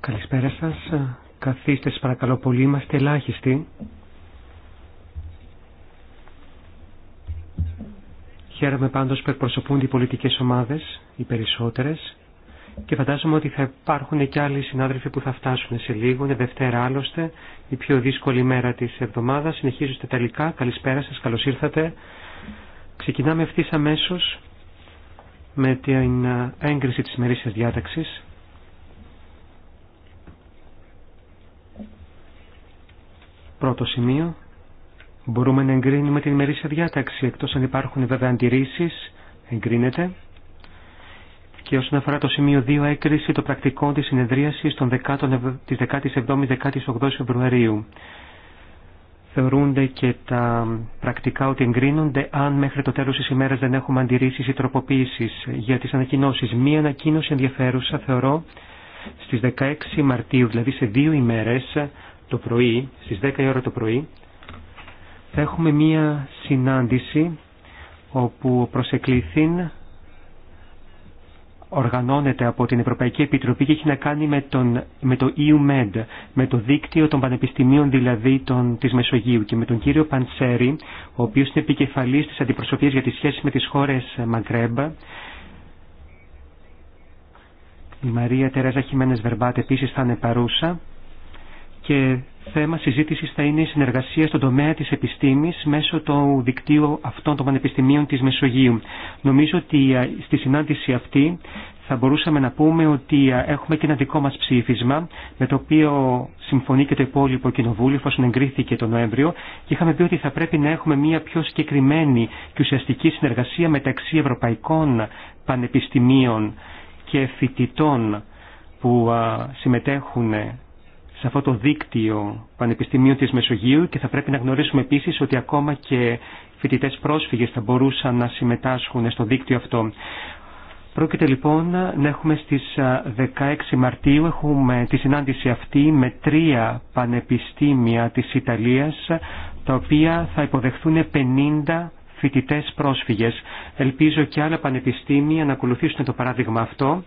Καλησπέρα σας. Καθίστε παρακαλώ πολύ. Είμαστε ελάχιστοι. Χαίρομαι πάντως που εκπροσωπούνται οι πολιτικές ομάδες, οι περισσότερες. Και φαντάζομαι ότι θα υπάρχουν και άλλοι συνάδελφοι που θα φτάσουν σε λίγο. Είναι Δευτέρα άλλωστε, η πιο δύσκολη μέρα της εβδομάδας. στα τελικά. Καλησπέρα σας, καλώς ήρθατε. Ξεκινάμε ευθύ αμέσω με την ε, έγκριση της μερίσιας διάταξης. Πρώτο σημείο. Μπορούμε να εγκρίνουμε την μερίσια διάταξη, εκτός αν υπάρχουν βέβαια αντιρρήσεις, εγκρίνεται. Και όσον αφορά το σημείο 2, έκριση των πρακτικών της συνεδρίασης των 17-18 Φεβρουαρίου θεωρούνται και τα πρακτικά ότι εγκρίνονται αν μέχρι το τέλος της ημέρας δεν έχουμε αντιρρήσεις ή τροποποίησεις για τις ανακοινώσεις. Μία ανακοίνωση ενδιαφέρουσα θεωρώ στις 16 Μαρτίου, δηλαδή σε δύο ημέρες το πρωί, στις 10 η ώρα το πρωί, θα έχουμε μία συνάντηση όπου προσεκλήθην οργανώνεται από την Ευρωπαϊκή Επιτροπή και έχει να κάνει με, τον, με το EUMED, με το δίκτυο των πανεπιστημίων δηλαδή των, της Μεσογείου και με τον κύριο Παντσέρη, ο οποίος είναι επικεφαλής της αντιπροσωπείας για τις σχέσεις με τις χώρες Μαγκρέμπ. Η Μαρία Τερέζα Χιμένες Βερμπάτ επίσης θα είναι παρούσα και θέμα συζήτηση θα είναι η συνεργασία στον τομέα τη επιστήμης μέσω του δικτύου αυτών των πανεπιστημίων τη Μεσογείου. Νομίζω ότι ε, στη συνάντηση αυτή θα μπορούσαμε να πούμε ότι ε, έχουμε και ένα δικό μα ψήφισμα με το οποίο συμφωνεί και το υπόλοιπο κοινοβούλιο εφόσον εγκρίθηκε το Νοέμβριο και είχαμε πει ότι θα πρέπει να έχουμε μια πιο συγκεκριμένη και ουσιαστική συνεργασία μεταξύ ευρωπαϊκών πανεπιστημίων και φοιτητών που ε, συμμετέχουν σε αυτό το δίκτυο Πανεπιστημίου της Μεσογείου και θα πρέπει να γνωρίσουμε επίσης ότι ακόμα και φοιτητές πρόσφυγες θα μπορούσαν να συμμετάσχουν στο δίκτυο αυτό. Πρόκειται λοιπόν να έχουμε στις 16 Μαρτίου έχουμε τη συνάντηση αυτή με τρία πανεπιστήμια της Ιταλίας τα οποία θα υποδεχθούν 50 φοιτητές πρόσφυγες. Ελπίζω και άλλα πανεπιστήμια να ακολουθήσουν το παράδειγμα αυτό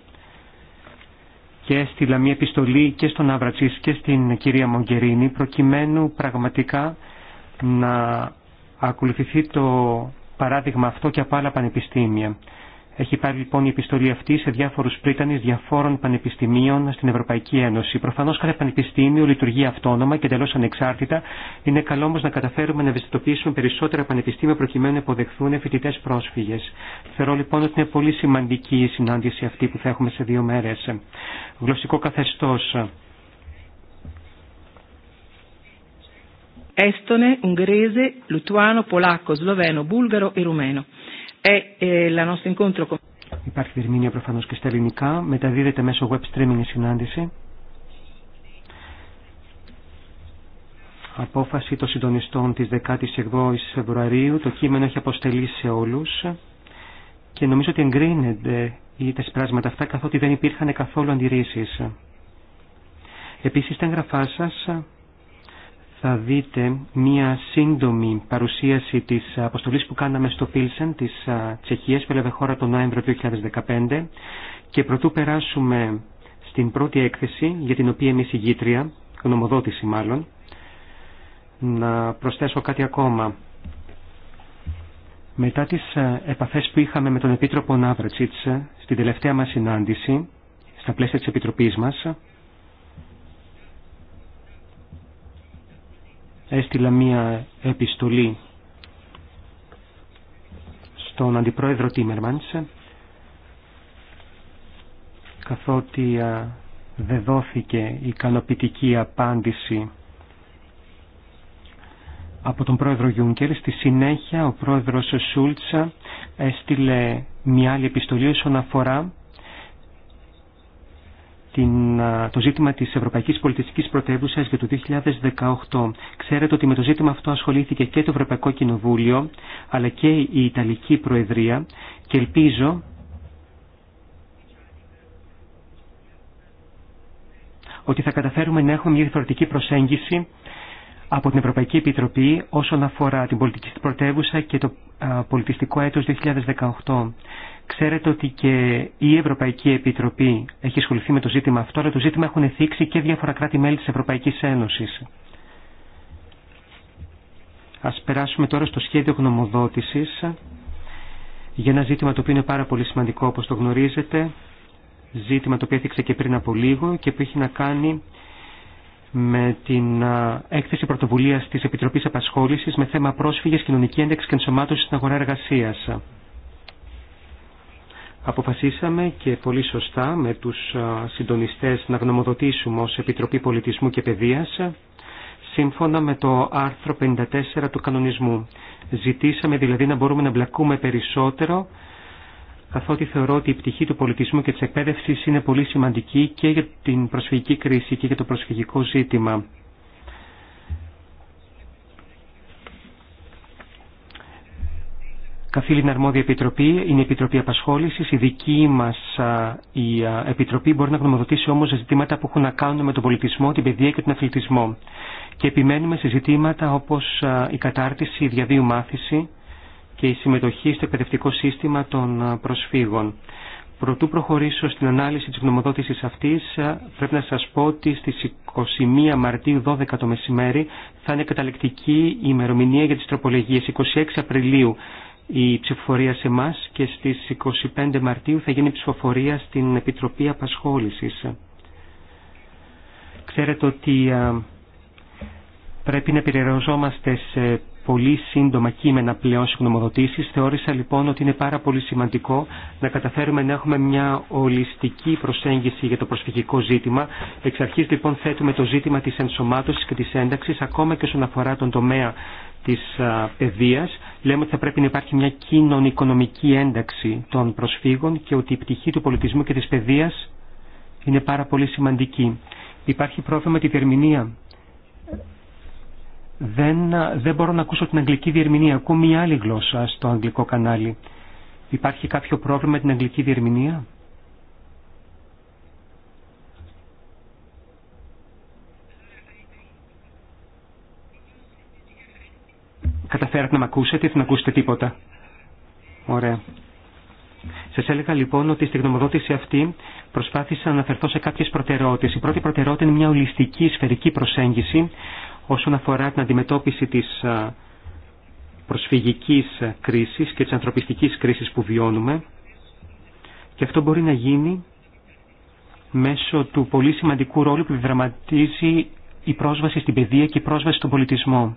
και έστειλα μια επιστολή και στον Αβρατσίς, και στην κυρία Μογκερίνη προκειμένου πραγματικά να ακολουθηθεί το παράδειγμα αυτό και από άλλα πανεπιστήμια. Έχει πάρει λοιπόν η επιστολή αυτή σε διάφορου πρίτανε διαφόρων πανεπιστημίων στην Ευρωπαϊκή Ένωση. Προφανώ κάθε πανεπιστήμιο λειτουργεί αυτόνομα και εντελώ ανεξάρτητα. Είναι καλό όμω να καταφέρουμε να ευαισθητοποιήσουμε περισσότερα πανεπιστήμια προκειμένου να υποδεχθούν φοιτητέ πρόσφυγε. Θεωρώ λοιπόν ότι είναι πολύ σημαντική η συνάντηση αυτή που θα έχουμε σε δύο μέρε. Γλωσσικό καθεστώ. Estone, Lituano, Πολάκο, Sloveno, Bulgaro ή Rumeno. Ε, ε, Υπάρχει δερμήνια προφανώ και στα ελληνικά. Μεταδίδεται μέσω web streaming η συνάντηση. Απόφαση των συντονιστών της 18ης Φεβρουαρίου. Το κείμενο έχει αποστελεί σε όλους και νομίζω ότι εγκρίνεται τα συμπράσματα αυτά καθότι δεν υπήρχαν καθόλου αντιρρήσεις. Επίσης, τα εγγραφά σας θα δείτε μία σύντομη παρουσίαση της αποστολής που κάναμε στο Πίλσεν της Τσεχίας που χώρα τον Νοέμβριο 2015 και προτού περάσουμε στην πρώτη έκθεση για την οποία η γήτρια, γνωμοδότηση μάλλον, να προσθέσω κάτι ακόμα. Μετά τις επαφές που είχαμε με τον Επίτροπο Ναύρατσιτς στην τελευταία μας συνάντηση, στα πλαίσια της Επιτροπής μας, έστειλα μία επιστολή στον Αντιπρόεδρο Τίμερμαντς καθότι δεν δόθηκε ικανοποιητική απάντηση από τον πρόεδρο Γιούνκερ. Στη συνέχεια ο πρόεδρος Σούλτσα έστειλε μια άλλη επιστολή Γιούγκερ. στη συνεχεια ο προεδρος σουλτσα αφορά την, το ζήτημα της Ευρωπαϊκής Πολιτιστικής Πρωτεύουσας για το 2018. Ξέρετε ότι με το ζήτημα αυτό ασχολήθηκε και το Ευρωπαϊκό Κοινοβούλιο, αλλά και η Ιταλική Προεδρία και ελπίζω ότι θα καταφέρουμε να έχουμε μια διαφορετική προσέγγιση από την Ευρωπαϊκή Επιτροπή όσον αφορά την πολιτική πρωτεύουσα και το πολιτιστικό έτος 2018. Ξέρετε ότι και η Ευρωπαϊκή Επιτροπή έχει ασχοληθεί με το ζήτημα αυτό, αλλά το ζήτημα έχουν θίξει και διάφορα κράτη-μέλη της Ευρωπαϊκής Ένωσης. Ας περάσουμε τώρα στο σχέδιο γνωμοδότησης για ένα ζήτημα το οποίο είναι πάρα πολύ σημαντικό όπως το γνωρίζετε, ζήτημα το οποίο έθιξε και πριν από λίγο και που έχει να κάνει με την έκθεση πρωτοβουλίας της Επιτροπής Απασχόλησης με θέμα πρόσφυγες, κοινωνική ένταξη και ενσωμάτωση στην αγορά εργασίας. Αποφασίσαμε και πολύ σωστά με τους συντονιστές να γνωμοδοτήσουμε ως Επιτροπή Πολιτισμού και Παιδείας σύμφωνα με το άρθρο 54 του κανονισμού. Ζητήσαμε δηλαδή να μπορούμε να μπλακούμε περισσότερο καθότι θεωρώ ότι η πτυχή του πολιτισμού και της εκπαίδευσης είναι πολύ σημαντική και για την προσφυγική κρίση και για το προσφυγικό ζήτημα. καθήλυνα αρμόδια επιτροπή είναι η Επιτροπή Απασχόλησης. Η δική μας η Επιτροπή μπορεί να γνωμοδοτήσει όμως σε ζητήματα που έχουν να κάνουν με τον πολιτισμό, την παιδεία και τον αθλητισμό. Και επιμένουμε σε ζητήματα όπως η κατάρτιση, η διαδίου μάθηση και η συμμετοχή στο εκπαιδευτικό σύστημα των προσφύγων. Προτού προχωρήσω στην ανάλυση της γνωμοδότησης αυτής, πρέπει να σας πω ότι στις 21 Μαρτίου 12 το μεσημέρι θα είναι καταληκτική η ημερομηνία για τις τροπολογίες. 26 Απριλίου η ψηφοφορία σε εμά και στις 25 Μαρτίου θα γίνει ψηφοφορία στην Επιτροπή Απασχόλησης. Ξέρετε ότι πρέπει να επιρρεωζόμαστε σε πολύ σύντομα κείμενα πλέον συγνωμοδοτήσεις. Θεώρησα λοιπόν ότι είναι πάρα πολύ σημαντικό να καταφέρουμε να έχουμε μια ολιστική προσέγγιση για το προσφυγικό ζήτημα. Εξ αρχής λοιπόν θέτουμε το ζήτημα της ενσωμάτωσης και της ένταξης ακόμα και όσον αφορά τον τομέα της παιδείας Λέμε ότι θα πρέπει να υπάρχει μια κοινωνικονομική ένταξη των προσφύγων και ότι η πτυχή του πολιτισμού και της παιδείας είναι πάρα πολύ σημαντική. Υπάρχει πρόβλημα με τη διερμηνία. Δεν, δεν μπορώ να ακούσω την αγγλική διερμηνία. Ακούω μια άλλη γλώσσα στο αγγλικό κανάλι. Υπάρχει κάποιο πρόβλημα με την αγγλική διερμηνία. Καταφέρατε να με ακούσετε ή δεν ακούσετε τίποτα. Ωραία. Σα έλεγα λοιπόν ότι στη γνωμοδότηση αυτή προσπάθησα να αναφερθώ σε κάποιε προτεραιότητε. Η πρώτη προτεραιότητα είναι μια ολιστική σφαιρική προσέγγιση όσον αφορά την αντιμετώπιση τη προσφυγική κρίση και τη ανθρωπιστική κρίση που βιώνουμε. Και αυτό μπορεί να γίνει μέσω του πολύ σημαντικού ρόλου που δραματίζει η πρόσβαση στην παιδεία και η πρόσβαση στον πολιτισμό.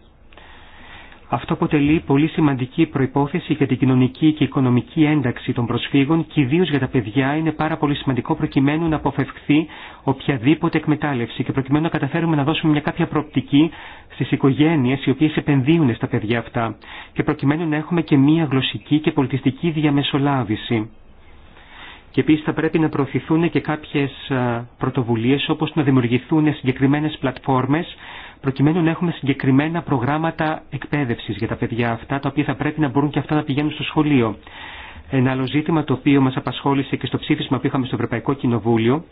Αυτό αποτελεί πολύ σημαντική προπόθεση για την κοινωνική και οικονομική ένταξη των προσφύγων και ιδίω για τα παιδιά είναι πάρα πολύ σημαντικό προκειμένου να αποφευχθεί οποιαδήποτε εκμετάλλευση και προκειμένου να καταφέρουμε να δώσουμε μια κάποια προοπτική στι οικογένειε οι οποίε επενδύουν στα παιδιά αυτά και προκειμένου να έχουμε και μια γλωσσική και πολιτιστική διαμεσολάβηση. Και επίση θα πρέπει να προωθηθούν και κάποιε πρωτοβουλίε όπω να δημιουργηθούν συγκεκριμένε πλατφόρμε προκειμένου να έχουμε συγκεκριμένα προγράμματα εκπαίδευση για τα παιδιά αυτά, τα οποία θα πρέπει να μπορούν και αυτά να πηγαίνουν στο σχολείο. Ένα άλλο ζήτημα το οποίο μα απασχόλησε και στο ψήφισμα που είχαμε στο Ευρωπαϊκό Κοινοβούλιο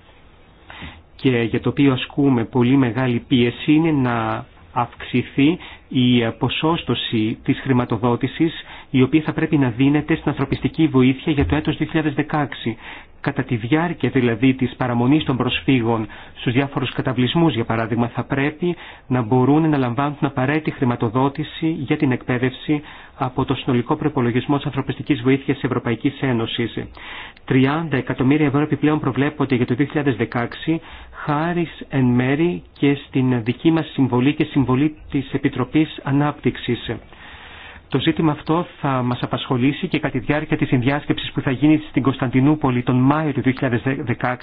και για το οποίο ασκούμε πολύ μεγάλη πίεση είναι να αυξηθεί η ποσόστοση της χρηματοδότησης η οποία θα πρέπει να δίνεται στην ανθρωπιστική βοήθεια για το έτος 2016 κατά τη διάρκεια δηλαδή της παραμονής των προσφύγων στους διάφορους καταβλισμούς για παράδειγμα θα πρέπει να μπορούν να λαμβάνουν απαραίτητη χρηματοδότηση για την εκπαίδευση από το συνολικό προπολογισμό της ανθρωπιστικής βοήθειας της Ευρωπαϊκής Ένωσης. 30 εκατομμύρια ευρώ επιπλέον προβλέπονται για το 2016 χάρη εν μέρη και στην δική μας συμβολή και συμβολή της Επιτροπής Ανάπτυξης. Το ζήτημα αυτό θα μας απασχολήσει και κατά τη διάρκεια της συνδιάσκεψης που θα γίνει στην Κωνσταντινούπολη τον Μάιο του 2016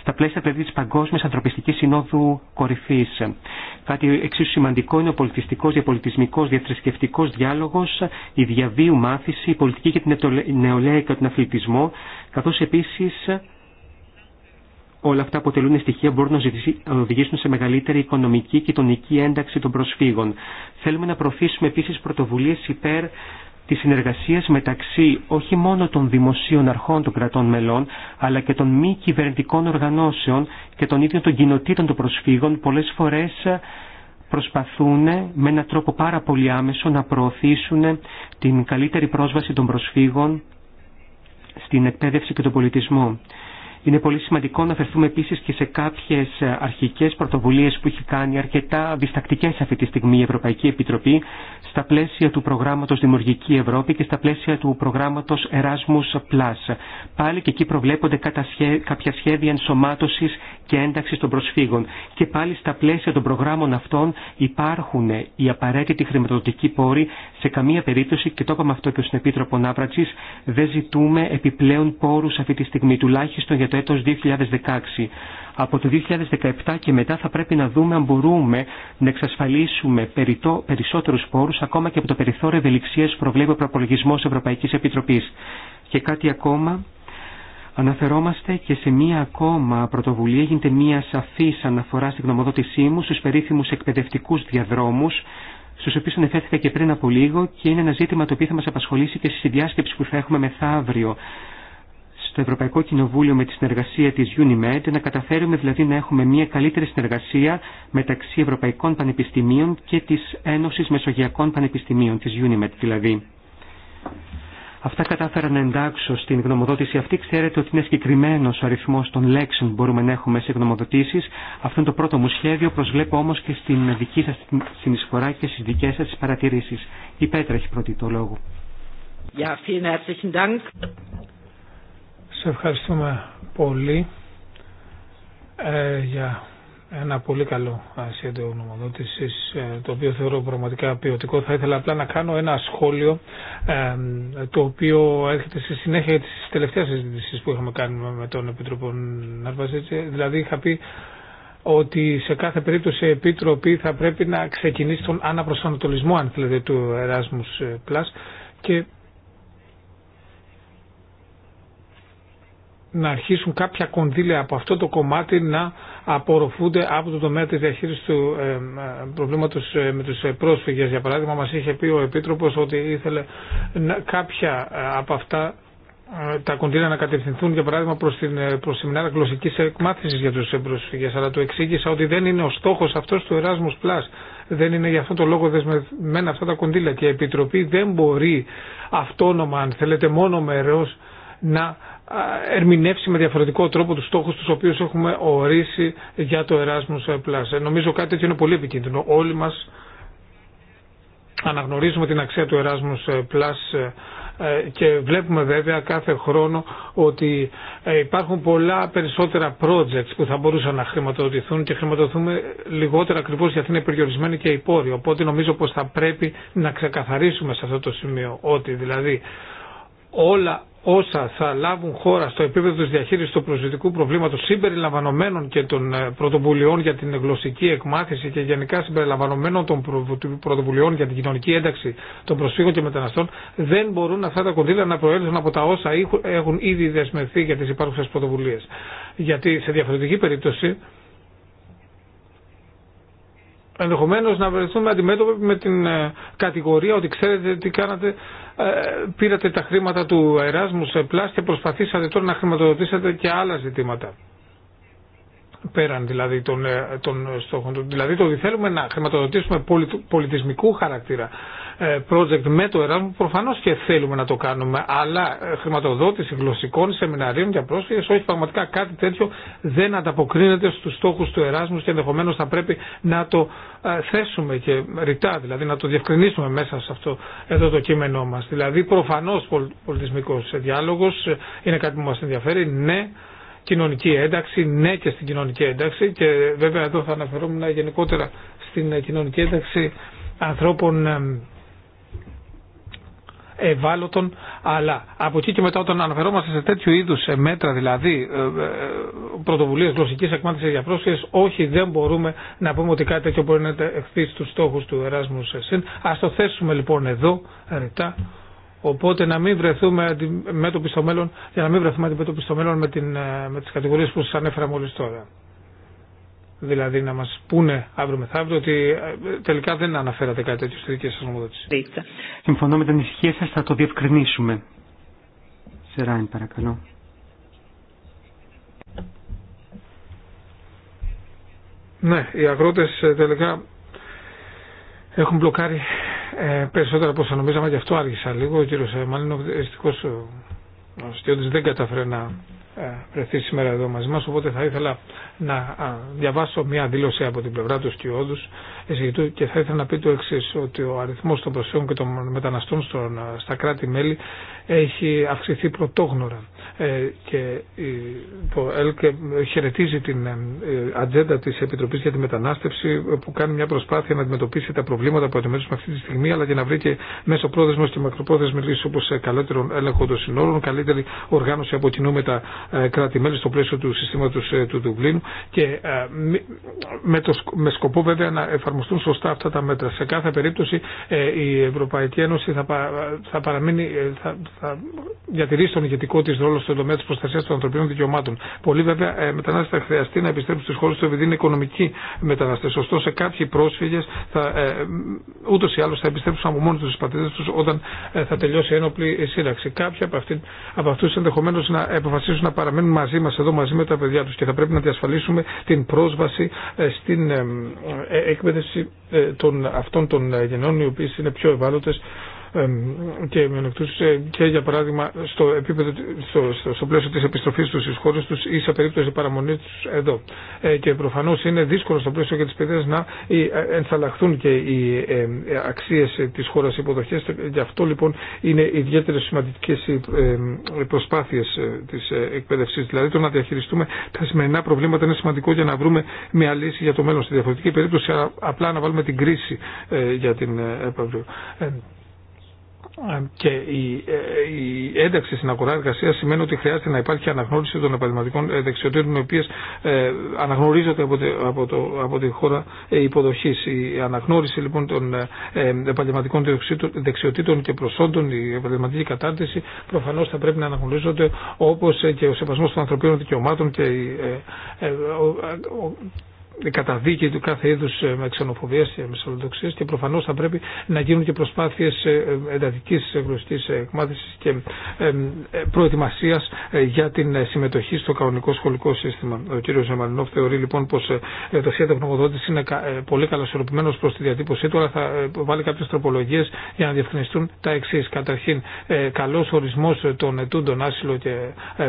στα πλαίσια παιδί της Παγκόσμιας Ανθρωπιστικής Συνόδου Κορυφής. Κάτι εξίσου σημαντικό είναι ο πολιτιστικός, διαπολιτισμικός, διαθρησκευτικός διάλογος, η διαβίου μάθηση, η πολιτική και την νεολαία και τον αθλητισμό, καθώς επίσης Όλα αυτά αποτελούν στοιχεία που μπορούν να οδηγήσουν σε μεγαλύτερη οικονομική και κοινωνική ένταξη των προσφύγων. Θέλουμε να προωθήσουμε επίση πρωτοβουλίε υπέρ τη συνεργασία μεταξύ όχι μόνο των δημοσίων αρχών των κρατών μελών, αλλά και των μη κυβερνητικών οργανώσεων και των ίδιων των κοινοτήτων των προσφύγων, πολλέ φορέ ε, προσπαθούν με έναν τρόπο πάρα πολύ άμεσο να προωθήσουν την καλύτερη πρόσβαση των προσφύγων στην εκπαίδευση και τον πολιτισμό. Είναι πολύ σημαντικό να αφαιρθούμε επίσης και σε κάποιες ε, αρχικές πρωτοβουλίες που έχει κάνει αρκετά διστακτικές αυτή τη στιγμή η Ευρωπαϊκή Επιτροπή στα πλαίσια του προγράμματος Δημιουργική Ευρώπη και στα πλαίσια του προγράμματος Erasmus Plus. Πάλι και εκεί προβλέπονται κάποια σχέδια ενσωμάτωσης και ένταξη των προσφύγων. Και πάλι στα πλαίσια των προγράμμων αυτών υπάρχουν οι απαραίτητοι χρηματοδοτικοί πόροι. Σε καμία περίπτωση, και το είπαμε αυτό και στον Επίτροπο Ναύρατση, δεν ζητούμε επιπλέον πόρου αυτή τη στιγμή, τουλάχιστον για το έτο 2016. Από το 2017 και μετά θα πρέπει να δούμε αν μπορούμε να εξασφαλίσουμε περισσότερου πόρου, ακόμα και από το περιθώριο ευελιξία που προβλέπει ο προπολογισμό Ευρωπαϊκή Επιτροπή. Και κάτι ακόμα Αναφερόμαστε και σε μία ακόμα πρωτοβουλία, γίνεται μία σαφής αναφορά στη γνωμοδότησή μου στους περίφημους εκπαιδευτικούς διαδρόμους, στους οποίους ανεφέθηκα και πριν από λίγο και είναι ένα ζήτημα το οποίο θα μας απασχολήσει και στη συνδιάσκεψη που θα έχουμε μεθαύριο στο Ευρωπαϊκό Κοινοβούλιο με τη συνεργασία της UNIMED, να καταφέρουμε δηλαδή να έχουμε μια καλύτερη συνεργασία μεταξύ Ευρωπαϊκών Πανεπιστημίων και της Ένωσης Μεσογειακών Πανεπιστημίων, της UNIMED δηλαδή. Αυτά κατάφερα να εντάξω στην γνωμοδότηση αυτή. Ξέρετε ότι είναι συγκεκριμένο ο αριθμό των λέξεων που μπορούμε να έχουμε σε γνωμοδοτήσει. Αυτό είναι το πρώτο μου σχέδιο. Προσβλέπω όμω και στην δική σα συνεισφορά και στι δικέ σα παρατηρήσει. Η Πέτρα έχει πρώτη το λόγο. Ja, Σε ευχαριστούμε πολύ ε, ένα πολύ καλό σχέδιο νομοδότηση, ε, το οποίο θεωρώ πραγματικά ποιοτικό. Θα ήθελα απλά να κάνω ένα σχόλιο, ε, το οποίο έρχεται στη συνέχεια τη τελευταία συζήτηση που είχαμε κάνει με τον Επιτροπό Ναρβαζίτση. Δηλαδή, είχα πει ότι σε κάθε περίπτωση η Επίτροπη θα πρέπει να ξεκινήσει τον αναπροσανατολισμό, αν θέλετε, του Erasmus ε, Plus και να αρχίσουν κάποια κονδύλια από αυτό το κομμάτι να απορροφούνται από το τομέα τη διαχείριση του ε, ε, προβλήματος ε, με του πρόσφυγε. Για παράδειγμα, μα είχε πει ο Επίτροπος ότι ήθελε κάποια από αυτά τα κοντήρα να κατευθυνθούν για παράδειγμα προς, την, προς γλωσσική γλωσσικής εκμάθησης για τους πρόσφυγες αλλά του εξήγησα ότι δεν είναι ο στόχος αυτός του Erasmus Plus δεν είναι για αυτόν τον λόγο δεσμευμένα αυτά τα κοντήλα και η Επιτροπή δεν μπορεί αυτόνομα αν θέλετε μόνο μερός να ερμηνεύσει με διαφορετικό τρόπο τους στόχους τους οποίους έχουμε ορίσει για το Erasmus Plus. Ε, νομίζω κάτι τέτοιο είναι πολύ επικίνδυνο. Όλοι μας αναγνωρίζουμε την αξία του Erasmus Plus ε, ε, και βλέπουμε βέβαια κάθε χρόνο ότι υπάρχουν πολλά περισσότερα projects που θα μπορούσαν να χρηματοδοτηθούν και χρηματοδοτούμε λιγότερα ακριβώς γιατί είναι περιορισμένοι και οι πόροι. Οπότε νομίζω πως θα πρέπει να ξεκαθαρίσουμε σε αυτό το σημείο ότι δηλαδή όλα όσα θα λάβουν χώρα στο επίπεδο της διαχείρισης του προσβητικού προβλήματος συμπεριλαμβανομένων και των ε, πρωτοβουλειών για την γλωσσική εκμάθηση και γενικά συμπεριλαμβανομένων των πρωτοβουλειών για την κοινωνική ένταξη των προσφύγων και μεταναστών δεν μπορούν αυτά τα κονδύλια να προέλθουν από τα όσα έχουν ήδη δεσμευθεί για τις υπάρχουσες πρωτοβουλίες. Γιατί σε διαφορετική περίπτωση ενδεχομένω να βρεθούμε αντιμέτωποι με την ε, κατηγορία ότι ξέρετε τι κάνατε, ε, πήρατε τα χρήματα του Εράσμου σε και προσπαθήσατε τώρα να χρηματοδοτήσετε και άλλα ζητήματα. Πέραν δηλαδή των, ε, των στόχων Δηλαδή το ότι θέλουμε να χρηματοδοτήσουμε πολιτισμικού χαρακτήρα ε, project με το Εράσμο, προφανώ και θέλουμε να το κάνουμε, αλλά ε, χρηματοδότηση γλωσσικών σεμιναρίων για πρόσφυγε, όχι πραγματικά κάτι τέτοιο δεν ανταποκρίνεται στου στόχου του Εράσμου και ενδεχομένω θα πρέπει να το ε, θέσουμε και ρητά, δηλαδή να το διευκρινίσουμε μέσα σε αυτό εδώ το κείμενό μα. Δηλαδή προφανώ πολιτισμικό διάλογο είναι κάτι που μα ενδιαφέρει, ναι κοινωνική ένταξη, ναι και στην κοινωνική ένταξη και βέβαια εδώ θα αναφερόμουν γενικότερα στην κοινωνική ένταξη ανθρώπων ευάλωτον, αλλά από εκεί και μετά όταν αναφερόμαστε σε τέτοιου είδους ε, μέτρα, δηλαδή ε, ε, πρωτοβουλίες γλωσσικής εκμάθησης για πρόσφυγες, όχι δεν μπορούμε να πούμε ότι κάτι τέτοιο μπορεί να εχθεί στους στόχους του Erasmus ΣΥΝ. Ας το θέσουμε λοιπόν εδώ, ρητά, Οπότε να μην βρεθούμε αντιμέτωποι στο μέλλον, για να μην βρεθούμε αντιμέτωποι μέλλον με, την, με τις κατηγορίες που σας ανέφερα μόλις τώρα δηλαδή να μας πούνε αύριο μεθαύριο ότι ε, τελικά δεν αναφέρατε κάτι τέτοιο στη δική σας νομοδότηση. Συμφωνώ με την ησυχία σας, θα το διευκρινίσουμε. Σεράιν παρακαλώ. Ναι, οι αγρότες ε, τελικά έχουν μπλοκάρει ε, περισσότερα από όσα νομίζαμε, γι' αυτό άργησα λίγο. Ο κύριος ε, Μαλίνο, δυστυχώς ο, ο δεν κατάφερε να βρεθεί σήμερα εδώ μαζί μας, οπότε θα ήθελα να διαβάσω μια δήλωση από την πλευρά του Στιώδους και θα ήθελα να πει το εξή, ότι ο αριθμό των προσφύγων και των μεταναστών στα κράτη-μέλη έχει αυξηθεί πρωτόγνωρα. Ε, και το ΕΛΚΕ χαιρετίζει την ε, ατζέντα τη Επιτροπή για τη Μετανάστευση που κάνει μια προσπάθεια να αντιμετωπίσει τα προβλήματα που αντιμετωπίζουμε αυτή τη στιγμή, αλλά και να βρει και μέσω πρόθεσμο και μακροπρόθεσμη λύση όπω ε, καλύτερον έλεγχο των συνόρων, καλύτερη οργάνωση από κοινού με τα κράτη-μέλη στο πλαίσιο του συστήματο του Δουβλίνου και ε, με, με σκοπό βέβαια να εφαρμοστούν σωστά αυτά τα μέτρα. Σε κάθε περίπτωση ε, η Ευρωπαϊκή Ένωση θα, θα παραμείνει, ε, θα, θα διατηρήσει τον ηγετικό τη ρόλο στον τομέα τη προστασία των ανθρωπίνων δικαιωμάτων. Πολλοί βέβαια μετανάστε θα χρειαστεί να επιστρέψουν στι χώρε του επειδή είναι οικονομικοί μετανάστε. Ωστόσο κάποιοι πρόσφυγε ούτω ή άλλω θα επιστρέψουν από μόνοι του στι πατρίδε του όταν θα τελειώσει η ένοπλη σύραξη. Κάποιοι από, αυτού ενδεχομένω να αποφασίσουν να παραμείνουν μαζί μα εδώ μαζί με τα παιδιά του και θα πρέπει να διασφαλίσουν την πρόσβαση ε, στην ε, ε, εκπαίδευση των, αυτών των γενών οι οποίε είναι πιο ευάλωτε και ε, και για παράδειγμα στο, επίπεδο, στο, στο, στο πλαίσιο της επιστροφής τους στις χώρες τους ή σε περίπτωση παραμονή τους εδώ. Ε, και προφανώς είναι δύσκολο στο πλαίσιο και τις παιδιές να ε, ενθαλαχθούν και οι ε, αξίες της χώρας υποδοχές. Γι' αυτό λοιπόν είναι ιδιαίτερα σημαντικές οι προσπάθειες της εκπαίδευσης. Δηλαδή το να διαχειριστούμε τα σημερινά προβλήματα είναι σημαντικό για να βρούμε μια λύση για το μέλλον. Στη διαφορετική περίπτωση απλά να βάλουμε την κρίση για την επαύριο και η, ε, η ένταξη στην αγορά εργασία σημαίνει ότι χρειάζεται να υπάρχει αναγνώριση των επαγγελματικών ε, δεξιοτήτων οι οποίε ε, αναγνωρίζονται από, από, το, από τη χώρα υποδοχή. Η αναγνώριση λοιπόν των επαγγελματικών δεξιοτήτων και προσόντων, η επαγγελματική κατάρτιση προφανώ θα πρέπει να αναγνωρίζονται όπω και ο σεβασμό των ανθρωπίνων δικαιωμάτων και καταδίκη του κάθε είδου ε, ξενοφοβία και μεσολοδοξία και προφανώ θα πρέπει να γίνουν και προσπάθειε ε, ε, εντατική γνωστή εκμάθηση και προετοιμασία για την συμμετοχή στο κανονικό σχολικό σύστημα. Ο κ. Ζεμαρινόφ θεωρεί λοιπόν πω το σχέδιο γνωμοδότηση είναι πολύ καλοσορροπημένο προ τη διατύπωσή του, αλλά θα βάλει κάποιε τροπολογίε για να διευκρινιστούν τα εξή. Καταρχήν, καλό ορισμό των ετούντων άσυλο και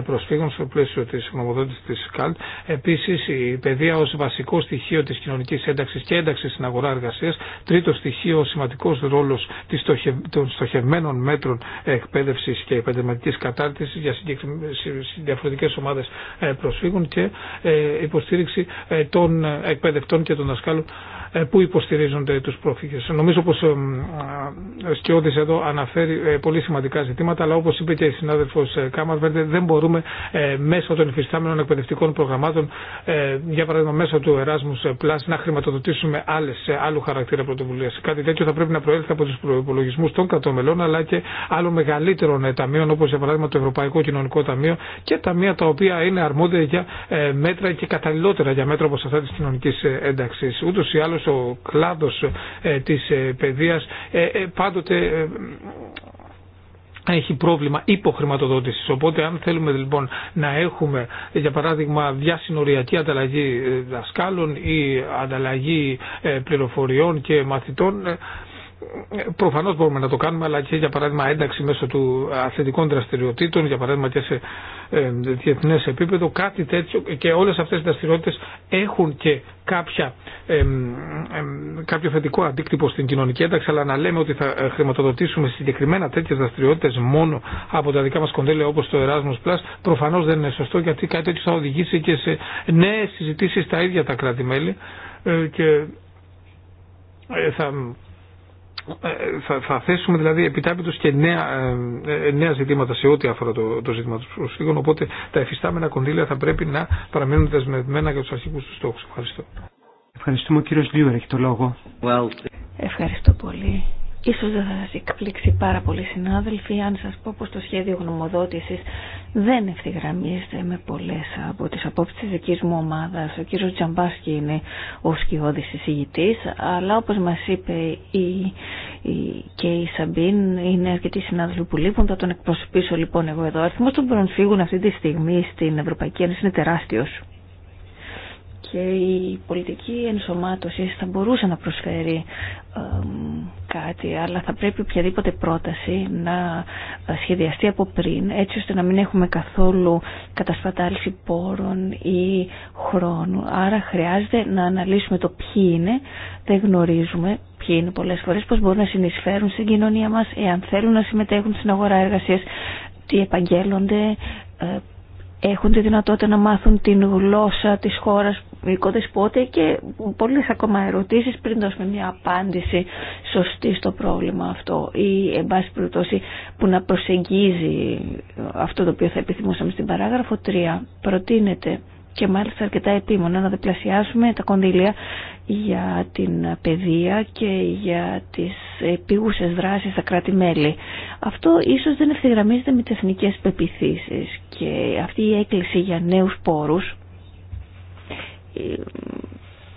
προσφύγων στο πλαίσιο τη γνωμοδότηση τη ΚΑΛΤ. Επίση, η παιδεία ω βασικό σημαντικό στοιχείο της κοινωνική ένταξη και ένταξη στην αγορά εργασία. Τρίτο στοιχείο, ο σημαντικός ρόλος των στοχευμένων μέτρων εκπαίδευση και επενδυματική κατάρτισης για διαφορετικέ ομάδες ε, προσφύγων και ε, υποστήριξη ε, των εκπαιδευτών και των δασκάλων ε, που υποστηρίζονται τους πρόφυγες. Νομίζω πως ο Σκιώδης εδώ αναφέρει ε, πολύ σημαντικά ζητήματα, αλλά όπως είπε και η συνάδελφος ε, Κάμαρβερντε, δεν μπορούμε μέσω των υφιστάμενων εκπαιδευτικών προγραμμάτων, για παράδειγμα μέσω του Erasmus Plus, να χρηματοδοτήσουμε άλλες, άλλου χαρακτήρα πρωτοβουλία. Κάτι τέτοιο θα πρέπει να προέλθει από τους προπολογισμού των κατομελών αλλά και άλλων μεγαλύτερων ταμείων, όπως για παράδειγμα το Ευρωπαϊκό Κοινωνικό Ταμείο και ταμεία τα οποία είναι αρμόδια για μέτρα και καταλληλότερα για μέτρα όπως αυτά της κοινωνικής ένταξης. Ούτως ή ο κλάδος ε, της ε, παιδείας ε, πάντοτε έχει πρόβλημα υποχρηματοδότησης. Οπότε αν θέλουμε λοιπόν να έχουμε για παράδειγμα διασυνοριακή ανταλλαγή δασκάλων ή ανταλλαγή πληροφοριών και μαθητών Προφανώ μπορούμε να το κάνουμε, αλλά και για παράδειγμα ένταξη μέσω του αθλητικών δραστηριοτήτων, για παράδειγμα και σε ε, διεθνέ επίπεδο, κάτι τέτοιο και όλε αυτέ οι δραστηριότητε έχουν και κάποια, κάποιο θετικό αντίκτυπο στην κοινωνική ένταξη, αλλά να λέμε ότι θα ε, χρηματοδοτήσουμε συγκεκριμένα τέτοιε δραστηριότητε μόνο από τα δικά μα κονδύλια όπω το Erasmus Plus, προφανώ δεν είναι σωστό γιατί κάτι τέτοιο θα οδηγήσει και σε νέε συζητήσει στα ίδια τα κράτη-μέλη ε, και θα ε, θα, θα θέσουμε δηλαδή επιτάπητος και νέα, ε, ε, νέα ζητήματα σε ό,τι αφορά το, το ζήτημα του προσφύγων, οπότε τα εφιστάμενα κονδύλια θα πρέπει να παραμένουν δεσμευμένα για τους αρχικού του στόχου. Ευχαριστώ. Ευχαριστούμε ο κύριος Λίουερ, έχει το λόγο. Ευχαριστώ πολύ Ίσως δεν θα σας εκπλήξει πάρα πολλοί συνάδελφοι αν σας πω πως το σχέδιο γνωμοδότησης δεν ευθυγραμμίζεται με πολλές από τις απόψεις της δικής μου ομάδας. Ο κύριος Τζαμπάσκι είναι ο σκιώδης εισηγητής, αλλά όπως μας είπε η, η, και η Σαμπίν είναι αρκετοί συνάδελφοι που λείπουν. Θα τον εκπροσωπήσω λοιπόν εγώ εδώ. Ο αριθμός των προσφύγων αυτή τη στιγμή στην Ευρωπαϊκή Ένωση είναι τεράστιος και η πολιτική ενσωμάτωση θα μπορούσε να προσφέρει κάτι, αλλά θα πρέπει οποιαδήποτε πρόταση να σχεδιαστεί από πριν, έτσι ώστε να μην έχουμε καθόλου κατασπατάληση πόρων ή χρόνου. Άρα χρειάζεται να αναλύσουμε το ποιοι είναι, δεν γνωρίζουμε ποιοι είναι πολλές φορές, πώς μπορούν να συνεισφέρουν στην κοινωνία μας, εάν θέλουν να συμμετέχουν στην αγορά εργασίας, τι επαγγέλλονται, ε, έχουν τη δυνατότητα να μάθουν την γλώσσα της χώρας οικοδεσπότε πότε και πολλές ακόμα ερωτήσεις πριν δώσουμε μια απάντηση σωστή στο πρόβλημα αυτό ή εν πάση που να προσεγγίζει αυτό το οποίο θα επιθυμούσαμε στην παράγραφο 3 προτείνεται και μάλιστα αρκετά επίμονα να διπλασιάσουμε τα κονδύλια για την παιδεία και για τις επίγουσες δράσεις στα κράτη-μέλη. Αυτό ίσως δεν ευθυγραμμίζεται με τις εθνικές πεπιθήσεις και αυτή η έκκληση για νέους πόρους ε,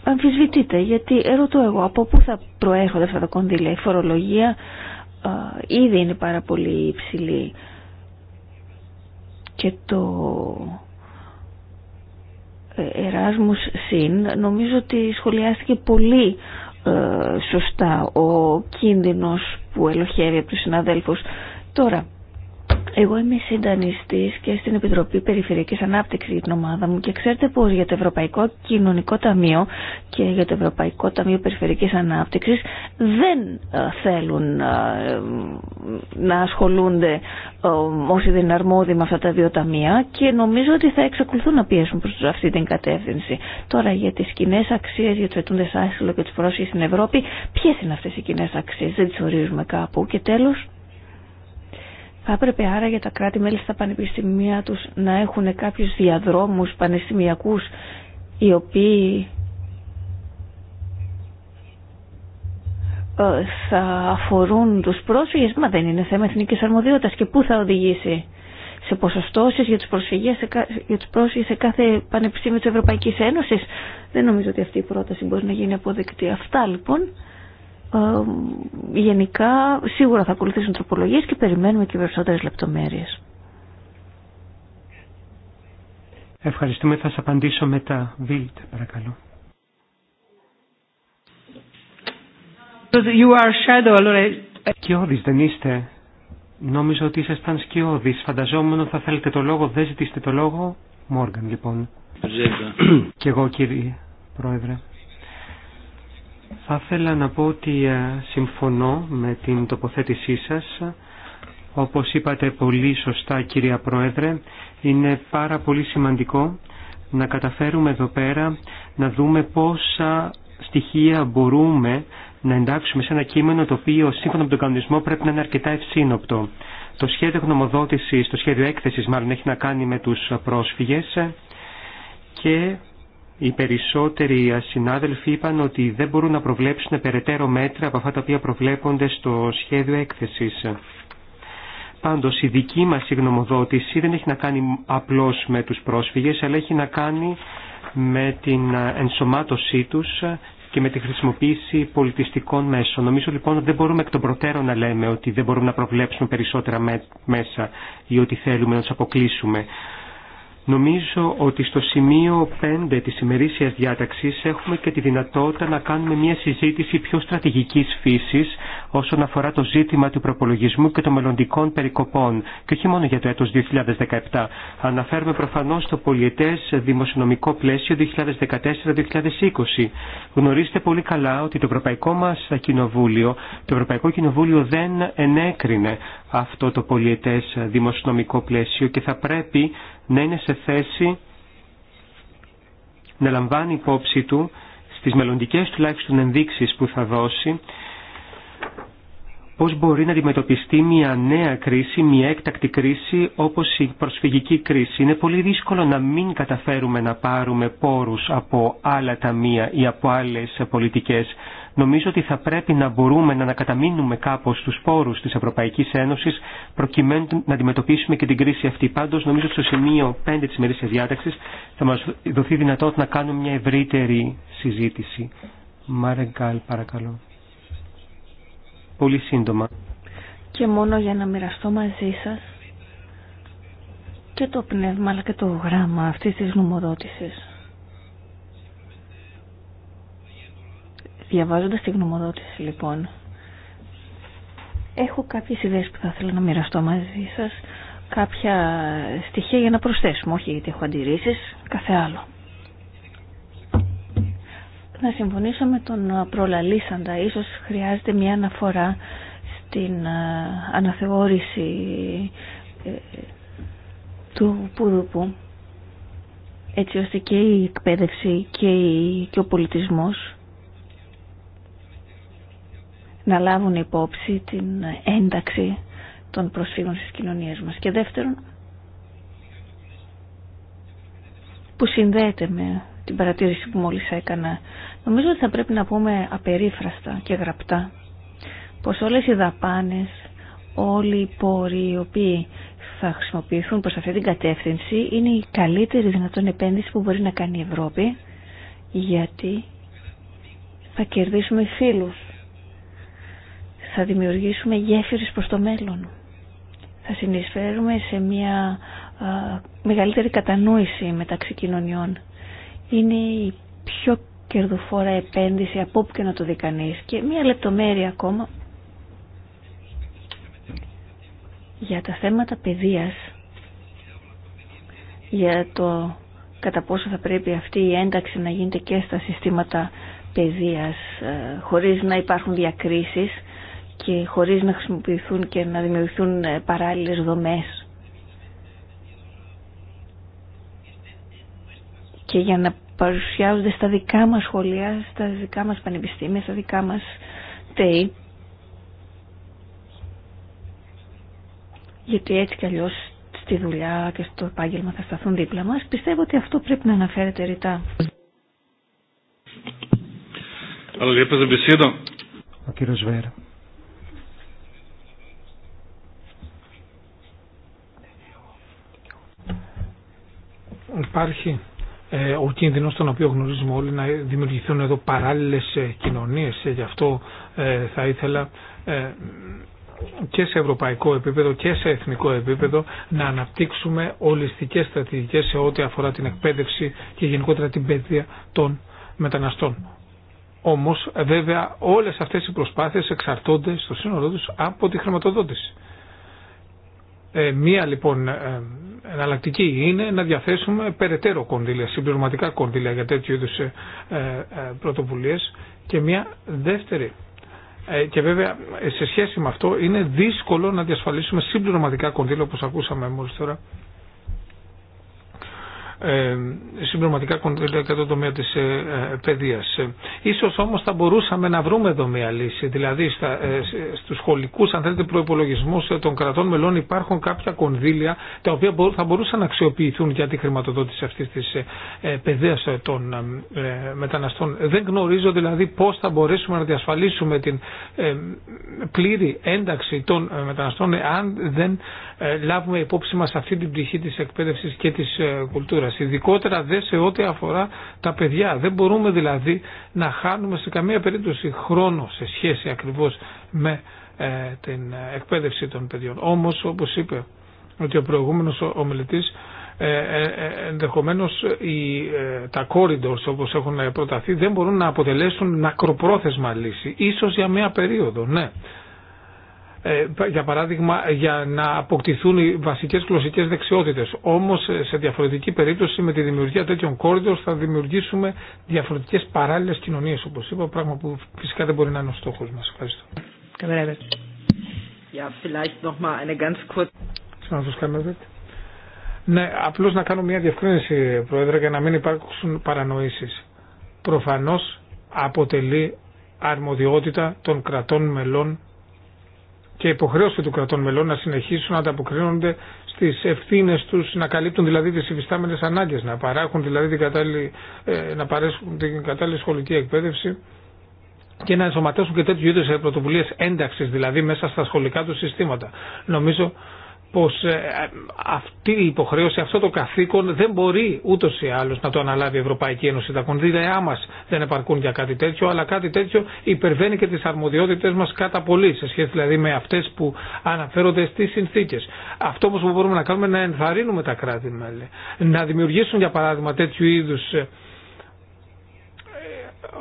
αμφισβητείται γιατί ερωτώ εγώ από πού θα προέρχονται αυτά τα κονδύλια η φορολογία ε, ήδη είναι πάρα πολύ υψηλή και το Εράσμους ΣΥΝ νομίζω ότι σχολιάστηκε πολύ ε, σωστά ο κίνδυνος που ελοχεύει από τους συναδέλφους τώρα εγώ είμαι συντανιστή και στην Επιτροπή Περιφερειακή Ανάπτυξη για την ομάδα μου και ξέρετε πω για το Ευρωπαϊκό Κοινωνικό Ταμείο και για το Ευρωπαϊκό Ταμείο Περιφερειακή Ανάπτυξη δεν ε, θέλουν ε, να ασχολούνται ε, όσοι δεν είναι αρμόδιοι με αυτά τα δύο ταμεία και νομίζω ότι θα εξακολουθούν να πιέσουν προ αυτή την κατεύθυνση. Τώρα για τι κοινέ αξίε, για του ετούντε άσυλο και του πρόσφυγε στην Ευρώπη, ποιε είναι αυτέ οι κοινέ αξίε, δεν τι ορίζουμε κάπου. Και τέλο, θα έπρεπε άρα για τα κράτη-μέλη στα πανεπιστημία τους να έχουν κάποιους διαδρόμους πανεπιστημιακούς οι οποίοι ε, θα αφορούν τους πρόσφυγες, μα δεν είναι θέμα εθνικής αρμοδιότητας και πού θα οδηγήσει σε ποσοστώσεις για τους, προσφυγές, για τους πρόσφυγες σε κάθε πανεπιστήμιο της Ευρωπαϊκής Ένωσης. Δεν νομίζω ότι αυτή η πρόταση μπορεί να γίνει αποδεκτή. Αυτά λοιπόν γενικά σίγουρα θα ακολουθήσουν τροπολογίες και περιμένουμε και περισσότερες λεπτομέρειες. Ευχαριστούμε. Θα σας απαντήσω μετά. Βίλτε, παρακαλώ. You are shadow, Σκιώδης δεν είστε. Νόμιζα ότι ήσασταν σκιώδης. Φανταζόμουν ότι θα θέλετε το λόγο. Δεν ζητήσετε το λόγο. Μόργαν λοιπόν. Κι εγώ κύριε Πρόεδρε. Θα ήθελα να πω ότι ε, συμφωνώ με την τοποθέτησή σας. Όπως είπατε πολύ σωστά κυρία Πρόεδρε, είναι πάρα πολύ σημαντικό να καταφέρουμε εδώ πέρα να δούμε πόσα στοιχεία μπορούμε να εντάξουμε σε ένα κείμενο το οποίο σύμφωνα με τον κανονισμό πρέπει να είναι αρκετά ευσύνοπτο. Το σχέδιο γνωμοδότησης, το σχέδιο έκθεσης μάλλον έχει να κάνει με τους πρόσφυγες και οι περισσότεροι συνάδελφοι είπαν ότι δεν μπορούν να προβλέψουν περαιτέρω μέτρα από αυτά τα οποία προβλέπονται στο σχέδιο έκθεσης. Πάντως η δική μας γνωμοδότηση δεν έχει να κάνει απλώς με τους πρόσφυγες, αλλά έχει να κάνει με την ενσωμάτωσή τους και με τη χρησιμοποίηση πολιτιστικών μέσων. Νομίζω λοιπόν ότι δεν μπορούμε εκ των προτέρων να λέμε ότι δεν μπορούμε να προβλέψουμε περισσότερα μέσα ή ότι θέλουμε να του αποκλείσουμε. Νομίζω ότι στο σημείο 5 της ημερήσιας διάταξης έχουμε και τη δυνατότητα να κάνουμε μια συζήτηση πιο στρατηγικής φύσης όσον αφορά το ζήτημα του προπολογισμού και των μελλοντικών περικοπών και όχι μόνο για το έτος 2017. Αναφέρουμε προφανώς το πολιετές δημοσιονομικό πλαίσιο 2014-2020. Γνωρίζετε πολύ καλά ότι το Ευρωπαϊκό μας Κοινοβούλιο, το Ευρωπαϊκό Κοινοβούλιο δεν ενέκρινε αυτό το πολιετές δημοσιονομικό πλαίσιο και θα πρέπει να είναι σε θέση να λαμβάνει υπόψη του στις μελλοντικές τουλάχιστον ενδείξεις που θα δώσει πώς μπορεί να αντιμετωπιστεί μια νέα κρίση, μια έκτακτη κρίση όπως η προσφυγική κρίση. Είναι πολύ δύσκολο να μην καταφέρουμε να πάρουμε πόρους από άλλα ταμεία ή από άλλες πολιτικές. Νομίζω ότι θα πρέπει να μπορούμε να ανακαταμείνουμε κάπως τους πόρους της Ευρωπαϊκής Ένωσης προκειμένου να αντιμετωπίσουμε και την κρίση αυτή. Πάντως νομίζω ότι στο σημείο 5 της ημερήσιας διάταξης θα μας δοθεί δυνατότητα να κάνουμε μια ευρύτερη συζήτηση. Μάρεγκαλ παρακαλώ. Πολύ σύντομα. Και μόνο για να μοιραστώ μαζί σας και το πνεύμα αλλά και το γράμμα αυτής της γνωμοδότησης. Διαβάζοντας τη γνωμοδότηση λοιπόν, έχω κάποιες ιδέες που θα ήθελα να μοιραστώ μαζί σας, κάποια στοιχεία για να προσθέσουμε, όχι γιατί έχω αντιρρήσεις, κάθε άλλο να συμφωνήσω με τον προλαλήσαντα. Ίσως χρειάζεται μια αναφορά στην ε, αναθεώρηση ε, του Πουδουπού έτσι ώστε και η εκπαίδευση και, και ο πολιτισμός να λάβουν υπόψη την ένταξη των προσφύγων στις κοινωνίες μας. Και δεύτερον, που συνδέεται με την παρατήρηση που μόλις έκανα. Νομίζω ότι θα πρέπει να πούμε απερίφραστα και γραπτά πως όλες οι δαπάνες, όλοι οι πόροι οι οποίοι θα χρησιμοποιηθούν προς αυτή την κατεύθυνση είναι η καλύτερη δυνατόν επένδυση που μπορεί να κάνει η Ευρώπη γιατί θα κερδίσουμε φίλους, θα δημιουργήσουμε γέφυρες προς το μέλλον, θα συνεισφέρουμε σε μια μεγαλύτερη κατανόηση μεταξύ κοινωνιών είναι η πιο κερδοφόρα επένδυση από όπου και να το δει Και μία λεπτομέρεια ακόμα για τα θέματα παιδείας, για το κατά πόσο θα πρέπει αυτή η ένταξη να γίνεται και στα συστήματα παιδείας ε, χωρίς να υπάρχουν διακρίσεις και χωρίς να χρησιμοποιηθούν και να δημιουργηθούν ε, παράλληλες δομές. και για να παρουσιάζονται στα δικά μας σχολεία, στα δικά μας πανεπιστήμια, στα δικά μας ΤΕΙ. Γιατί έτσι κι αλλιώς στη δουλειά και στο επάγγελμα θα σταθούν δίπλα μας. Πιστεύω ότι αυτό πρέπει να αναφέρεται ρητά. Ο κύριος Βέρα. Υπάρχει ε, ο κίνδυνος τον οποίο γνωρίζουμε όλοι να δημιουργηθούν εδώ παράλληλες ε, κοινωνίες. Ε, γι' αυτό θα ήθελα και σε ευρωπαϊκό επίπεδο και σε εθνικό επίπεδο να αναπτύξουμε ολιστικές στρατηγικές σε ό,τι αφορά την εκπαίδευση και γενικότερα την παιδεία των μεταναστών. Όμως βέβαια όλες αυτές οι προσπάθειες εξαρτώνται στο σύνολό τους από τη χρηματοδότηση. Ε, μία λοιπόν ε, εναλλακτική είναι να διαθέσουμε περαιτέρω κονδύλια, συμπληρωματικά κονδύλια για τέτοιου είδους ε, ε, ε πρωτοβουλίες και μία δεύτερη. και βέβαια σε σχέση με αυτό είναι δύσκολο να διασφαλίσουμε συμπληρωματικά κονδύλια όπως ακούσαμε μόλις τώρα ε, συμπληρωματικά κονδύλια και το τομέα της ε, ε, παιδείας. Ίσως όμως θα μπορούσαμε να βρούμε εδώ μια λύση, δηλαδή στα, στους σχολικούς αν θέλετε προϋπολογισμούς των κρατών μελών υπάρχουν κάποια κονδύλια τα οποία θα μπορούσαν να αξιοποιηθούν για τη χρηματοδότηση αυτής της παιδείας των μεταναστών. Δεν γνωρίζω δηλαδή πώς θα μπορέσουμε να διασφαλίσουμε την πλήρη ένταξη των μεταναστών αν δεν λάβουμε υπόψη μας αυτή την πτυχή της εκπαίδευσης και της κουλτούρας ειδικότερα δε σε ό,τι αφορά τα παιδιά. Δεν μπορούμε δηλαδή να χάνουμε σε καμία περίπτωση χρόνο σε σχέση ακριβώς με ε, την εκπαίδευση των παιδιών. Όμως, όπως είπε ότι ο προηγούμενος ομιλητής, ε, ε, ε ενδεχομένως οι, τα corridors όπως έχουν προταθεί δεν μπορούν να αποτελέσουν μακροπρόθεσμα λύση, ίσως για μία περίοδο, ναι. Ε, για παράδειγμα για να αποκτηθούν οι βασικές γλωσσικές δεξιότητες. Όμως ε, σε διαφορετική περίπτωση με τη δημιουργία τέτοιων κόρδων θα δημιουργήσουμε διαφορετικές παράλληλες κοινωνίες όπως είπα, πράγμα που φυσικά δεν μπορεί να είναι ο στόχος μας. Ευχαριστώ. Ja, eine ganz Ναι, απλώς να κάνω μια διευκρίνηση, Πρόεδρε, για να μην υπάρξουν παρανοήσεις. Προφανώς αποτελεί αρμοδιότητα των κρατών μελών και υποχρέωση του κρατών μελών να συνεχίσουν να ανταποκρίνονται στι ευθύνε του, να καλύπτουν δηλαδή τι υφιστάμενε ανάγκε, να παράγουν δηλαδή την κατάλληλη, ε, να παρέσουν την κατάλληλη σχολική εκπαίδευση και να ενσωματώσουν και τέτοιου είδου πρωτοβουλίε ένταξη δηλαδή μέσα στα σχολικά του συστήματα. Νομίζω πως ε, αυτή η υποχρέωση, αυτό το καθήκον δεν μπορεί ούτως ή άλλως να το αναλάβει η Ευρωπαϊκή Ένωση. Τα κονδύλια μας δεν επαρκούν για κάτι τέτοιο, αλλά κάτι τέτοιο υπερβαίνει και τις αρμοδιότητες μας κατά πολύ, σε σχέση δηλαδή με αυτές που αναφέρονται στις συνθήκες. Αυτό όμως που μπορούμε να κάνουμε είναι να ενθαρρύνουμε τα κράτη-μέλη, να δημιουργήσουν για παράδειγμα τέτοιου είδους ε,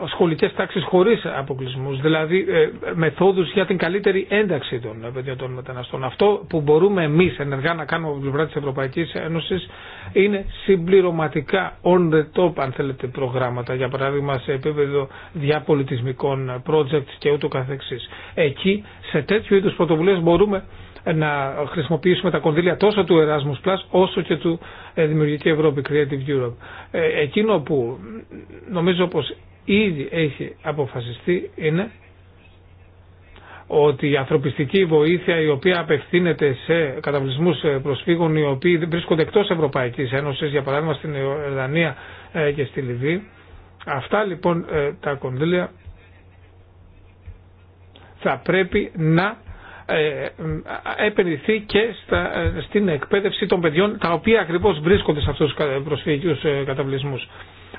σχολικές τάξεις χωρίς αποκλεισμούς, δηλαδή ε, μεθόδους για την καλύτερη ένταξη των παιδιωτών μεταναστών. Αυτό που μπορούμε εμείς ενεργά να κάνουμε από πλευρά της Ευρωπαϊκής Ένωσης είναι συμπληρωματικά on the top αν θέλετε προγράμματα, για παράδειγμα σε επίπεδο διαπολιτισμικών projects και ούτω καθεξής. Εκεί σε τέτοιου είδους πρωτοβουλίες μπορούμε να χρησιμοποιήσουμε τα κονδύλια τόσο του Erasmus Plus όσο και του ε, Δημιουργική Ευρώπη, Creative Europe. Ε, εκείνο που νομίζω πως ήδη έχει αποφασιστεί είναι ότι η ανθρωπιστική βοήθεια η οποία απευθύνεται σε καταβλισμούς ε, προσφύγων οι οποίοι βρίσκονται εκτός Ευρωπαϊκής Ένωσης, για παράδειγμα στην Ιορδανία ε, και στη Λιβύη, αυτά λοιπόν ε, τα κονδύλια θα πρέπει να επενδυθεί και στην εκπαίδευση των παιδιών τα οποία ακριβώς βρίσκονται σε αυτούς τους προσφυγικούς καταβλισμούς.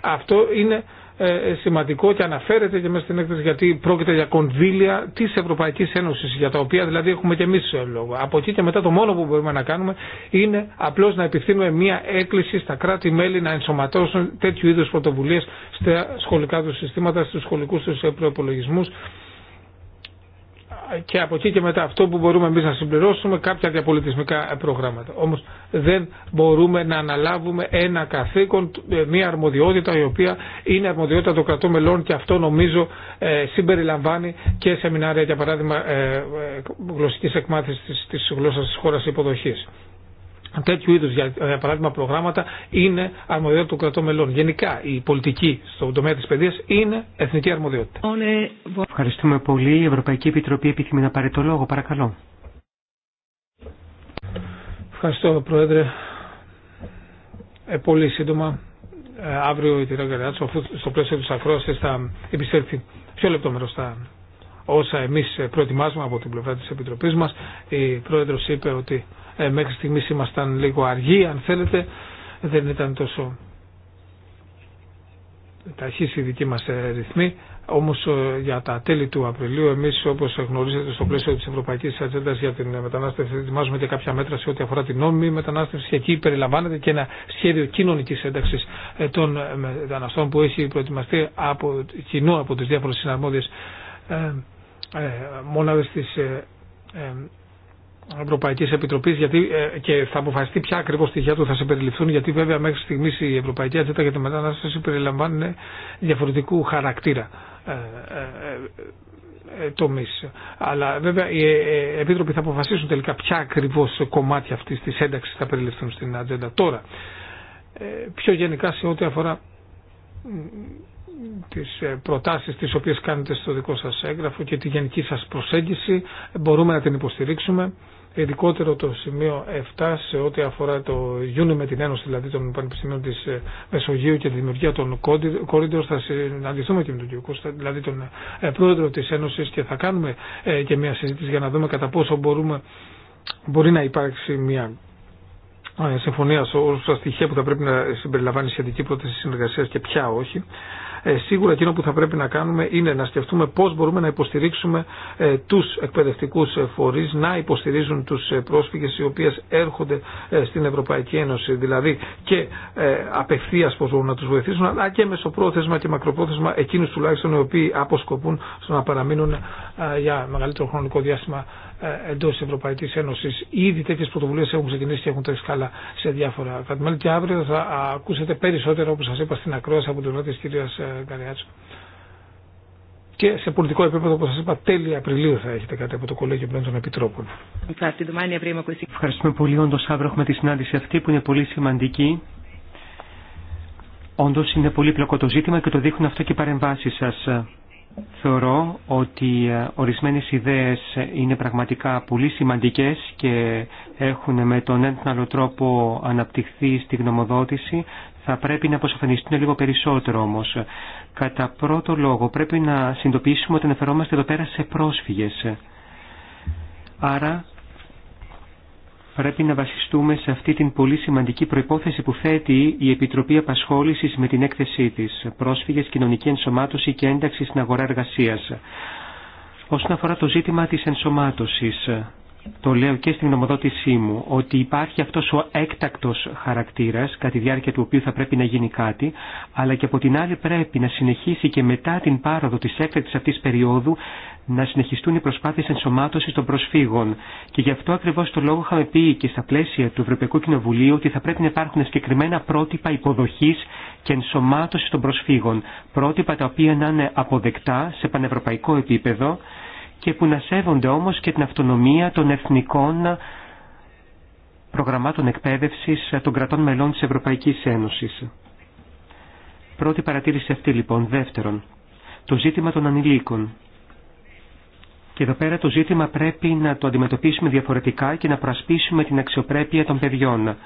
Αυτό είναι ε, ε, σημαντικό και αναφέρεται και μέσα στην έκθεση γιατί πρόκειται για κονδύλια τη Ευρωπαϊκή Ένωση για τα οποία δηλαδή έχουμε και εμεί ε, λόγο. Από εκεί και μετά το μόνο που μπορούμε να κάνουμε είναι απλώ να επιθύνουμε μία έκκληση στα κράτη-μέλη να ενσωματώσουν τέτοιου είδου πρωτοβουλίε στα σχολικά του συστήματα, στου σχολικού του προπολογισμού και από εκεί και μετά αυτό που μπορούμε εμείς να συμπληρώσουμε κάποια διαπολιτισμικά προγράμματα. Όμως δεν μπορούμε να αναλάβουμε ένα καθήκον, ε, μια αρμοδιότητα η οποία είναι αρμοδιότητα των κρατών μελών και αυτό νομίζω ε, συμπεριλαμβάνει και σεμινάρια για παράδειγμα ε, γλωσσικής εκμάθησης της γλώσσας της χώρας υποδοχής τέτοιου είδου, ε, για παράδειγμα, προγράμματα είναι αρμοδιότητα του κρατών μελών. Γενικά, η πολιτική στον τομέα τη παιδεία είναι εθνική αρμοδιότητα. Ευχαριστούμε πολύ. Η Ευρωπαϊκή Επιτροπή επιθυμεί να πάρει το λόγο. Παρακαλώ. Ευχαριστώ, Πρόεδρε. Ε, πολύ σύντομα, ε, αύριο η κυρία Γκαριάτσο, αφού στο πλαίσιο τη ακρόαση θα επιστρέψει πιο λεπτόμερο στα όσα εμεί προετοιμάζουμε από την πλευρά τη Επιτροπή μα. Η Πρόεδρο είπε ότι ε, μέχρι στιγμής ήμασταν λίγο αργοί, αν θέλετε, δεν ήταν τόσο ταχύς η δική μας ε, ρυθμή. Όμως ε, για τα τέλη του Απριλίου εμείς όπως γνωρίζετε στο πλαίσιο της Ευρωπαϊκής Ατζέντα για την μετανάστευση ετοιμάζουμε και κάποια μέτρα σε ό,τι αφορά την νόμιμη μετανάστευση εκεί περιλαμβάνεται και ένα σχέδιο κοινωνικής ένταξης των μεταναστών που έχει προετοιμαστεί από κοινό από τις διάφορες συναρμόδιες ε, ε, μόναδες της ε, Ευρωπαϊκή Επιτροπή ε, και θα αποφασιστεί ποια ακριβώ στοιχεία του θα συμπεριληφθούν, γιατί βέβαια μέχρι στιγμή η Ευρωπαϊκή Ατζέντα για τη Μετανάστευση περιλαμβάνει διαφορετικού χαρακτήρα ε, ε, ε, ε τομεί. Αλλά βέβαια οι ε, Επίτροποι θα αποφασίσουν τελικά ποια ακριβώ κομμάτια αυτή τη ένταξη θα περιληφθούν στην ατζέντα. Τώρα, πιο γενικά σε ό,τι αφορά τις προτάσεις τις οποίες κάνετε στο δικό σας έγγραφο και τη γενική σας προσέγγιση μπορούμε να την υποστηρίξουμε ειδικότερο το σημείο 7 σε ό,τι αφορά το Γιούνι με την Ένωση δηλαδή των Πανεπιστημίων της ε, Μεσογείου και τη δημιουργία των Corridors θα συναντηθούμε και με τον κ. Κώστα, δηλαδή τον ε, πρόεδρο της Ένωσης και θα κάνουμε ε, και μια συζήτηση για να δούμε κατά πόσο μπορούμε, μπορεί να υπάρξει μια συμφωνία ω τα στοιχεία που θα πρέπει να συμπεριλαμβάνει σχετική πρόταση συνεργασία και ποια όχι. Ε, σίγουρα εκείνο που θα πρέπει να κάνουμε είναι να σκεφτούμε πώς μπορούμε να υποστηρίξουμε ε, τους εκπαιδευτικούς ε, φορείς να υποστηρίζουν τους πρόσφυγες οι οποίες έρχονται στην Ευρωπαϊκή Ένωση. Δηλαδή και απευθείας πώς μπορούν να τους βοηθήσουν αλλά και μεσοπρόθεσμα και μακροπρόθεσμα εκείνους τουλάχιστον οι οποίοι αποσκοπούν στο να παραμείνουν για μεγαλύτερο χρονικό διάστημα ε, εντό τη Ευρωπαϊκή Ένωση. Ήδη τέτοιε πρωτοβουλίε έχουν ξεκινήσει και έχουν τρέξει καλά σε διάφορα κρατημέλη. Και αύριο θα ακούσετε περισσότερο, όπω σα είπα, στην ακρόαση από την πλευρά τη κυρία ε, Γκαριάτσου Και σε πολιτικό επίπεδο, όπω σα είπα, τέλη Απριλίου θα έχετε κάτι από το Κολέγιο Πλέον των Επιτρόπων. Ευχαριστούμε πολύ. Όντω, αύριο έχουμε τη συνάντηση αυτή που είναι πολύ σημαντική. Όντω, είναι πολύ πλοκό το ζήτημα και το δείχνουν αυτό και οι παρεμβάσει σα. Θεωρώ ότι ε, ορισμένες ιδέες είναι πραγματικά πολύ σημαντικές και έχουν με τον έναν άλλο τρόπο αναπτυχθεί στη γνωμοδότηση. Θα πρέπει να αποσαφανιστούν λίγο περισσότερο όμως. Κατά πρώτο λόγο πρέπει να συνειδητοποιήσουμε ότι αναφερόμαστε εδώ πέρα σε πρόσφυγες. Άρα πρέπει να βασιστούμε σε αυτή την πολύ σημαντική προϋπόθεση που θέτει η Επιτροπή Απασχόλησης με την έκθεσή της, πρόσφυγες, κοινωνική ενσωμάτωση και ένταξη στην αγορά εργασίας. Όσον αφορά το ζήτημα της ενσωμάτωσης, το λέω και στην γνωμοδότησή μου, ότι υπάρχει αυτός ο έκτακτος χαρακτήρας, κατά τη διάρκεια του οποίου θα πρέπει να γίνει κάτι, αλλά και από την άλλη πρέπει να συνεχίσει και μετά την πάροδο της έκτακτης αυτής περίοδου να συνεχιστούν οι προσπάθειες ενσωμάτωσης των προσφύγων. Και γι' αυτό ακριβώς το λόγο είχαμε πει και στα πλαίσια του Ευρωπαϊκού Κοινοβουλίου ότι θα πρέπει να υπάρχουν συγκεκριμένα πρότυπα υποδοχής και ενσωμάτωσης των προσφύγων. Πρότυπα τα οποία να είναι αποδεκτά σε πανευρωπαϊκό επίπεδο και που να σέβονται όμως και την αυτονομία των εθνικών προγραμμάτων εκπαίδευσης των κρατών μελών της Ευρωπαϊκής Ένωσης. Πρώτη παρατήρηση αυτή λοιπόν. Δεύτερον, το ζήτημα των ανηλίκων. Και εδώ πέρα το ζήτημα πρέπει να το αντιμετωπίσουμε διαφορετικά και να προασπίσουμε την αξιοπρέπεια των παιδιών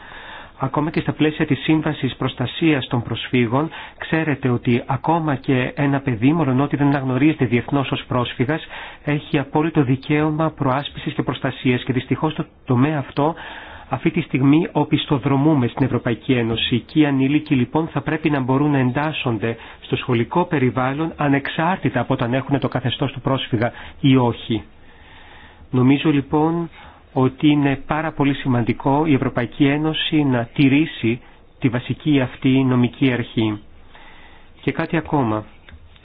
ακόμα και στα πλαίσια της Σύμβασης Προστασίας των Προσφύγων, ξέρετε ότι ακόμα και ένα παιδί, μόλον ότι δεν αναγνωρίζεται διεθνώς ως πρόσφυγας, έχει απόλυτο δικαίωμα προάσπισης και προστασίας και δυστυχώς το τομέα αυτό αυτή τη στιγμή οπισθοδρομούμε στην Ευρωπαϊκή Ένωση και οι ανήλικοι λοιπόν θα πρέπει να μπορούν να εντάσσονται στο σχολικό περιβάλλον ανεξάρτητα από όταν έχουν το καθεστώς του πρόσφυγα ή όχι. Νομίζω λοιπόν ότι είναι πάρα πολύ σημαντικό η Ευρωπαϊκή Ένωση να τηρήσει τη βασική αυτή νομική αρχή. Και κάτι ακόμα.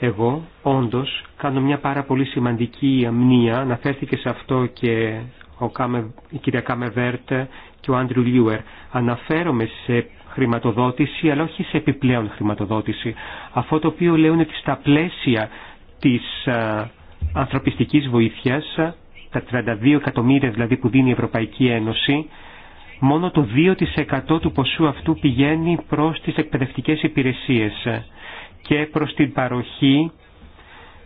Εγώ, όντως, κάνω μια πάρα πολύ σημαντική αμνία, αναφέρθηκε σε αυτό και ο Κάμε, η κυρία Κάμεβέρτ και ο Άντριου Λιούερ. Αναφέρομαι σε χρηματοδότηση, αλλά όχι σε επιπλέον χρηματοδότηση. Αυτό το οποίο λέω είναι ότι στα πλαίσια της ανθρωπιστικής βοήθειας τα 32 εκατομμύρια δηλαδή που δίνει η Ευρωπαϊκή Ένωση, μόνο το 2% του ποσού αυτού πηγαίνει προς τις εκπαιδευτικές υπηρεσίες και προς την παροχή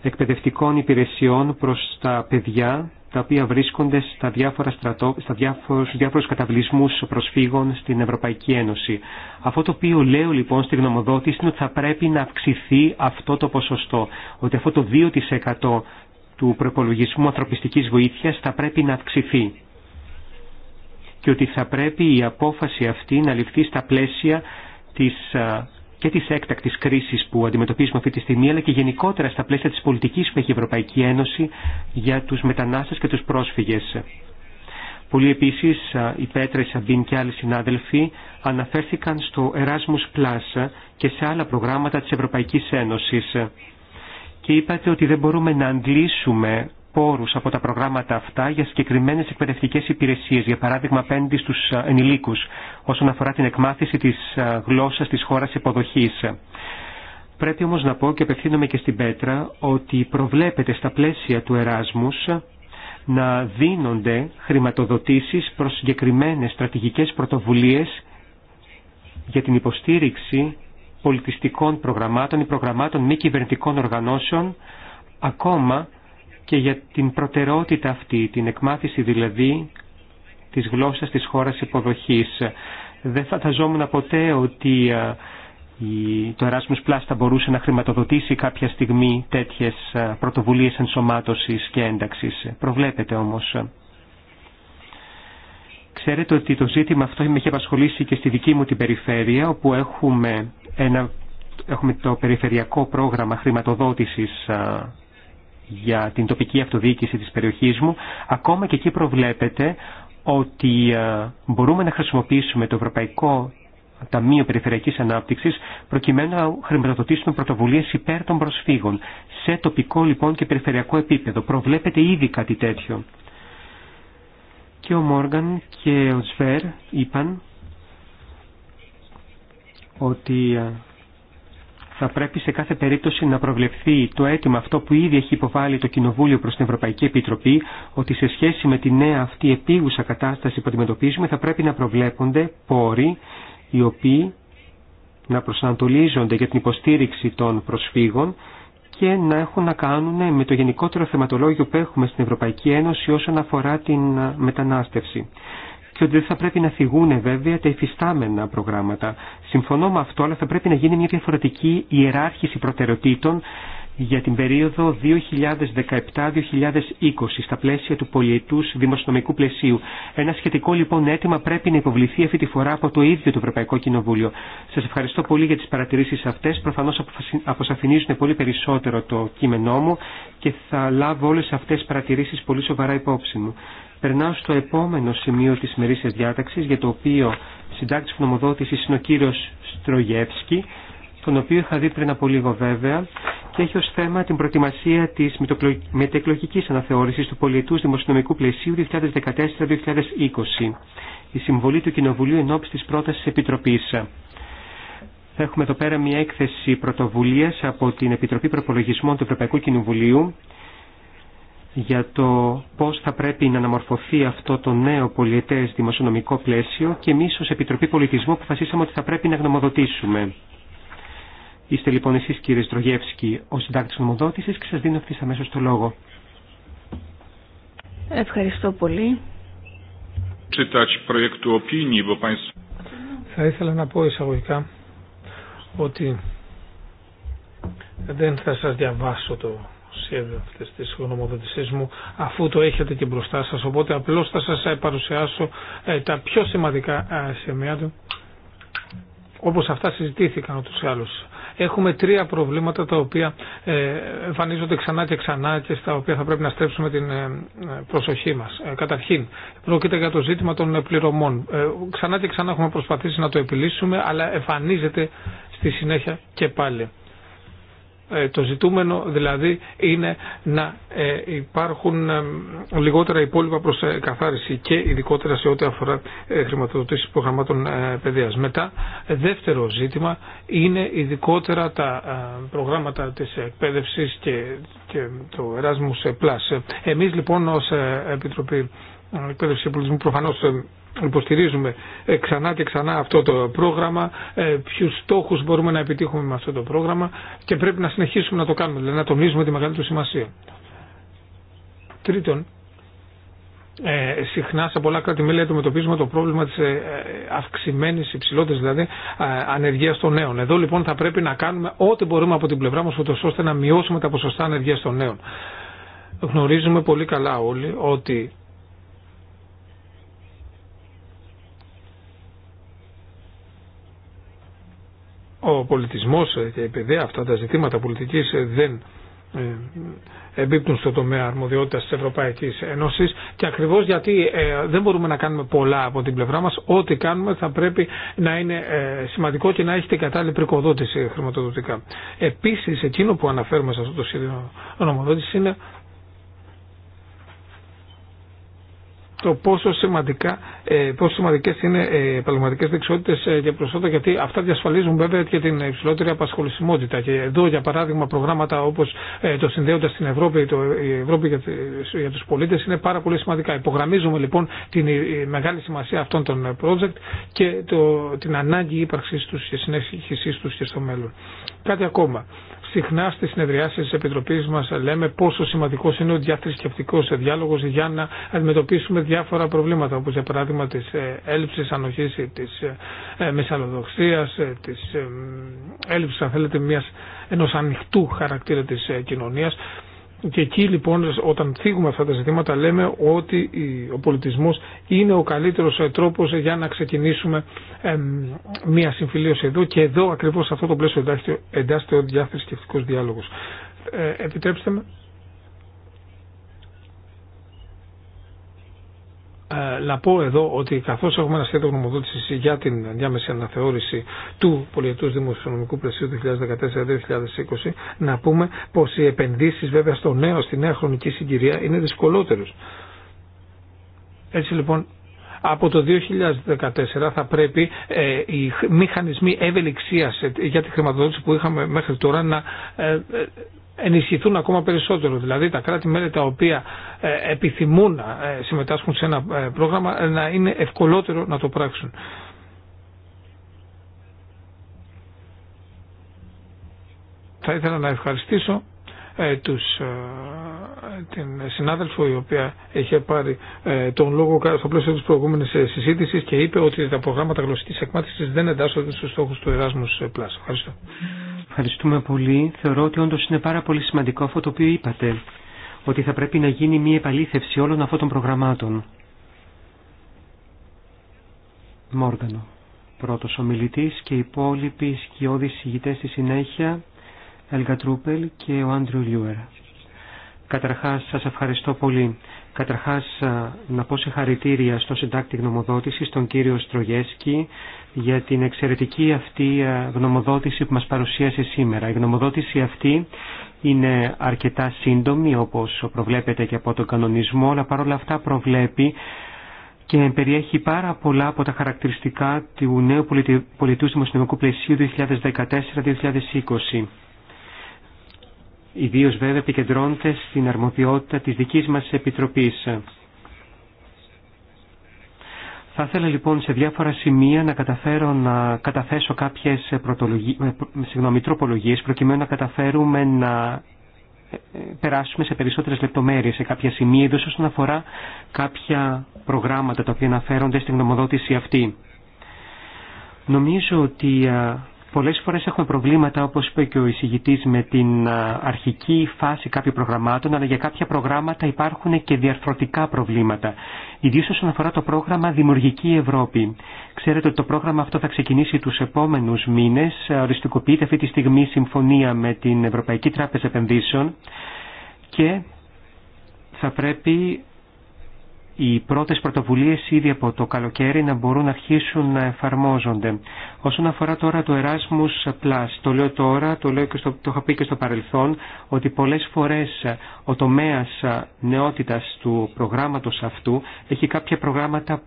εκπαιδευτικών υπηρεσιών προς τα παιδιά τα οποία βρίσκονται στα διάφορα στρατό, στα διάφορους, στους διάφορους καταβλισμούς προσφύγων στην Ευρωπαϊκή Ένωση. Αυτό το οποίο λέω λοιπόν στη γνωμοδότηση είναι ότι θα πρέπει να αυξηθεί αυτό το ποσοστό, ότι αυτό το 2% του προπολογισμού ανθρωπιστικής βοήθειας θα πρέπει να αυξηθεί και ότι θα πρέπει η απόφαση αυτή να ληφθεί στα πλαίσια της, και της έκτακτης κρίσης που αντιμετωπίζουμε αυτή τη στιγμή, αλλά και γενικότερα στα πλαίσια της πολιτικής που έχει η Ευρωπαϊκή Ένωση για τους μετανάστες και τους πρόσφυγες. Πολλοί επίσης, η Πέτρα, η Σαμπίν και άλλοι συνάδελφοι αναφέρθηκαν στο Erasmus Plus και σε άλλα προγράμματα της Ευρωπαϊκής Ένωσης και είπατε ότι δεν μπορούμε να αντλήσουμε πόρους από τα προγράμματα αυτά για συγκεκριμένες εκπαιδευτικές υπηρεσίες, για παράδειγμα απέναντι στους ε, ενηλίκους, όσον αφορά την εκμάθηση της ε, γλώσσας της χώρας υποδοχής. Πρέπει όμως να πω και απευθύνομαι και στην Πέτρα ότι προβλέπεται στα πλαίσια του Εράσμους να δίνονται χρηματοδοτήσεις προς συγκεκριμένες στρατηγικές πρωτοβουλίες για την υποστήριξη πολιτιστικών προγραμμάτων ή προγραμμάτων μη κυβερνητικών οργανώσεων, ακόμα και για την προτεραιότητα αυτή, την εκμάθηση δηλαδή της γλώσσας της χώρας υποδοχής. Δεν φανταζόμουν ποτέ ότι ε, το Erasmus Plus θα μπορούσε να χρηματοδοτήσει κάποια στιγμή τέτοιες ε, πρωτοβουλίες ενσωμάτωσης και ένταξης. Προβλέπετε όμως. Ξέρετε ότι το ζήτημα αυτό με έχει απασχολήσει και στη δική μου την περιφέρεια, όπου έχουμε ένα, έχουμε το περιφερειακό πρόγραμμα χρηματοδότησης για την τοπική αυτοδιοίκηση της περιοχής μου. Ακόμα και εκεί προβλέπεται ότι μπορούμε να χρησιμοποιήσουμε το Ευρωπαϊκό Ταμείο Περιφερειακής Ανάπτυξης προκειμένου να χρηματοδοτήσουμε πρωτοβουλίες υπέρ των προσφύγων. Σε τοπικό λοιπόν και περιφερειακό επίπεδο προβλέπεται ήδη κάτι τέτοιο. Και ο Μόργαν και ο Σβέρ είπαν ότι ε, θα πρέπει σε κάθε περίπτωση να προβλεφθεί το αίτημα αυτό που ήδη έχει υποβάλει το Κοινοβούλιο προς την Ευρωπαϊκή Επιτροπή, ότι σε σχέση με τη νέα αυτή επίγουσα κατάσταση που αντιμετωπίζουμε θα πρέπει να προβλέπονται πόροι οι οποίοι να προσανατολίζονται για την υποστήριξη των προσφύγων και να έχουν να κάνουν με το γενικότερο θεματολόγιο που έχουμε στην Ευρωπαϊκή Ένωση όσον αφορά την ε, μετανάστευση και ότι δεν θα πρέπει να θυγούν, βέβαια τα υφιστάμενα προγράμματα. Συμφωνώ με αυτό, αλλά θα πρέπει να γίνει μια διαφορετική ιεράρχηση προτεραιοτήτων για την περίοδο 2017-2020 στα πλαίσια του πολιετούς δημοσιονομικού πλαισίου. Ένα σχετικό λοιπόν αίτημα πρέπει να υποβληθεί αυτή τη φορά από το ίδιο το Ευρωπαϊκό Κοινοβούλιο. Σας ευχαριστώ πολύ για τις παρατηρήσεις αυτές. Προφανώς αποσαφηνίζουν πολύ περισσότερο το κείμενό μου και θα λάβω όλες αυτές τις παρατηρήσεις πολύ σοβαρά υπόψη μου. Περνάω στο επόμενο σημείο της μερίσιας διάταξης για το οποίο συντάκτης γνωμοδότησης είναι ο κύριος Στρογεύσκη τον οποίο είχα δει πριν από λίγο βέβαια και έχει ως θέμα την προετοιμασία της μετεκλογικής αναθεώρησης του πολιτου δημοσιονομικου δημοσιονομικού πλαισίου 2014-2020 η συμβολή του Κοινοβουλίου ενώπιση της πρότασης Επιτροπής. Θα έχουμε εδώ πέρα μια έκθεση πρωτοβουλίας από την Επιτροπή Προπολογισμών του Ευρωπαϊκού Κοινοβουλίου για το πώς θα πρέπει να αναμορφωθεί αυτό το νέο πολιετές δημοσιονομικό πλαίσιο και εμείς ως Επιτροπή Πολιτισμού αποφασίσαμε ότι θα πρέπει να γνωμοδοτήσουμε. Είστε λοιπόν εσείς κύριε Στρογεύσκη ο συντάκτης γνωμοδότησης και σας δίνω αυτής αμέσως το λόγο. Ευχαριστώ πολύ. Θα ήθελα να πω εισαγωγικά ότι δεν θα σας διαβάσω το σχέδιο αυτής της γνωμοδοτησής μου αφού το έχετε και μπροστά σας οπότε απλώ θα σα ε, παρουσιάσω ε, τα πιο σημαντικά ε, σημεία του όπως αυτά συζητήθηκαν ούτως ή άλλως. Έχουμε τρία προβλήματα τα οποία εμφανίζονται ξανά και ξανά και στα οποία θα πρέπει να στρέψουμε την προσοχή μας. Καταρχήν, πρόκειται για το ζήτημα των πληρωμών. Ξανά και ξανά έχουμε προσπαθήσει να το επιλύσουμε, αλλά εμφανίζεται στη συνέχεια και πάλι. Ε, το ζητούμενο δηλαδή είναι να ε, υπάρχουν ε, λιγότερα υπόλοιπα προς καθάριση και ειδικότερα σε ό,τι αφορά χρηματοδοτήσεις προγραμμάτων παιδείας. Μετά, δεύτερο ζήτημα είναι ειδικότερα τα προγράμματα της εκπαίδευσης και, το Erasmus Plus. Εμείς λοιπόν ως Επιτροπή εκπαίδευση και Πολιτισμού προφανώς υποστηρίζουμε ε, ξανά και ξανά αυτό το πρόγραμμα, ε, ποιου στόχου μπορούμε να επιτύχουμε με αυτό το πρόγραμμα και πρέπει να συνεχίσουμε να το κάνουμε, δηλαδή να τονίζουμε τη μεγάλη του σημασία. Τρίτον, ε, συχνά σε πολλά κράτη-μέλη αντιμετωπίζουμε το πρόβλημα τη ε, ε, αυξημένης υψηλότητας δηλαδή ανεργίας των νέων. Εδώ λοιπόν θα πρέπει να κάνουμε ό,τι μπορούμε από την πλευρά μας ώστε να μειώσουμε τα ποσοστά ανεργία των νέων. Γνωρίζουμε πολύ καλά όλοι ότι ο πολιτισμός ε, και η παιδεία, αυτά τα ζητήματα πολιτικής ε, δεν ε, εμπίπτουν στο τομέα αρμοδιότητας της Ευρωπαϊκής Ένωσης και ακριβώς γιατί δεν μπορούμε να κάνουμε πολλά από την πλευρά μας, ό,τι κάνουμε θα πρέπει να είναι σημαντικό και να έχει την κατάλληλη πρικοδότηση χρηματοδοτικά. Επίσης, εκείνο που αναφέρουμε σε αυτό το σχέδιο νομοδότηση είναι το πόσο, σημαντικά, ε, πόσο σημαντικές είναι οι ε, επαγγελματικές δεξιότητες ε, για προσώτα γιατί αυτά διασφαλίζουν βέβαια και την υψηλότερη απασχολησιμότητα και εδώ για παράδειγμα προγράμματα όπως το συνδέοντα στην Ευρώπη, το, η Ευρώπη για, για τους πολίτες είναι πάρα πολύ σημαντικά. Υπογραμμίζουμε λοιπόν την μεγάλη σημασία αυτών των project και το, την ανάγκη ύπαρξής τους και συνέχισής τους και στο μέλλον. Κάτι ακόμα συχνά στι συνεδριάσεις τη Επιτροπής μας λέμε πόσο σημαντικό είναι ο διαθρησκευτικό διάλογος για να αντιμετωπίσουμε διάφορα προβλήματα όπως για παράδειγμα της ε, έλλειψης ανοχής τη ε, ε, μεσαλλοδοξία, τη έλλειψης αν θέλετε ενό ενός ανοιχτού χαρακτήρα της κοινωνίας και εκεί λοιπόν όταν θίγουμε αυτά τα ζητήματα λέμε ότι ο πολιτισμός είναι ο καλύτερος ε, τρόπος για να ξεκινήσουμε μια συμφιλίωση εδώ και εδώ ακριβώς σε αυτό το πλαίσιο εντάσσεται ο σκεφτικός διάλογος. Ε, επιτρέψτε με Ε, να πω εδώ ότι καθώς έχουμε ένα σχέδιο γνωμοδότησης για την διάμεση αναθεώρηση του πολιετού δημοσιονομικού πλαισίου 2014-2020, να πούμε πως οι επενδύσεις βέβαια στο νέο, στη νέα χρονική συγκυρία είναι δύσκολότερε. Έτσι λοιπόν από το 2014 θα πρέπει ε, οι μηχανισμοί ευελιξίας για τη χρηματοδότηση που είχαμε μέχρι τώρα να ε, ενισχυθούν ακόμα περισσότερο. Δηλαδή τα κράτη-μέλη τα οποία ε, επιθυμούν να ε, συμμετάσχουν σε ένα ε, πρόγραμμα να είναι ευκολότερο να το πράξουν. Θα ήθελα να ευχαριστήσω τους, την συνάδελφο η οποία είχε πάρει τον λόγο στο πλαίσιο της προηγούμενης συζήτησης και είπε ότι τα προγράμματα γλωσσικής εκμάθησης δεν εντάσσονται στους στόχους του Erasmus+. Ευχαριστώ. Ευχαριστούμε πολύ. Θεωρώ ότι όντω είναι πάρα πολύ σημαντικό αυτό το οποίο είπατε, ότι θα πρέπει να γίνει μια επαλήθευση όλων αυτών των προγραμμάτων. Μόργανο, Πρώτο ομιλητής και οι υπόλοιποι σκιώδει ηγητέ στη συνέχεια, Έλγα Τρούπελ και ο Άντριου Λιούερ. Καταρχά σα ευχαριστώ πολύ. Καταρχά να πω συγχαρητήρια στον συντάκτη γνωμοδότηση, τον κύριο Στρογέσκη, για την εξαιρετική αυτή ε, γνωμοδότηση που μας παρουσίασε σήμερα. Η γνωμοδότηση αυτή είναι αρκετά σύντομη όπως προβλέπεται και από τον κανονισμό, αλλά παρόλα αυτά προβλέπει και περιέχει πάρα πολλά από τα χαρακτηριστικά του νέου πολιτού δημοσιονομικού πλαισίου 2014-2020. Ιδίω βέβαια επικεντρώνεται στην αρμοδιότητα της δικής μας Επιτροπής. Θα ήθελα λοιπόν σε διάφορα σημεία να καταφέρω να καταθέσω κάποιες ε, συγγνώμη, τροπολογίες προκειμένου να καταφέρουμε να ε, ε, περάσουμε σε περισσότερες λεπτομέρειες σε κάποια σημεία, ιδίως όσον αφορά κάποια προγράμματα τα οποία αναφέρονται στην γνωμοδότηση αυτή. Νομίζω ότι Πολλές φορές έχουμε προβλήματα, όπως είπε και ο εισηγητής, με την αρχική φάση κάποιων προγραμμάτων, αλλά για κάποια προγράμματα υπάρχουν και διαρθρωτικά προβλήματα. Ιδίως όσον αφορά το πρόγραμμα Δημιουργική Ευρώπη. Ξέρετε ότι το πρόγραμμα αυτό θα ξεκινήσει τους επόμενους μήνες. Οριστικοποιείται αυτή τη στιγμή συμφωνία με την Ευρωπαϊκή Τράπεζα Επενδύσεων και θα πρέπει οι πρώτες πρωτοβουλίες ήδη από το καλοκαίρι να μπορούν να αρχίσουν να εφαρμόζονται. Όσον αφορά τώρα το Erasmus Plus, το λέω τώρα, το, λέω και στο, το είχα πει και στο παρελθόν, ότι πολλές φορές ο τομέας νεότητας του προγράμματος αυτού έχει κάποια προγράμματα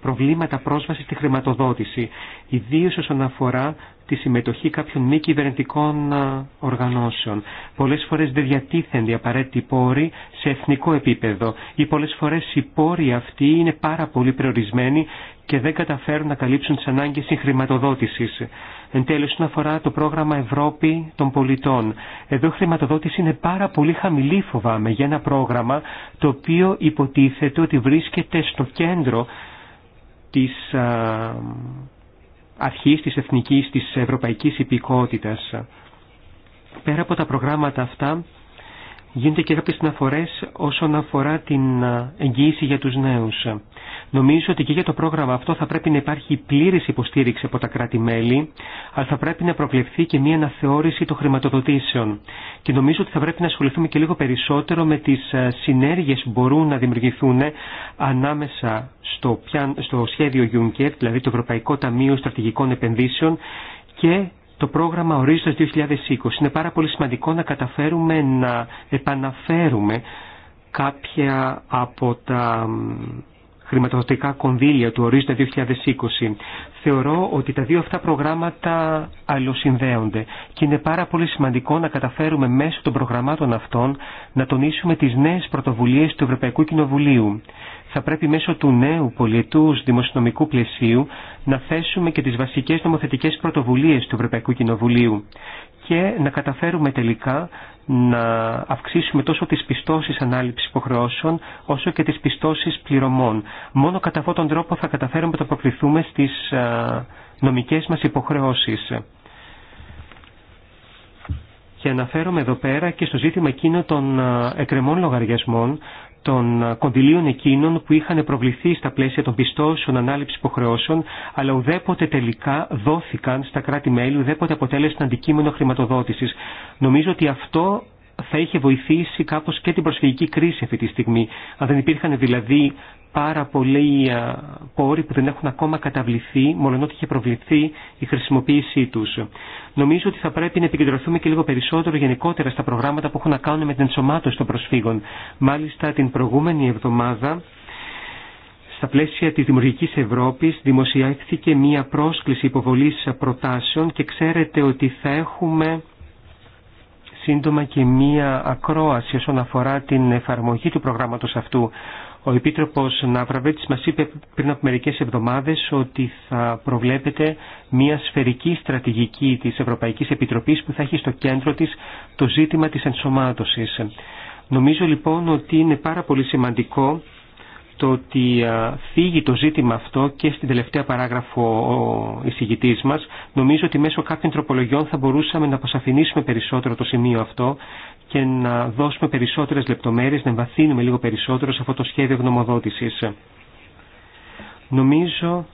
προβλήματα πρόσβασης στη χρηματοδότηση, ιδίως όσον αφορά τη συμμετοχή κάποιων μη κυβερνητικών ε, οργανώσεων. Πολλές φορές δεν διατίθενται απαραίτητοι πόροι σε εθνικό επίπεδο ή πολλές φορές οι πόροι αυτοί είναι πάρα πολύ περιορισμένοι και δεν καταφέρουν να καλύψουν τις ανάγκες συγχρηματοδότησης. Εν τέλει, όσον αφορά το πρόγραμμα Ευρώπη των πολιτών, εδώ η χρηματοδότηση είναι πάρα πολύ χαμηλή, φοβάμαι, για ένα πρόγραμμα το οποίο υποτίθεται ότι βρίσκεται στο κέντρο της ε, αρχής της εθνικής της ευρωπαϊκής υπηκότητας. Πέρα από τα προγράμματα αυτά Γίνεται και κάποιες συναφορές όσον αφορά την εγγύηση για τους νέους. Νομίζω ότι και για το πρόγραμμα αυτό θα πρέπει να υπάρχει πλήρης υποστήριξη από τα κράτη-μέλη, αλλά θα πρέπει να προβλεφθεί και μια αναθεώρηση των χρηματοδοτήσεων. Και νομίζω ότι θα πρέπει να ασχοληθούμε και λίγο περισσότερο με τις συνέργειες που μπορούν να δημιουργηθούν ε, ανάμεσα στο, σχέδιο Juncker, δηλαδή το Ευρωπαϊκό Ταμείο Στρατηγικών Επενδύσεων, και το πρόγραμμα Ορίζοντας 2020. Είναι πάρα πολύ σημαντικό να καταφέρουμε να επαναφέρουμε κάποια από τα χρηματοδοτικά κονδύλια του ορίζοντα 2020. Θεωρώ ότι τα δύο αυτά προγράμματα αλλοσυνδέονται και είναι πάρα πολύ σημαντικό να καταφέρουμε μέσω των προγραμμάτων αυτών να τονίσουμε τις νέες πρωτοβουλίες του Ευρωπαϊκού Κοινοβουλίου θα πρέπει μέσω του νέου πολιτού δημοσιονομικού πλαισίου να θέσουμε και τις βασικές νομοθετικές πρωτοβουλίες του Ευρωπαϊκού Κοινοβουλίου και να καταφέρουμε τελικά να αυξήσουμε τόσο τις πιστώσεις ανάληψης υποχρεώσεων όσο και τις πιστώσεις πληρωμών. Μόνο κατά αυτόν τον τρόπο θα καταφέρουμε να αποκριθούμε στις νομικές μας υποχρεώσεις. Και αναφέρομαι εδώ πέρα και στο ζήτημα εκείνο των εκκρεμών λογαριασμών των κοντιλίων εκείνων που είχαν προβληθεί στα πλαίσια των πιστώσεων ανάληψη υποχρεώσεων, αλλά ουδέποτε τελικά δόθηκαν στα κράτη-μέλη, ουδέποτε αποτέλεσαν αντικείμενο χρηματοδότηση. Νομίζω ότι αυτό θα είχε βοηθήσει κάπως και την προσφυγική κρίση αυτή τη στιγμή. Αν δεν υπήρχαν δηλαδή πάρα πολλοί ε, πόροι που δεν έχουν ακόμα καταβληθεί, μόλον ότι είχε προβληθεί η χρησιμοποίησή του. Νομίζω ότι θα πρέπει να επικεντρωθούμε και λίγο περισσότερο γενικότερα στα προγράμματα που έχουν να κάνουν με την ενσωμάτωση των προσφύγων. Μάλιστα την προηγούμενη εβδομάδα στα πλαίσια της Δημιουργικής Ευρώπης δημοσιεύθηκε μία πρόσκληση υποβολής προτάσεων και ξέρετε ότι θα έχουμε σύντομα και μία ακρόαση όσον αφορά την εφαρμογή του προγράμματος αυτού. Ο Επίτροπος Ναυραβέτης μας είπε πριν από μερικές εβδομάδες ότι θα προβλέπεται μια σφαιρική στρατηγική της Ευρωπαϊκής Επιτροπής που θα έχει στο κέντρο της το ζήτημα της ενσωμάτωσης. Νομίζω λοιπόν ότι είναι πάρα πολύ σημαντικό το ότι φύγει το ζήτημα αυτό και στην τελευταία παράγραφο ο εισηγητή μας. Νομίζω ότι μέσω κάποιων τροπολογιών θα μπορούσαμε να αποσαφηνίσουμε περισσότερο το σημείο αυτό και να δώσουμε περισσότερες λεπτομέρειες, να εμβαθύνουμε λίγο περισσότερο σε αυτό το σχέδιο γνωμοδότηση. Νομίζω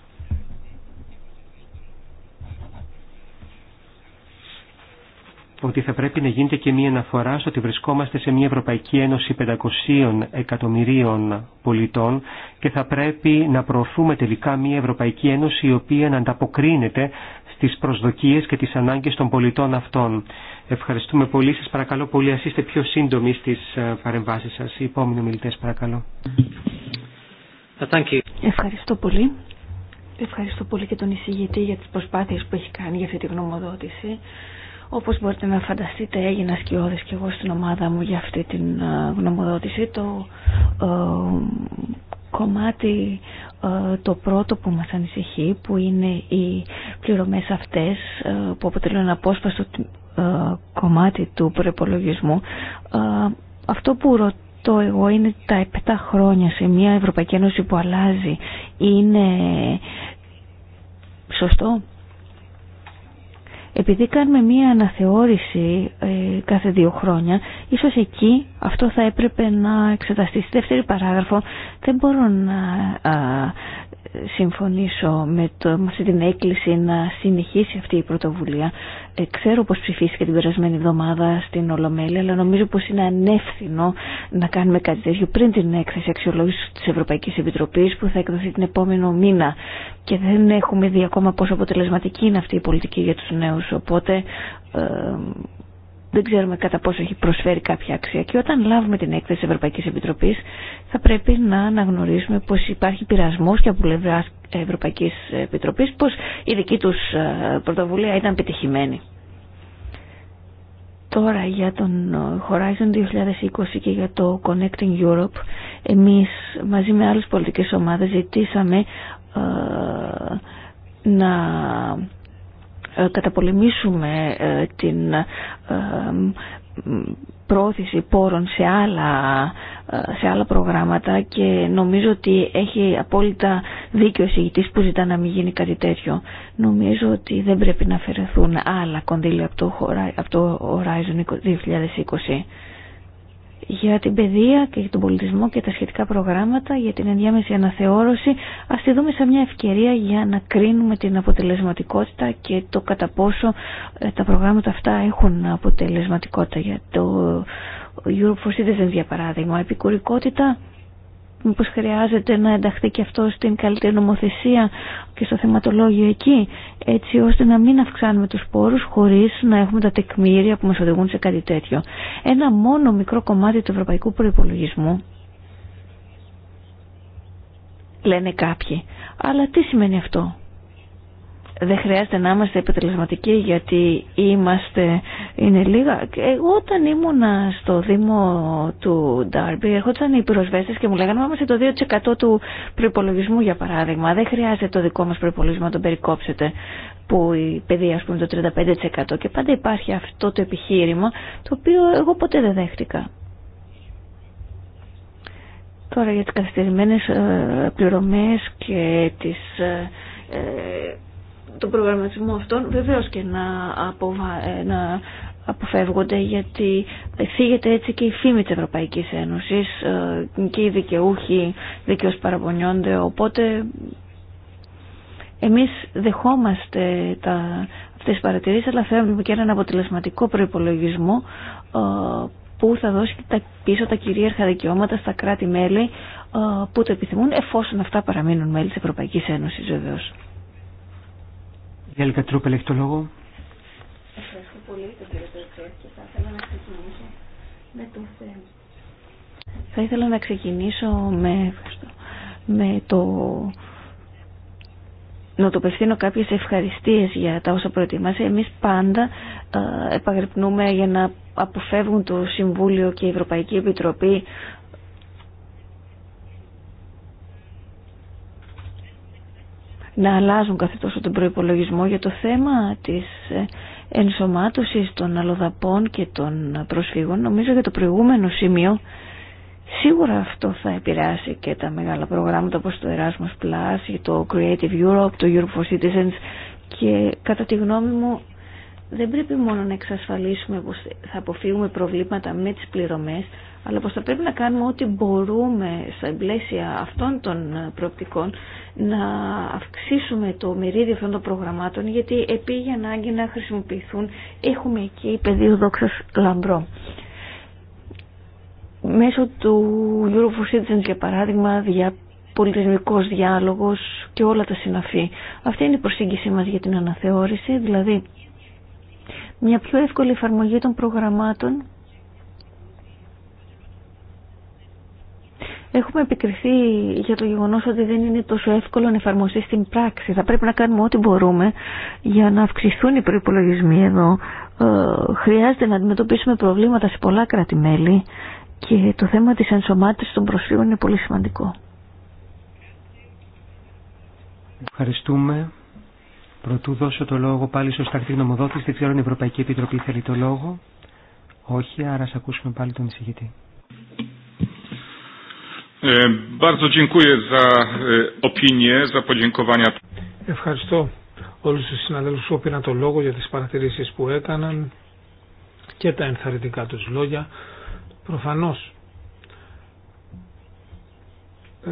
ότι θα πρέπει να γίνεται και μία αναφορά στο ότι βρισκόμαστε σε μια Ευρωπαϊκή Ένωση 500 εκατομμυρίων πολιτών και θα πρέπει να προωθούμε τελικά μια Ευρωπαϊκή Ένωση η οποία να ανταποκρίνεται στις προσδοκίες και τις ανάγκες των πολιτών αυτών. Ευχαριστούμε πολύ. Σας παρακαλώ πολύ, ας είστε πιο σύντομοι στις ε, παρεμβάσεις σας. Οι επόμενοι μιλητές, παρακαλώ. Uh, Ευχαριστώ πολύ. Ευχαριστώ πολύ και τον εισηγητή για τις προσπάθειες που έχει κάνει για αυτή τη γνωμοδότηση. Όπως μπορείτε να φανταστείτε έγινα σκιώδης και εγώ στην ομάδα μου για αυτή την ε, γνωμοδότηση. Το ε, κομμάτι ε, το πρώτο που μας ανησυχεί που είναι οι πληρωμές αυτές που αποτελούν ένα απόσπαστο κομμάτι του προπολογισμού. Αυτό που ρωτώ εγώ είναι τα 7 χρόνια σε μια Ευρωπαϊκή Ένωση που αλλάζει είναι σωστό επειδή κάνουμε μία αναθεώρηση ε, κάθε δύο χρόνια, ίσως εκεί αυτό θα έπρεπε να εξεταστεί. Στη δεύτερη παράγραφο δεν μπορώ να συμφωνήσω με, το, με αυτή την έκκληση να συνεχίσει αυτή η πρωτοβουλία. Ε, ξέρω πως ψηφίστηκε την περασμένη εβδομάδα στην Ολομέλεια, αλλά νομίζω πως είναι ανεύθυνο να κάνουμε κάτι τέτοιο πριν την έκθεση αξιολόγηση της Ευρωπαϊκής Επιτροπής που θα εκδοθεί την επόμενο μήνα. Και δεν έχουμε δει ακόμα πόσο αποτελεσματική είναι αυτή η πολιτική για τους νέους. Οπότε ε, δεν ξέρουμε κατά πόσο έχει προσφέρει κάποια αξία και όταν λάβουμε την έκθεση της Ευρωπαϊκής Επιτροπής θα πρέπει να αναγνωρίσουμε πως υπάρχει πειρασμός και από πλευρά Ευρωπαϊκής Επιτροπής πως η δική τους ε, πρωτοβουλία ήταν πετυχημένη. Τώρα για τον Horizon 2020 και για το Connecting Europe εμείς μαζί με άλλες πολιτικές ομάδες ζητήσαμε ε, να ε, καταπολεμήσουμε ε, την ε, πρόθεση πόρων σε άλλα, σε άλλα προγράμματα και νομίζω ότι έχει απόλυτα δίκιο ο που ζητά να μην γίνει κάτι τέτοιο. Νομίζω ότι δεν πρέπει να αφαιρεθούν άλλα κονδύλια από το, από το Horizon 2020 για την παιδεία και για τον πολιτισμό και τα σχετικά προγράμματα, για την ενδιάμεση αναθεώρηση, ας τη δούμε σαν μια ευκαιρία για να κρίνουμε την αποτελεσματικότητα και το κατά πόσο ε, τα προγράμματα αυτά έχουν αποτελεσματικότητα για το Europe for Citizens για παράδειγμα. Επικουρικότητα μήπως χρειάζεται να ενταχθεί και αυτό στην καλύτερη νομοθεσία και στο θεματολόγιο εκεί, έτσι ώστε να μην αυξάνουμε τους πόρους χωρίς να έχουμε τα τεκμήρια που μας οδηγούν σε κάτι τέτοιο. Ένα μόνο μικρό κομμάτι του ευρωπαϊκού προϋπολογισμού, λένε κάποιοι. Αλλά τι σημαίνει αυτό δεν χρειάζεται να είμαστε επιτελεσματικοί γιατί είμαστε, είναι λίγα. Εγώ όταν ήμουνα στο Δήμο του Ντάρμπι έρχονταν οι πυροσβέστες και μου λέγανε μα είμαστε το 2% του προπολογισμού για παράδειγμα. Δεν χρειάζεται το δικό μας προπολογισμό να τον περικόψετε που η παιδεία ας πούμε το 35% και πάντα υπάρχει αυτό το επιχείρημα το οποίο εγώ ποτέ δεν δέχτηκα. Τώρα για τις καθυστερημένες ε, πληρωμές και τις ε, ε, τον προγραμματισμό αυτών βεβαίως και να, ε, να αποφεύγονται γιατί θίγεται έτσι και η φήμη της Ευρωπαϊκής Ένωσης ε, και οι δικαιούχοι δικαιώς παραπονιόνται οπότε εμείς δεχόμαστε τα, αυτές τις παρατηρήσεις αλλά θέλουμε και έναν αποτελεσματικό προϋπολογισμό ε, που θα δώσει τα, πίσω τα κυρίαρχα δικαιώματα στα κράτη-μέλη που το επιθυμούν εφόσον αυτά παραμείνουν μέλη της Ευρωπαϊκής Ένωσης βεβαίως. Ευχαριστώ πολύ τον κύριο και θα ήθελα να ξεκινήσω με το θέμα. Θα ήθελα να ξεκινήσω με, το να το απευθύνω κάποιες ευχαριστίες για τα όσα προετοιμάσαι. Εμείς πάντα ε, επαγρυπνούμε για να αποφεύγουν το Συμβούλιο και η Ευρωπαϊκή Επιτροπή να αλλάζουν κάθε τόσο τον προϋπολογισμό για το θέμα της ε, ενσωμάτωσης των αλλοδαπών και των προσφύγων. Νομίζω για το προηγούμενο σημείο σίγουρα αυτό θα επηρεάσει και τα μεγάλα προγράμματα όπως το Erasmus Plus, το Creative Europe, το Europe for Citizens και κατά τη γνώμη μου δεν πρέπει μόνο να εξασφαλίσουμε πως θα αποφύγουμε προβλήματα με τις πληρωμές αλλά πως θα πρέπει να κάνουμε ό,τι μπορούμε στα πλαίσια αυτών των προοπτικών να αυξήσουμε το μερίδιο αυτών των προγραμμάτων γιατί επίγει ανάγκη να χρησιμοποιηθούν έχουμε εκεί πεδίο δόξας λαμπρό. Μέσω του Euro for Citizens για παράδειγμα για πολιτισμικός διάλογος και όλα τα συναφή. Αυτή είναι η προσέγγιση μας για την αναθεώρηση, δηλαδή μια πιο εύκολη εφαρμογή των προγραμμάτων Έχουμε επικριθεί για το γεγονός ότι δεν είναι τόσο εύκολο να εφαρμοστεί στην πράξη. Θα πρέπει να κάνουμε ό,τι μπορούμε για να αυξηθούν οι προϋπολογισμοί εδώ. Ε, χρειάζεται να αντιμετωπίσουμε προβλήματα σε πολλά κράτη-μέλη και το θέμα της ενσωμάτησης των προσφύγων είναι πολύ σημαντικό. Ευχαριστούμε. προτού δώσω το λόγο πάλι στο στακτή νομοδότης. Δεν ξέρω αν η Ευρωπαϊκή Επιτροπή θέλει το λόγο. Όχι, άρα ας ακούσουμε πάλι τον εισηγητή. E, e, Ευχαριστώ όλους τους συναδέλφους που πήραν το λόγο για τις παρατηρήσεις που έκαναν και τα ενθαρρυντικά τους λόγια. Προφανώς ε,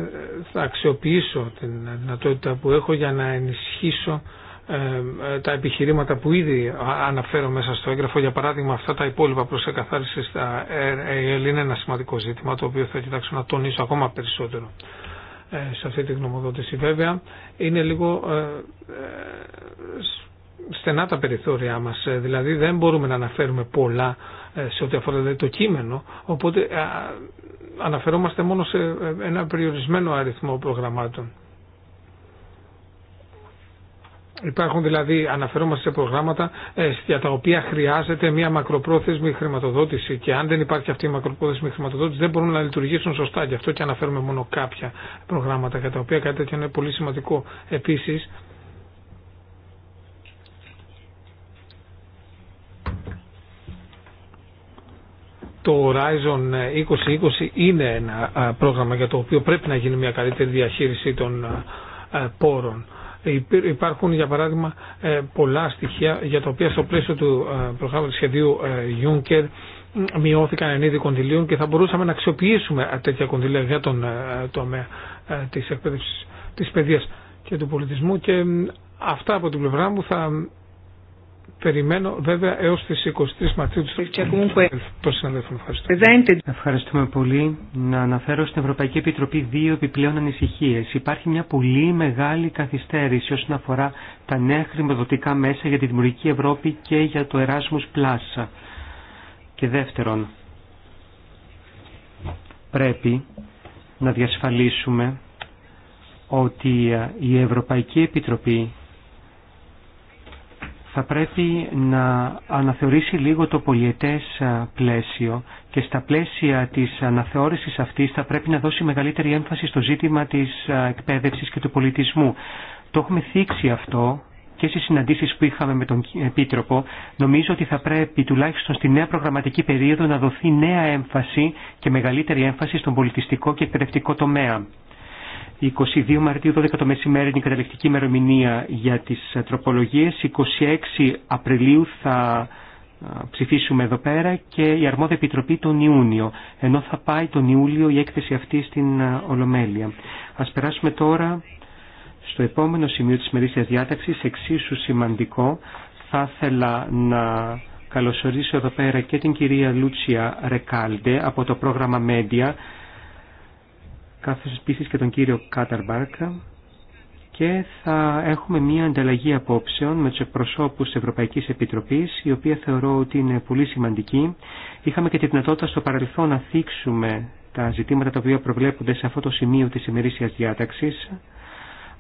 θα αξιοποιήσω την δυνατότητα που έχω για να ενισχύσω ε, τα επιχειρήματα που ήδη αναφέρω μέσα στο έγγραφο, για παράδειγμα αυτά τα υπόλοιπα προς εκαθάριση στα ΕΕΛ είναι ένα σημαντικό ζήτημα το οποίο θα κοιτάξω να τονίσω ακόμα περισσότερο ε, σε αυτή τη γνωμοδότηση. Βέβαια είναι λίγο ε, στενά τα περιθώρια μας, δηλαδή δεν μπορούμε να αναφέρουμε πολλά σε ό,τι αφορά δηλαδή, το κείμενο, οπότε αναφερόμαστε μόνο σε ένα περιορισμένο αριθμό προγραμμάτων. Υπάρχουν δηλαδή, αναφερόμαστε σε προγράμματα ε, για τα οποία χρειάζεται μια μακροπρόθεσμη χρηματοδότηση και αν δεν υπάρχει αυτή η μακροπρόθεσμη χρηματοδότηση δεν μπορούν να λειτουργήσουν σωστά. Γι' αυτό και αναφέρουμε μόνο κάποια προγράμματα για τα οποία κάτι τέτοιο είναι πολύ σημαντικό. επίση το Horizon 2020 είναι ένα πρόγραμμα για το οποίο πρέπει να γίνει μια καλύτερη διαχείριση των πόρων. Υπάρχουν, για παράδειγμα, ε, πολλά στοιχεία για τα οποία στο πλαίσιο του ε, προγράμματος σχεδίου ε, Juncker μειώθηκαν εν είδη κονδυλίων και θα μπορούσαμε να αξιοποιήσουμε τέτοια κονδυλία για τον τομέα της εκπαίδευσης, της παιδείας και του πολιτισμού και αυτά από την πλευρά μου θα Περιμένω βέβαια έω τι 23 Μαρτίου του Ευχαριστούμε πολύ. Να αναφέρω στην Ευρωπαϊκή Επιτροπή δύο επιπλέον ανησυχίε. Υπάρχει μια πολύ μεγάλη καθυστέρηση όσον αφορά τα νέα χρηματοδοτικά μέσα για τη Δημιουργική Ευρώπη και για το Erasmus Plus. Και δεύτερον, πρέπει να διασφαλίσουμε ότι η Ευρωπαϊκή Επιτροπή θα πρέπει να αναθεωρήσει λίγο το πολιετές πλαίσιο και στα πλαίσια της αναθεώρησης αυτής θα πρέπει να δώσει μεγαλύτερη έμφαση στο ζήτημα της εκπαίδευσης και του πολιτισμού. Το έχουμε θίξει αυτό και στις συναντήσεις που είχαμε με τον Επίτροπο, νομίζω ότι θα πρέπει τουλάχιστον στη νέα προγραμματική περίοδο να δοθεί νέα έμφαση και μεγαλύτερη έμφαση στον πολιτιστικό και εκπαιδευτικό τομέα. 22 Μαρτίου 12 το μεσημέρι είναι η καταληκτική ημερομηνία για τις ε, τροπολογίες. 26 Απριλίου θα ε, ψηφίσουμε εδώ πέρα και η αρμόδια επιτροπή τον Ιούνιο, ενώ θα πάει τον Ιούλιο η έκθεση αυτή στην ε, Ολομέλεια. Ας περάσουμε τώρα στο επόμενο σημείο της μερίσιας διάταξης, εξίσου σημαντικό, θα ήθελα να καλωσορίσω εδώ πέρα και την κυρία Λούτσια Ρεκάλντε από το πρόγραμμα «Μέντια» καθώς επίσης και τον κύριο Μπάρκα και θα έχουμε μία ανταλλαγή απόψεων με τους εκπροσώπους της Ευρωπαϊκής Επιτροπής, η οποία θεωρώ ότι είναι πολύ σημαντική. Είχαμε και τη δυνατότητα στο παρελθόν να θίξουμε τα ζητήματα τα οποία προβλέπονται σε αυτό το σημείο της ημερήσιας διάταξης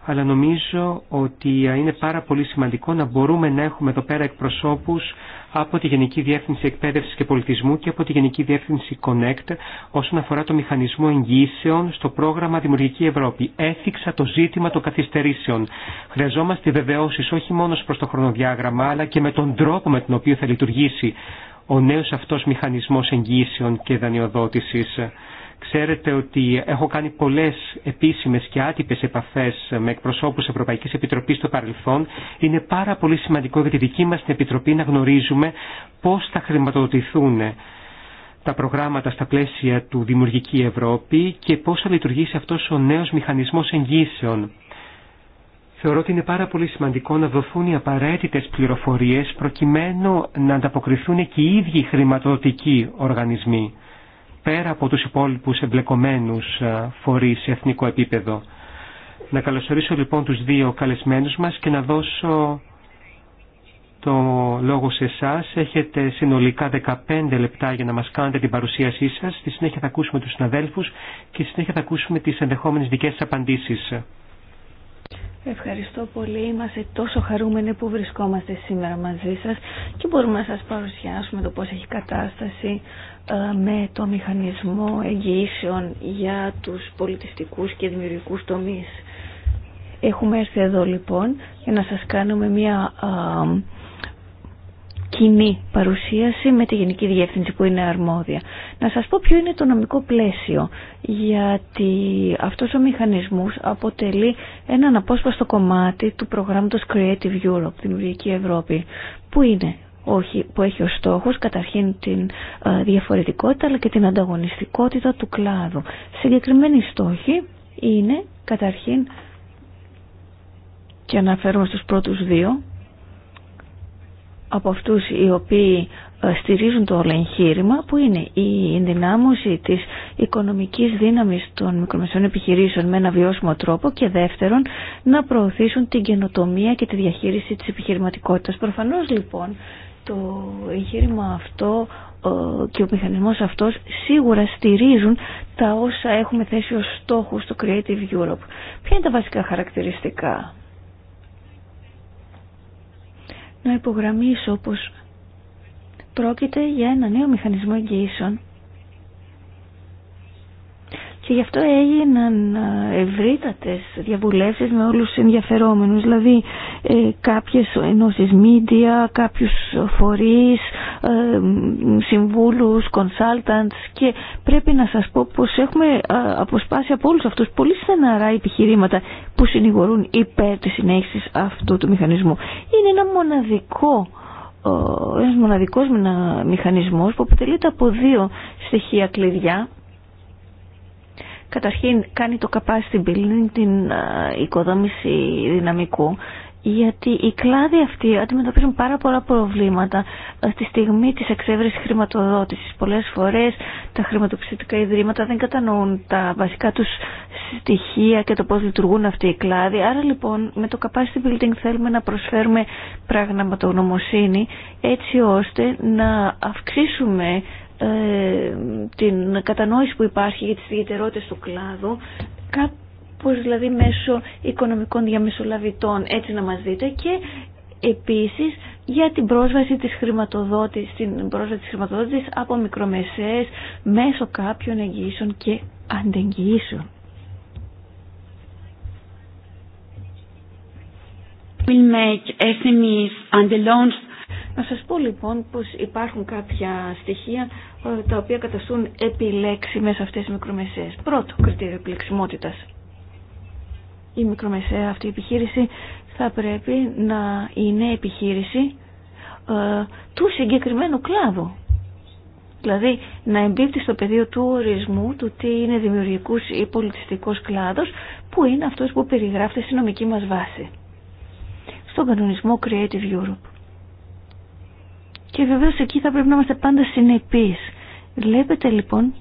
αλλά νομίζω ότι είναι πάρα πολύ σημαντικό να μπορούμε να έχουμε εδώ πέρα εκπροσώπους από τη Γενική Διεύθυνση Εκπαίδευσης και Πολιτισμού και από τη Γενική Διεύθυνση Connect όσον αφορά το μηχανισμό εγγύσεων στο πρόγραμμα Δημιουργική Ευρώπη. Έθιξα το ζήτημα των καθυστερήσεων. Χρειαζόμαστε βεβαιώσεις όχι μόνο προς το χρονοδιάγραμμα αλλά και με τον τρόπο με τον οποίο θα λειτουργήσει ο νέος αυτός μηχανισμός εγγύσεων και δανειοδότησης. Ξέρετε ότι έχω κάνει πολλέ επίσημε και άτυπε επαφέ με εκπροσώπου Ευρωπαϊκή Επιτροπή στο παρελθόν. Είναι πάρα πολύ σημαντικό για τη δική μα την Επιτροπή να γνωρίζουμε πώ θα χρηματοδοτηθούν τα προγράμματα στα πλαίσια του Δημιουργική Ευρώπη και πώς θα λειτουργήσει αυτός ο νέος μηχανισμός εγγύσεων. Θεωρώ ότι είναι πάρα πολύ σημαντικό να δοθούν οι απαραίτητες πληροφορίες προκειμένου να ανταποκριθούν και οι ίδιοι χρηματοδοτικοί οργανισμοί πέρα από τους υπόλοιπους εμπλεκομένους ε, φορείς σε εθνικό επίπεδο. Να καλωσορίσω λοιπόν τους δύο καλεσμένους μας και να δώσω το λόγο σε εσά. Έχετε συνολικά 15 λεπτά για να μας κάνετε την παρουσίασή σας. Στη συνέχεια θα ακούσουμε τους συναδέλφους και στη συνέχεια θα ακούσουμε τις ενδεχόμενες δικές σας απαντήσεις. Ευχαριστώ πολύ. Είμαστε τόσο χαρούμενοι που βρισκόμαστε σήμερα μαζί σας και μπορούμε να σας παρουσιάσουμε το πώς έχει κατάσταση ε, με το μηχανισμό εγγυήσεων για τους πολιτιστικούς και δημιουργικούς τομείς. Έχουμε έρθει εδώ λοιπόν για να σας κάνουμε μια ε, κοινή παρουσίαση με τη Γενική Διεύθυνση που είναι αρμόδια. Να σας πω ποιο είναι το νομικό πλαίσιο, γιατί αυτός ο μηχανισμός αποτελεί έναν απόσπαστο κομμάτι του προγράμματος Creative Europe, την Δημιουργική Ευρώπη, που είναι όχι, που έχει ως στόχος καταρχήν την ε, διαφορετικότητα αλλά και την ανταγωνιστικότητα του κλάδου. Συγκεκριμένοι στόχοι είναι καταρχήν και αναφέρουμε στους πρώτους δύο από αυτούς οι οποίοι ε, στηρίζουν το όλο εγχείρημα που είναι η ενδυνάμωση της οικονομικής δύναμης των μικρομεσαίων επιχειρήσεων με ένα βιώσιμο τρόπο και δεύτερον να προωθήσουν την καινοτομία και τη διαχείριση της επιχειρηματικότητας. Προφανώς λοιπόν το εγχείρημα αυτό ε, και ο μηχανισμός αυτός σίγουρα στηρίζουν τα όσα έχουμε θέσει ως στόχους στο Creative Europe. Ποια είναι τα βασικά χαρακτηριστικά να υπογραμμίσω πως πρόκειται για ένα νέο μηχανισμό εγγύησεων και γι' αυτό έγιναν ε, ευρύτατες διαβουλεύσεις με όλους τους ενδιαφερόμενους, δηλαδή ε, κάποιες ενώσεις media, κάποιους φορείς, ε, συμβούλους, consultants και πρέπει να σας πω πως έχουμε ε, αποσπάσει από όλους αυτούς πολύ στεναρά επιχειρήματα που συνηγορούν υπέρ της συνέχισης αυτού του μηχανισμού. Είναι ένα μοναδικό ένας μοναδικός μηχανισμός που αποτελείται από δύο στοιχεία κλειδιά Καταρχήν κάνει το capacity building, την ε, οικοδόμηση δυναμικού, γιατί οι κλάδοι αυτοί αντιμετωπίζουν πάρα πολλά προβλήματα ε, στη στιγμή της εξέβρεσης χρηματοδότησης. Πολλές φορές τα χρηματοπιστωτικά ιδρύματα δεν κατανοούν τα βασικά τους στοιχεία και το πώς λειτουργούν αυτοί οι κλάδοι. Άρα λοιπόν με το capacity building θέλουμε να προσφέρουμε πραγματογνωμοσύνη έτσι ώστε να αυξήσουμε ε, την κατανόηση που υπάρχει για τις ιδιαιτερότητες του κλάδου κάπως δηλαδή μέσω οικονομικών διαμεσολαβητών έτσι να μας δείτε και επίσης για την πρόσβαση της χρηματοδότησης, την πρόσβαση της χρηματοδότησης από μικρομεσαίες μέσω κάποιων εγγύσεων και αντεγγύσεων. Will make SMEs and the loans να σας πω λοιπόν πως υπάρχουν κάποια στοιχεία ε, τα οποία καταστούν επιλέξιμες αυτές οι μικρομεσαίες. Πρώτο κριτήριο επιλεξιμότητας. Η μικρομεσαία αυτή η επιχείρηση θα πρέπει να είναι επιχείρηση ε, του συγκεκριμένου κλάδου. Δηλαδή να εμπίπτει στο πεδίο του ορισμού του τι είναι δημιουργικούς ή πολιτιστικός κλάδος που είναι αυτός που περιγράφεται στη νομική μας βάση. Στον κανονισμό Creative Europe. Και βεβαίως εκεί θα πρέπει να είμαστε πάντα συνεπείς. Βλέπετε λοιπόν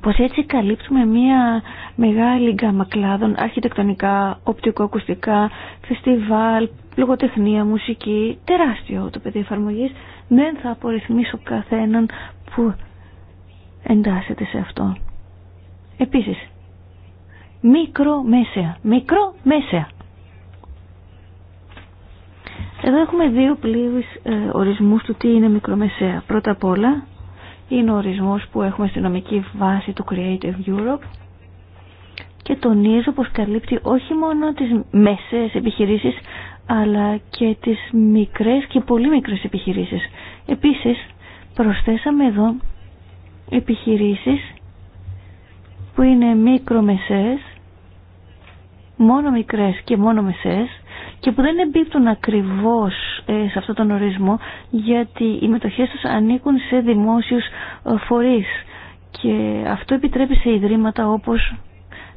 πως έτσι καλύπτουμε μια μεγάλη γκάμα κλάδων, αρχιτεκτονικά, οπτικοακουστικά, φεστιβάλ, λογοτεχνία, μουσική, τεράστιο το πεδίο εφαρμογή. Δεν θα απορριθμίσω καθέναν που εντάσσεται σε αυτό. Επίσης, μικρομέσαια, μικρομέσαια. Εδώ έχουμε δύο πλήρους ε, ορισμούς του τι είναι μικρομεσαία. Πρώτα απ' όλα είναι ο ορισμός που έχουμε στην νομική βάση του Creative Europe και τονίζω πως καλύπτει όχι μόνο τις μέσες επιχειρήσεις αλλά και τις μικρές και πολύ μικρές επιχειρήσεις. Επίσης προσθέσαμε εδώ επιχειρήσεις που είναι μικρομεσαίες, μόνο μικρές και μόνο μεσαίες και που δεν εμπίπτουν ακριβώς ε, σε αυτόν τον ορισμό γιατί οι μετοχές τους ανήκουν σε δημόσιους ε, φορείς και αυτό επιτρέπει σε ιδρύματα όπως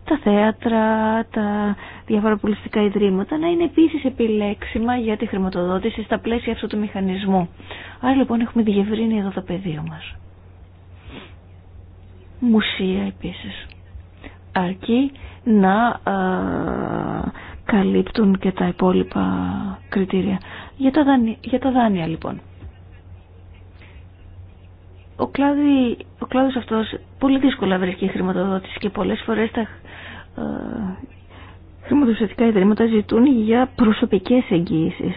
τα θέατρα, τα διάφορα ιδρύματα να είναι επίσης επιλέξιμα για τη χρηματοδότηση στα πλαίσια αυτού του μηχανισμού. Άρα λοιπόν έχουμε διευρύνει εδώ το πεδίο μας. Μουσεία επίσης. Αρκεί να ε, καλύπτουν και τα υπόλοιπα κριτήρια. Για τα δάνεια, για τα δάνεια λοιπόν. Ο, κλάδι, ο κλάδος αυτός πολύ δύσκολα βρίσκει χρηματοδότηση και πολλές φορές τα ε, χρηματοδοτικά ιδρύματα ζητούν για προσωπικές εγγύησεις.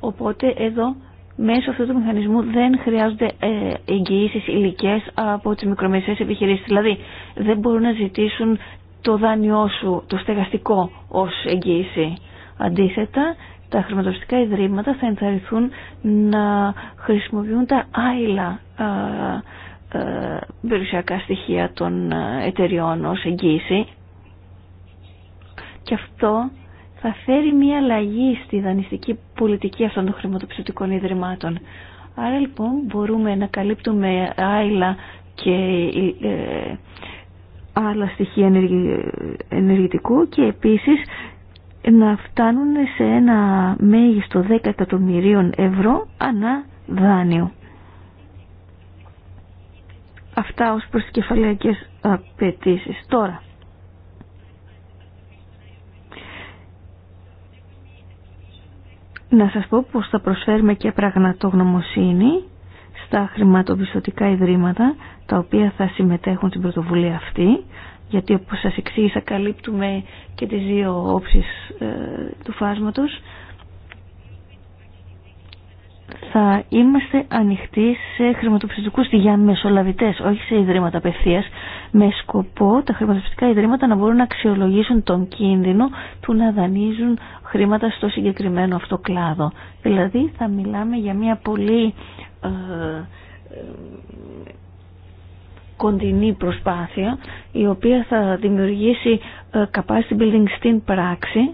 Οπότε εδώ μέσω αυτού του μηχανισμού δεν χρειάζονται ε, εγγυήσεις υλικέ από τις μικρομεσαίες επιχειρήσεις. Δηλαδή δεν μπορούν να ζητήσουν το δάνειό σου, το στεγαστικό ως εγγύηση. Αντίθετα, τα χρηματοπιστικά ιδρύματα θα ενθαρρυνθούν να χρησιμοποιούν τα άειλα ε, ε, περιουσιακά στοιχεία των ε, εταιριών ως εγγύηση και αυτό θα φέρει μια αλλαγή στη δανειστική πολιτική αυτών των χρηματοπιστωτικών ιδρυμάτων. Άρα λοιπόν μπορούμε να καλύπτουμε άειλα και άλλα στοιχεία ενεργητικού και επίσης να φτάνουν σε ένα μέγιστο 10 εκατομμυρίων ευρώ ανά δάνειο. Αυτά ως προς τις κεφαλαϊκές απαιτήσει. Τώρα, να σας πω πως θα προσφέρουμε και πραγματογνωμοσύνη στα χρηματοπιστωτικά ιδρύματα τα οποία θα συμμετέχουν στην πρωτοβουλία αυτή γιατί όπως σας εξήγησα καλύπτουμε και τις δύο όψεις ε, του φάσματος θα είμαστε ανοιχτοί σε χρηματοπιστωτικού για μεσολαβητέ, όχι σε ιδρύματα απευθεία, με σκοπό τα χρηματοπιστωτικά ιδρύματα να μπορούν να αξιολογήσουν τον κίνδυνο του να δανείζουν χρήματα στο συγκεκριμένο αυτό κλάδο. Δηλαδή θα μιλάμε για μια πολύ ε, κοντινή προσπάθεια η οποία θα δημιουργήσει ε, capacity building στην πράξη.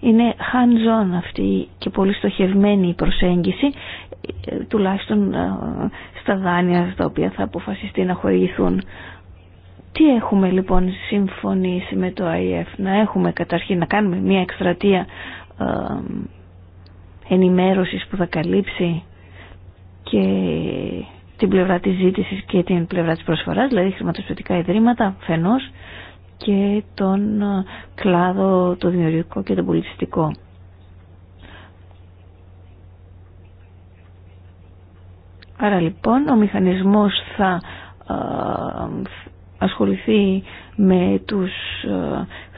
Είναι hands-on αυτή και πολύ στοχευμένη η προσέγγιση ε, τουλάχιστον ε, στα δάνεια τα οποία θα αποφασιστεί να χορηγηθούν. Τι έχουμε λοιπόν συμφωνήσει με το ΑΕΦ να έχουμε καταρχήν να κάνουμε μια εκστρατεία ενημέρωσης που θα καλύψει και την πλευρά της ζήτησης και την πλευρά της προσφοράς, δηλαδή χρηματοσυντητικά ιδρύματα φαινός και τον ε, κλάδο το δημιουργικό και το πολιτιστικό. Άρα λοιπόν ο μηχανισμός θα ε, ε, ασχοληθεί με, τους,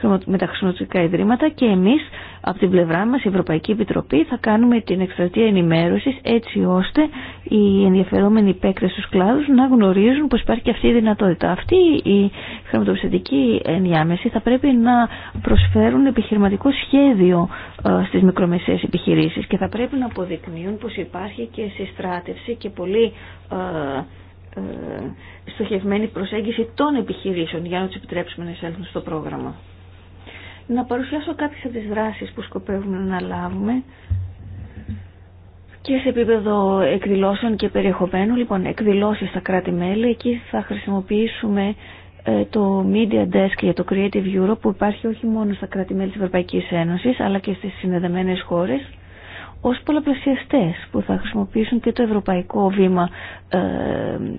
ε, με τα χρηματοδοτικά ιδρύματα και εμείς από την πλευρά μας η Ευρωπαϊκή Επιτροπή θα κάνουμε την εκστρατεία ενημέρωσης έτσι ώστε οι ενδιαφερόμενοι παίκτες στους κλάδους να γνωρίζουν πως υπάρχει και αυτή η δυνατότητα. Αυτή η χρηματοπιστωτική ενδιάμεση θα πρέπει να προσφέρουν επιχειρηματικό σχέδιο ε, στις μικρομεσαίες επιχειρήσεις και θα πρέπει να αποδεικνύουν πως υπάρχει και συστράτευση και πολύ ε, ε, στοχευμένη προσέγγιση των επιχειρήσεων για να του επιτρέψουμε να εισέλθουν στο πρόγραμμα. Να παρουσιάσω κάποιες από τις δράσεις που σκοπεύουμε να λάβουμε και σε επίπεδο εκδηλώσεων και περιεχομένου. Λοιπόν, εκδηλώσεις στα κράτη-μέλη, εκεί θα χρησιμοποιήσουμε ε, το Media Desk για το Creative Europe που υπάρχει όχι μόνο στα κράτη-μέλη της Ευρωπαϊκής Ένωσης αλλά και στις συνδεδεμένες χώρες ως πολλαπλασιαστές που θα χρησιμοποιήσουν και το Ευρωπαϊκό Βήμα ε,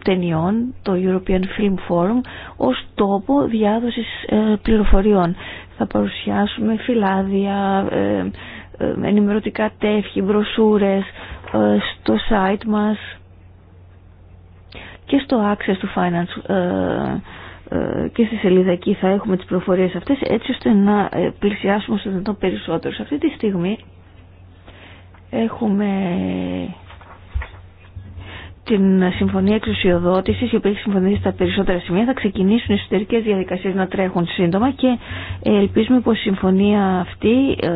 Ταινιών, το European Film Forum, ως τόπο διάδοσης ε, πληροφοριών. Θα παρουσιάσουμε φυλάδια, ε, ε, ενημερωτικά τεύχη, μπροσούρες στο site μας και στο Access to Finance και στη σελίδα εκεί θα έχουμε τις προφορίες αυτές έτσι ώστε να πλησιάσουμε στον δυνατόν περισσότερο. Σε αυτή τη στιγμή Έχουμε την συμφωνία εξουσιοδότηση, η οποία έχει συμφωνήσει στα περισσότερα σημεία, θα ξεκινήσουν οι εσωτερικέ διαδικασίε να τρέχουν σύντομα και ελπίζουμε πω η συμφωνία αυτή ε,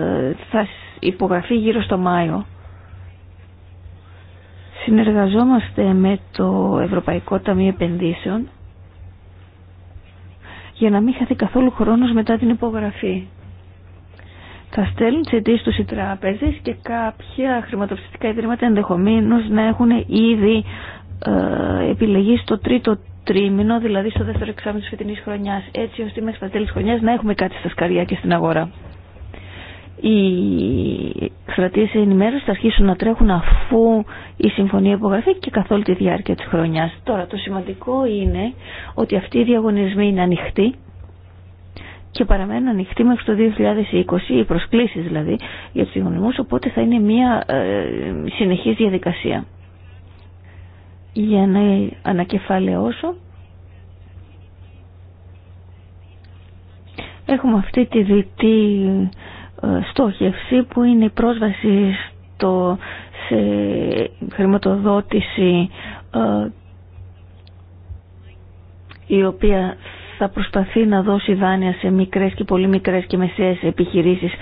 θα υπογραφεί γύρω στο Μάιο. Συνεργαζόμαστε με το Ευρωπαϊκό Ταμείο Επενδύσεων για να μην χαθεί καθόλου χρόνος μετά την υπογραφή θα στέλνουν τι αιτήσει του οι τράπεζε και κάποια χρηματοπιστικά ιδρύματα ενδεχομένω να έχουν ήδη ε, επιλεγεί στο τρίτο τρίμηνο, δηλαδή στο δεύτερο εξάμεινο τη φετινή χρονιά, έτσι ώστε μέχρι τα τέλη χρονιά να έχουμε κάτι στα σκαριά και στην αγορά. Οι εκστρατείε ενημέρωση θα αρχίσουν να τρέχουν αφού η συμφωνία υπογραφεί και καθ' όλη τη διάρκεια τη χρονιά. Τώρα, το σημαντικό είναι ότι αυτοί οι διαγωνισμοί είναι ανοιχτοί και παραμένουν ανοιχτοί μέχρι το 2020, οι προσκλήσει δηλαδή για τους διαγωνισμούς, οπότε θα είναι μια ε, συνεχής διαδικασία. Για να ανακεφαλαιώσω, έχουμε αυτή τη δυτή ε, στόχευση που είναι η πρόσβαση σε χρηματοδότηση ε, η οποία θα προσπαθεί να δώσει δάνεια σε μικρές και πολύ μικρές και μεσαίες επιχειρήσεις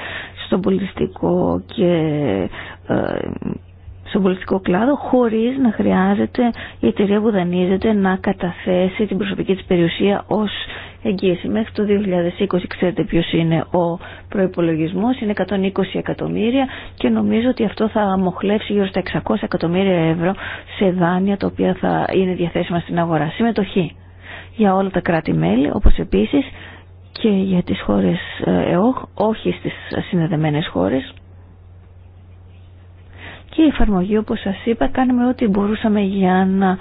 στον πολιτιστικό και ε, στον κλάδο χωρίς να χρειάζεται η εταιρεία που δανείζεται να καταθέσει την προσωπική της περιουσία ως εγγύηση. Μέχρι το 2020 ξέρετε ποιος είναι ο προϋπολογισμός, είναι 120 εκατομμύρια και νομίζω ότι αυτό θα αμοχλεύσει γύρω στα 600 εκατομμύρια ευρώ σε δάνεια τα οποία θα είναι διαθέσιμα στην αγορά. Συμμετοχή για όλα τα κράτη-μέλη, όπως επίσης και για τις χώρες ε, ΕΟΧ, όχι στις συνδεδεμένες χώρες. Και η εφαρμογή, όπως σας είπα, κάνουμε ό,τι μπορούσαμε για να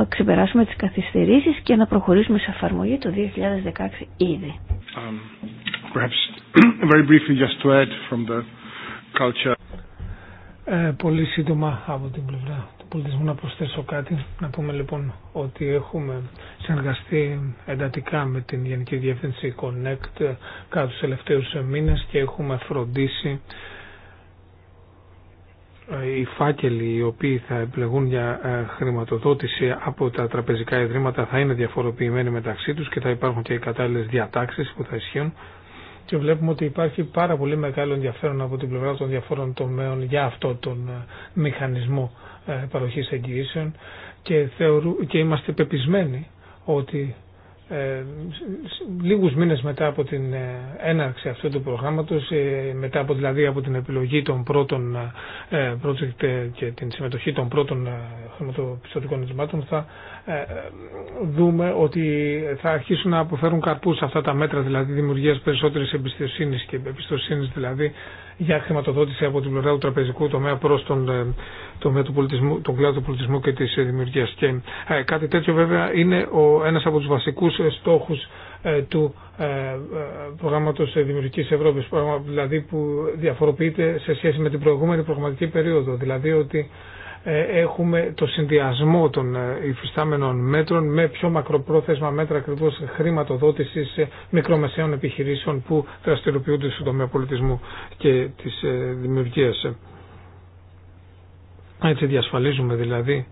ε, ξεπεράσουμε τις καθυστερήσεις και να προχωρήσουμε σε εφαρμογή το 2016 ήδη. Um, ε, πολύ σύντομα από την πλευρά πολιτισμού να προσθέσω κάτι. Να πούμε λοιπόν ότι έχουμε συνεργαστεί εντατικά με την Γενική Διεύθυνση Connect κάτω τους τελευταίους μήνες και έχουμε φροντίσει οι φάκελοι οι οποίοι θα επιλεγούν για ε, χρηματοδότηση από τα τραπεζικά ιδρύματα θα είναι διαφοροποιημένοι μεταξύ τους και θα υπάρχουν και οι κατάλληλες διατάξεις που θα ισχύουν και βλέπουμε ότι υπάρχει πάρα πολύ μεγάλο ενδιαφέρον από την πλευρά των διαφόρων τομέων για αυτό τον ε, μηχανισμό ε, παροχής εγγυήσεων και, θεωρού, και είμαστε πεπισμένοι ότι ε, λίγους μήνες μετά από την ε, έναρξη αυτού του προγράμματος, ε, μετά από, δηλαδή από την επιλογή των πρώτων project και την συμμετοχή των πρώτων χρηματοπιστωτικών ιδρυμάτων θα δούμε ότι θα αρχίσουν να αποφέρουν καρπούς αυτά τα μέτρα, δηλαδή δημιουργίας περισσότερης εμπιστοσύνης και εμπιστοσύνης δηλαδή για χρηματοδότηση από την πλευρά του τραπεζικού τομέα προ τον ε, τομέα του πολιτισμού, τον κλάδο του πολιτισμού και τη ε, δημιουργία. Και ε, κάτι τέτοιο βέβαια είναι ένα από του βασικού στόχου του προγράμματο Δημιουργική Ευρώπη, δηλαδή που διαφοροποιείται σε σχέση με την προηγούμενη προγραμματική περίοδο. Δηλαδή ότι ε, έχουμε το συνδυασμό των ε, υφιστάμενων μέτρων με πιο μακροπρόθεσμα μέτρα ακριβώ χρηματοδότηση ε, μικρομεσαίων επιχειρήσεων που δραστηριοποιούνται στον τομέα πολιτισμού και τη δημιουργία. Έτσι διασφαλίζουμε δηλαδή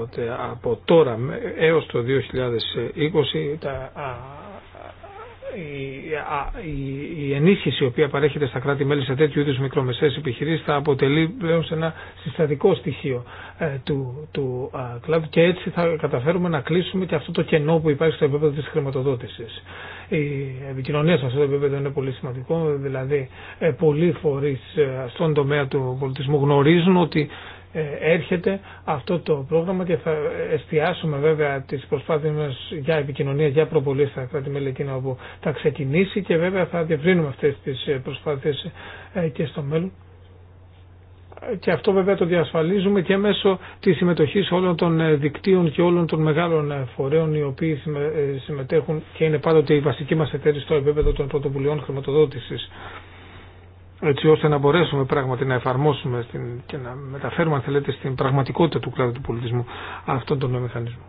ότι από τώρα έως το 2020 τα η ενίσχυση η οποία παρέχεται στα κράτη-μέλη σε τέτοιου είδου μικρομεσαίε επιχειρήσει θα αποτελεί πλέον σε ένα συστατικό στοιχείο ε, του, του και έτσι θα καταφέρουμε να κλείσουμε και αυτό το κενό που υπάρχει στο επίπεδο της χρηματοδότησης. Η επικοινωνία σε αυτό το επίπεδο είναι πολύ σημαντικό, δηλαδή ε, πολλοί φορείς ε, στον τομέα του πολιτισμού γνωρίζουν ότι ε, έρχεται αυτό το πρόγραμμα και θα εστιάσουμε βέβαια τις προσπάθειες μας για επικοινωνία, για προβολή στα κράτη-μέλη εκείνα όπου θα ξεκινήσει και βέβαια θα διευρύνουμε αυτές τις ε, προσπάθειες ε, και στο μέλλον. Και αυτό βέβαια το διασφαλίζουμε και μέσω της συμμετοχής όλων των δικτύων και όλων των μεγάλων φορέων οι οποίοι συμμετέχουν και είναι πάντοτε η βασική μας εταίροι στο επίπεδο των πρωτοβουλειών χρηματοδότησης έτσι ώστε να μπορέσουμε πράγματι να εφαρμόσουμε στην, και να μεταφέρουμε αν θέλετε στην πραγματικότητα του κλάδου του πολιτισμού αυτόν τον μηχανισμό.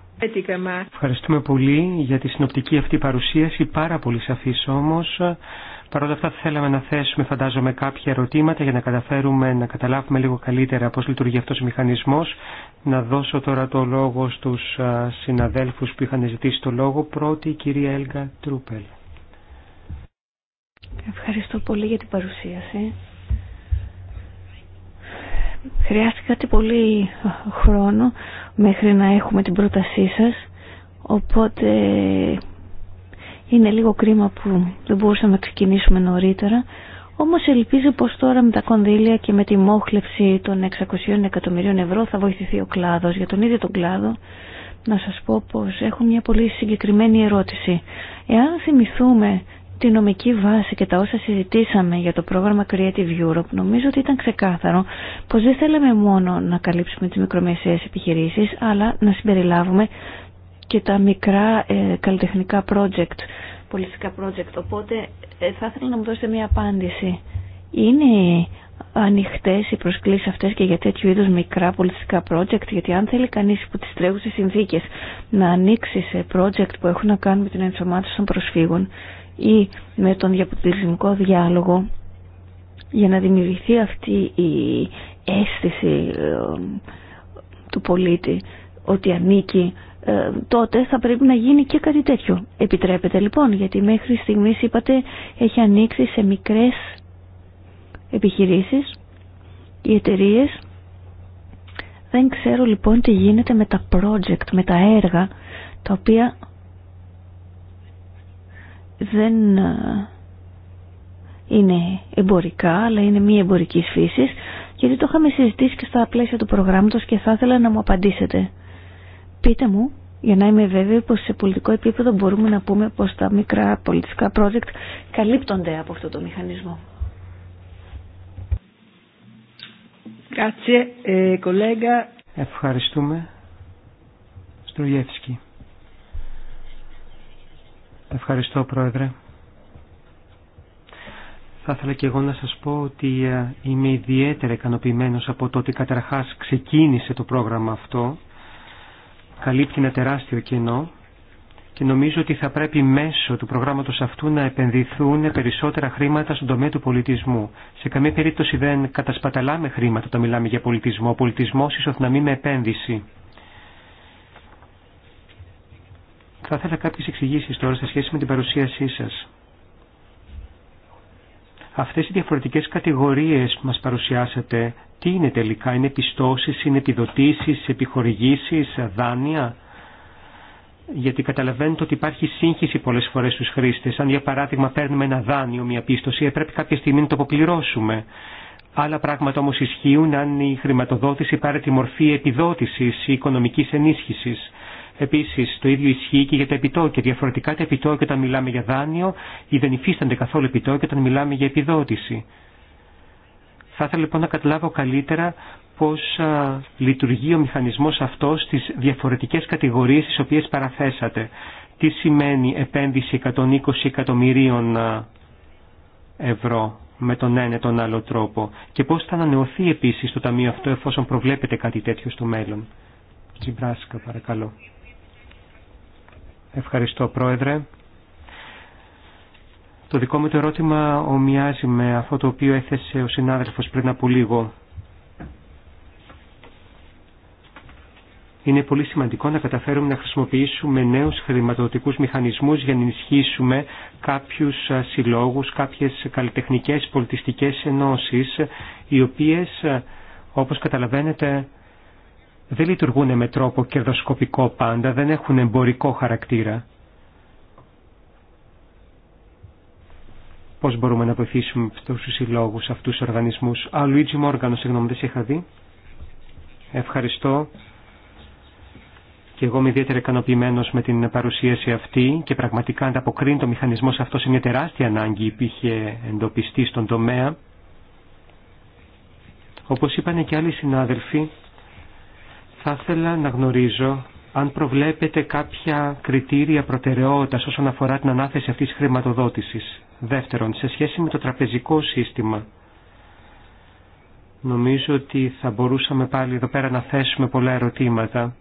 Ευχαριστούμε πολύ για τη συνοπτική αυτή παρουσίαση, πάρα πολύ σαφής όμως. Παρ' όλα αυτά θα θέλαμε να θέσουμε φαντάζομαι κάποια ερωτήματα για να καταφέρουμε να καταλάβουμε λίγο καλύτερα πώς λειτουργεί αυτός ο μηχανισμός. Να δώσω τώρα το λόγο στους συναδέλφους που είχαν ζητήσει το λόγο. Πρώτη η κυρία Έλγα Τρούπελ. Ευχαριστώ πολύ για την παρουσίαση. Χρειάστηκε πολύ χρόνο μέχρι να έχουμε την πρότασή σας, οπότε είναι λίγο κρίμα που δεν μπορούσαμε να ξεκινήσουμε νωρίτερα. Όμως ελπίζω πως τώρα με τα κονδύλια και με τη μόχλευση των 600 εκατομμυρίων ευρώ θα βοηθηθεί ο κλάδος. Για τον ίδιο τον κλάδο να σας πω πως έχω μια πολύ συγκεκριμένη ερώτηση. Εάν θυμηθούμε τη νομική βάση και τα όσα συζητήσαμε για το πρόγραμμα Creative Europe, νομίζω ότι ήταν ξεκάθαρο πως δεν θέλαμε μόνο να καλύψουμε τις μικρομεσαίες επιχειρήσεις, αλλά να συμπεριλάβουμε και τα μικρά ε, καλλιτεχνικά project, πολιτικά project. Οπότε ε, θα ήθελα να μου δώσετε μια απάντηση. Είναι ανοιχτέ οι προσκλήσει αυτέ και για τέτοιου είδου μικρά πολιτιστικά project, γιατί αν θέλει κανεί που τι τρέχουσε συνθήκε να ανοίξει σε project που έχουν να κάνουν με την ενσωμάτωση των προσφύγων, ή με τον διαπολιτισμικό διάλογο για να δημιουργηθεί αυτή η αίσθηση ε, του πολίτη ότι ανήκει ε, τότε θα πρέπει να γίνει και κάτι τέτοιο. Επιτρέπεται λοιπόν γιατί μέχρι στιγμής είπατε έχει ανοίξει σε μικρές επιχειρήσεις οι εταιρείε. Δεν ξέρω λοιπόν τι γίνεται με τα project, με τα έργα τα οποία δεν ε, είναι εμπορικά, αλλά είναι μη εμπορική φύση, γιατί το είχαμε συζητήσει και στα πλαίσια του προγράμματο και θα ήθελα να μου απαντήσετε. Πείτε μου, για να είμαι βέβαιη πως σε πολιτικό επίπεδο μπορούμε να πούμε πως τα μικρά πολιτικά project καλύπτονται από αυτό το μηχανισμό. Ε, Ευχαριστούμε. Στρογεύσκη. Ευχαριστώ Πρόεδρε. Θα ήθελα και εγώ να σας πω ότι ε, είμαι ιδιαίτερα ικανοποιημένο από το ότι καταρχάς ξεκίνησε το πρόγραμμα αυτό. Καλύπτει ένα τεράστιο κενό και νομίζω ότι θα πρέπει μέσω του προγράμματος αυτού να επενδυθούν περισσότερα χρήματα στον τομέα του πολιτισμού. Σε καμία περίπτωση δεν κατασπαταλάμε χρήματα όταν μιλάμε για πολιτισμό. Ο πολιτισμός ίσως να μην με επένδυση. Θα ήθελα κάποιες εξηγήσεις τώρα σε σχέση με την παρουσίασή σας. Αυτές οι διαφορετικές κατηγορίες που μας παρουσιάσατε, τι είναι τελικά, είναι πιστώσεις, είναι επιδοτήσεις, επιχορηγήσεις, δάνεια γιατί καταλαβαίνετε ότι υπάρχει σύγχυση πολλές φορές στους χρήστες. Αν για παράδειγμα παίρνουμε ένα δάνειο, μια πίστοση, πρέπει κάποια στιγμή να το αποπληρώσουμε. Άλλα πράγματα όμως ισχύουν αν η χρηματοδότηση πάρει τη μορφή επιδότησης ή οικονομικής ενίσχυσης. Επίση, το ίδιο ισχύει και για τα επιτόκια. Διαφορετικά τα επιτόκια όταν μιλάμε για δάνειο ή δεν υφίστανται καθόλου επιτόκια όταν μιλάμε για επιδότηση. Θα ήθελα λοιπόν να καταλάβω καλύτερα πώ λειτουργεί ο μηχανισμό αυτό στις διαφορετικέ κατηγορίε, τι οποίε παραθέσατε. Τι σημαίνει επένδυση 120 εκατομμυρίων ευρώ με τον ένα τον άλλο τρόπο και πώς θα ανανεωθεί επίσης το ταμείο αυτό εφόσον προβλέπετε κάτι τέτοιο στο μέλλον. Τζιμπράσκα παρακαλώ. Ευχαριστώ Πρόεδρε. Το δικό μου το ερώτημα ομοιάζει με αυτό το οποίο έθεσε ο συνάδελφος πριν από λίγο. Είναι πολύ σημαντικό να καταφέρουμε να χρησιμοποιήσουμε νέους χρηματοδοτικούς μηχανισμούς για να ενισχύσουμε κάποιους συλλόγους, κάποιες καλλιτεχνικές πολιτιστικές ενώσεις, οι οποίες, όπως καταλαβαίνετε, δεν λειτουργούν με τρόπο κερδοσκοπικό πάντα, δεν έχουν εμπορικό χαρακτήρα. Πώς μπορούμε να βοηθήσουμε στους συλλόγους αυτούς τους οργανισμούς. Α, Λουίτζι Μόργανο, συγγνώμη, δεν σε είχα δει. Ευχαριστώ. Και εγώ είμαι ιδιαίτερα ικανοποιημένο με την παρουσίαση αυτή και πραγματικά ανταποκρίνει το μηχανισμό αυτό σε μια τεράστια ανάγκη που είχε εντοπιστεί στον τομέα. Όπως είπαν και άλλοι συνάδελφοι, θα ήθελα να γνωρίζω αν προβλέπετε κάποια κριτήρια προτεραιότητας όσον αφορά την ανάθεση αυτής της χρηματοδότησης. Δεύτερον, σε σχέση με το τραπεζικό σύστημα, νομίζω ότι θα μπορούσαμε πάλι εδώ πέρα να θέσουμε πολλά ερωτήματα.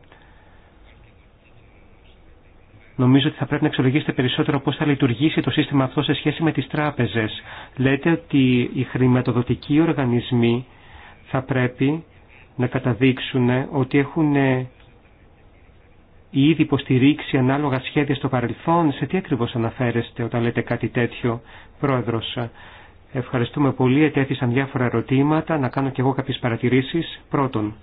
Νομίζω ότι θα πρέπει να εξολογήσετε περισσότερο πώς θα λειτουργήσει το σύστημα αυτό σε σχέση με τις τράπεζες. Λέτε ότι οι χρηματοδοτικοί οργανισμοί θα πρέπει να καταδείξουν ότι έχουν ε, ήδη υποστηρίξει ανάλογα σχέδια στο παρελθόν. Σε τι ακριβώς αναφέρεστε όταν λέτε κάτι τέτοιο, Πρόεδρος. Ευχαριστούμε πολύ. Ετέθησαν διάφορα ερωτήματα. Να κάνω και εγώ κάποιες παρατηρήσεις. Πρώτον,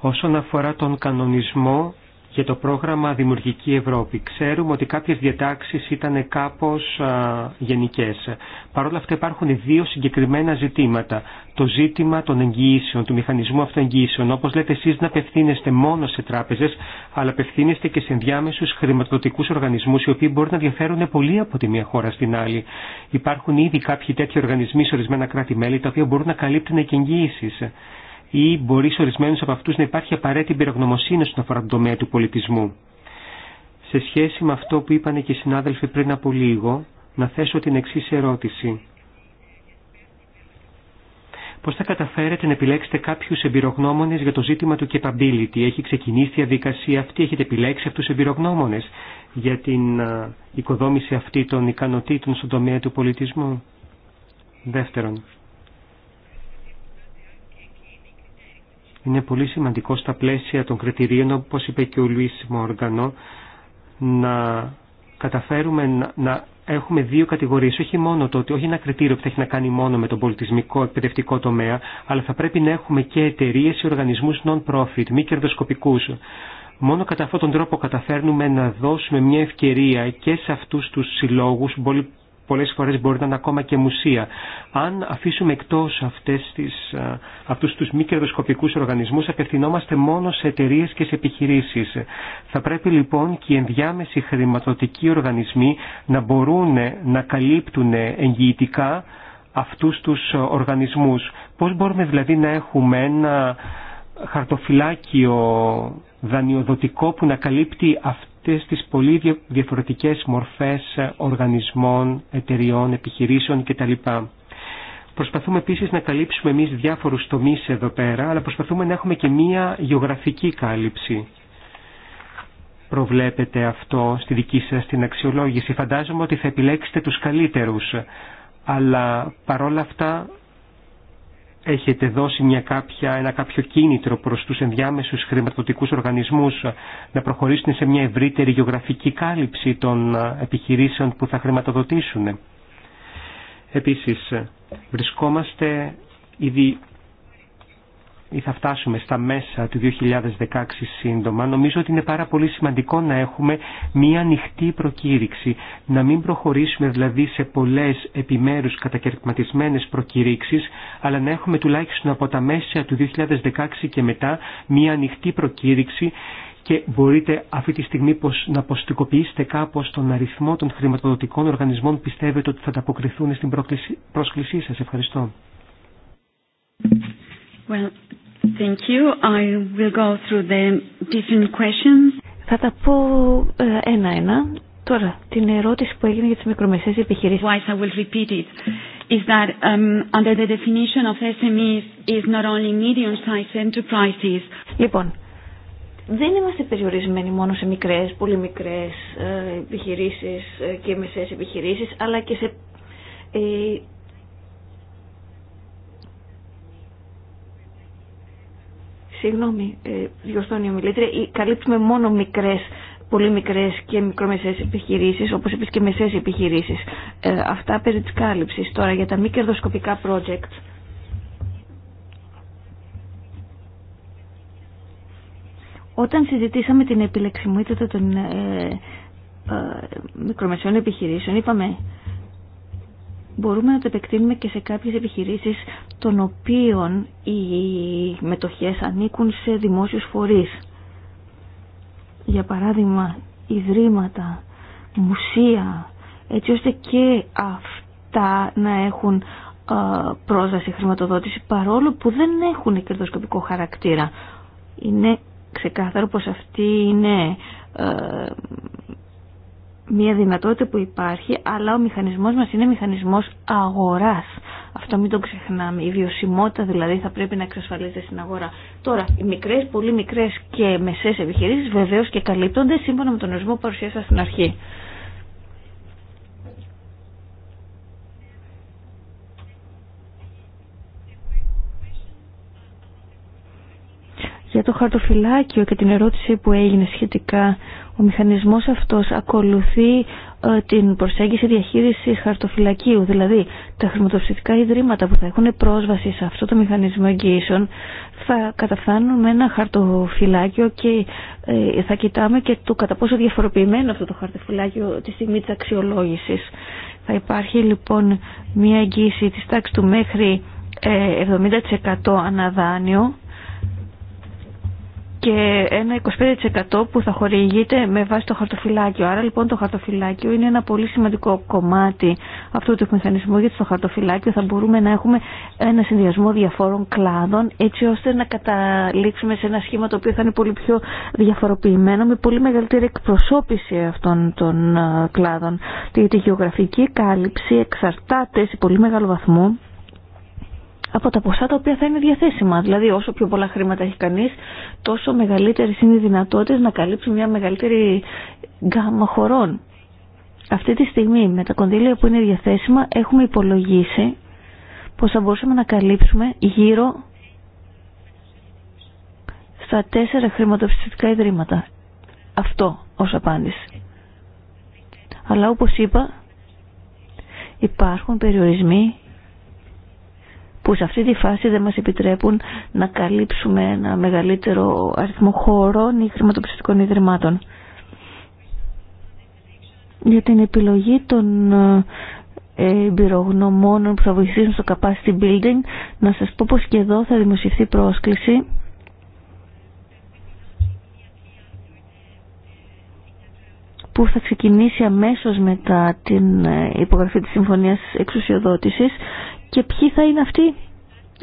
όσον αφορά τον κανονισμό για το πρόγραμμα Δημιουργική Ευρώπη. Ξέρουμε ότι κάποιες διατάξεις ήταν κάπως γενικέ. γενικές. Παρ' όλα αυτά υπάρχουν δύο συγκεκριμένα ζητήματα. Το ζήτημα των εγγυήσεων, του μηχανισμού αυτοεγγυήσεων. Όπως λέτε εσείς να απευθύνεστε μόνο σε τράπεζες, αλλά απευθύνεστε και σε ενδιάμεσους χρηματοδοτικούς οργανισμούς, οι οποίοι μπορεί να διαφέρουν πολύ από τη μία χώρα στην άλλη. Υπάρχουν ήδη κάποιοι τέτοιοι οργανισμοί σε ορισμένα κράτη-μέλη, τα οποία μπορούν να καλύπτουν και εγγύησει ή μπορεί σε ορισμένου από αυτού να υπάρχει απαραίτητη πυρογνωμοσύνη όσον αφορά τον τομέα του πολιτισμού. Σε σχέση με αυτό που είπαν και οι συνάδελφοι πριν από λίγο, να θέσω την εξή ερώτηση. Πώς θα καταφέρετε να επιλέξετε κάποιους εμπειρογνώμονες για το ζήτημα του capability. Έχει ξεκινήσει η διαδικασία αυτή, έχετε επιλέξει αυτούς του εμπειρογνώμονες για την οικοδόμηση αυτή των ικανοτήτων στον τομέα του πολιτισμού. Δεύτερον, είναι πολύ σημαντικό στα πλαίσια των κριτηρίων, όπως είπε και ο Λουίς Μόργανο, να καταφέρουμε να, έχουμε δύο κατηγορίες, όχι μόνο το ότι όχι ένα κριτήριο που θα έχει να κάνει μόνο με τον πολιτισμικό εκπαιδευτικό τομέα, αλλά θα πρέπει να έχουμε και εταιρείε ή οργανισμούς non-profit, μη κερδοσκοπικούς. Μόνο κατά αυτόν τον τρόπο καταφέρνουμε να δώσουμε μια ευκαιρία και σε αυτούς τους συλλόγους πολλές φορές μπορεί να είναι ακόμα και μουσεία. Αν αφήσουμε εκτός αυτές τις, αυτούς τους μη κερδοσκοπικούς οργανισμούς, απευθυνόμαστε μόνο σε εταιρείε και σε επιχειρήσεις. Θα πρέπει λοιπόν και οι ενδιάμεσοι χρηματοδοτικοί οργανισμοί να μπορούν να καλύπτουν εγγυητικά αυτούς τους οργανισμούς. Πώς μπορούμε δηλαδή να έχουμε ένα χαρτοφυλάκιο δανειοδοτικό που να καλύπτει αυτούς αυτές τις πολύ διαφορετικές μορφές ε, οργανισμών, εταιριών, επιχειρήσεων κτλ. Προσπαθούμε επίσης να καλύψουμε εμείς διάφορους τομείς εδώ πέρα, αλλά προσπαθούμε να έχουμε και μία γεωγραφική κάλυψη. Προβλέπετε αυτό στη δική σας την αξιολόγηση. Φαντάζομαι ότι θα επιλέξετε τους καλύτερους, αλλά παρόλα αυτά έχετε δώσει μια κάποια, ένα κάποιο κίνητρο προς τους ενδιάμεσους χρηματοδοτικούς οργανισμούς να προχωρήσουν σε μια ευρύτερη γεωγραφική κάλυψη των ε, επιχειρήσεων που θα χρηματοδοτήσουν. Επίσης, ε, βρισκόμαστε ήδη ή θα φτάσουμε στα μέσα του 2016 σύντομα, νομίζω ότι είναι πάρα πολύ σημαντικό να έχουμε μία ανοιχτή προκήρυξη. Να μην προχωρήσουμε δηλαδή σε πολλές επιμέρους κατακαιρματισμένες προκήρυξεις, αλλά να έχουμε τουλάχιστον από τα μέσα του 2016 και μετά μία ανοιχτή προκήρυξη και μπορείτε αυτή τη στιγμή να αποστικοποιήσετε κάπως τον αριθμό των χρηματοδοτικών οργανισμών πιστεύετε ότι θα ανταποκριθούν στην πρόσκλησή σας. Ευχαριστώ. Well, thank you. I will go through the different questions. Θα τα πω ε, ένα-ένα. Τώρα, την ερώτηση που έγινε για τις μικρομεσαίες επιχειρήσεις. Why I will repeat it is that um, under the definition of SMEs is not only medium-sized enterprises. Λοιπόν, δεν είμαστε περιορισμένοι μόνο σε μικρές, πολύ μικρές ε, επιχειρήσεις ε, και μεσαίες επιχειρήσεις, αλλά και σε Συγγνώμη, ε, διορθώνει ή ε, καλύπτουμε μόνο μικρές, πολύ μικρές και μικρομεσαίες επιχειρήσεις, όπως επίσης και μεσαίες επιχειρήσεις. Ε, αυτά περί τη κάλυψη. Τώρα για τα μη κερδοσκοπικά project. Όταν συζητήσαμε την επιλεξιμότητα των ε, ε μικρομεσαίων επιχειρήσεων, είπαμε μπορούμε να το επεκτείνουμε και σε κάποιες επιχειρήσεις των οποίων οι μετοχές ανήκουν σε δημόσιους φορείς. Για παράδειγμα, ιδρύματα, μουσεία, έτσι ώστε και αυτά να έχουν πρόσβαση χρηματοδότηση παρόλο που δεν έχουν κερδοσκοπικό χαρακτήρα. Είναι ξεκάθαρο πως αυτή είναι ε, μια δυνατότητα που υπάρχει, αλλά ο μηχανισμός μας είναι μηχανισμός αγοράς. Αυτό μην το ξεχνάμε. Η βιωσιμότητα δηλαδή θα πρέπει να εξασφαλίζεται στην αγορά. Τώρα, οι μικρές, πολύ μικρές και μεσές επιχειρήσει, βεβαίω και καλύπτονται σύμφωνα με τον ορισμό που παρουσίασα στην αρχή. για το χαρτοφυλάκιο και την ερώτηση που έγινε σχετικά. Ο μηχανισμός αυτός ακολουθεί ε, την προσέγγιση διαχείριση χαρτοφυλακίου, δηλαδή τα χρηματοψηφικά ιδρύματα που θα έχουν πρόσβαση σε αυτό το μηχανισμό εγγύησεων θα καταφθάνουν με ένα χαρτοφυλάκιο και ε, θα κοιτάμε και το κατά πόσο διαφοροποιημένο αυτό το χαρτοφυλάκιο τη στιγμή της αξιολόγησης. Θα υπάρχει λοιπόν μια εγγύηση της τάξης του μέχρι 70% ε, αναδάνειο και ένα 25% που θα χορηγείται με βάση το χαρτοφυλάκιο. Άρα λοιπόν το χαρτοφυλάκιο είναι ένα πολύ σημαντικό κομμάτι αυτού του μηχανισμού γιατί στο χαρτοφυλάκιο θα μπορούμε να έχουμε ένα συνδυασμό διαφόρων κλάδων έτσι ώστε να καταλήξουμε σε ένα σχήμα το οποίο θα είναι πολύ πιο διαφοροποιημένο με πολύ μεγαλύτερη εκπροσώπηση αυτών των ε, κλάδων. Γιατί η γεωγραφική κάλυψη εξαρτάται σε πολύ μεγάλο βαθμό από τα ποσά τα οποία θα είναι διαθέσιμα. Δηλαδή όσο πιο πολλά χρήματα έχει κανείς, τόσο μεγαλύτερες είναι οι δυνατότητες να καλύψουν μια μεγαλύτερη γκάμα χωρών. Αυτή τη στιγμή με τα κονδύλια που είναι διαθέσιμα έχουμε υπολογίσει πως θα μπορούσαμε να καλύψουμε γύρω στα τέσσερα χρηματοπιστωτικά ιδρύματα. Αυτό ως απάντηση. Αλλά όπως είπα υπάρχουν περιορισμοί που σε αυτή τη φάση δεν μας επιτρέπουν να καλύψουμε ένα μεγαλύτερο αριθμό χώρων ή χρηματοπιστικών ιδρυμάτων. Για την επιλογή των ε, εμπειρογνωμόνων που θα βοηθήσουν στο capacity building να σας πω πως και εδώ θα δημοσιευθεί πρόσκληση που θα ξεκινήσει αμέσως μετά την ε, υπογραφή της Συμφωνίας Εξουσιοδότησης και ποιοι θα είναι αυτοί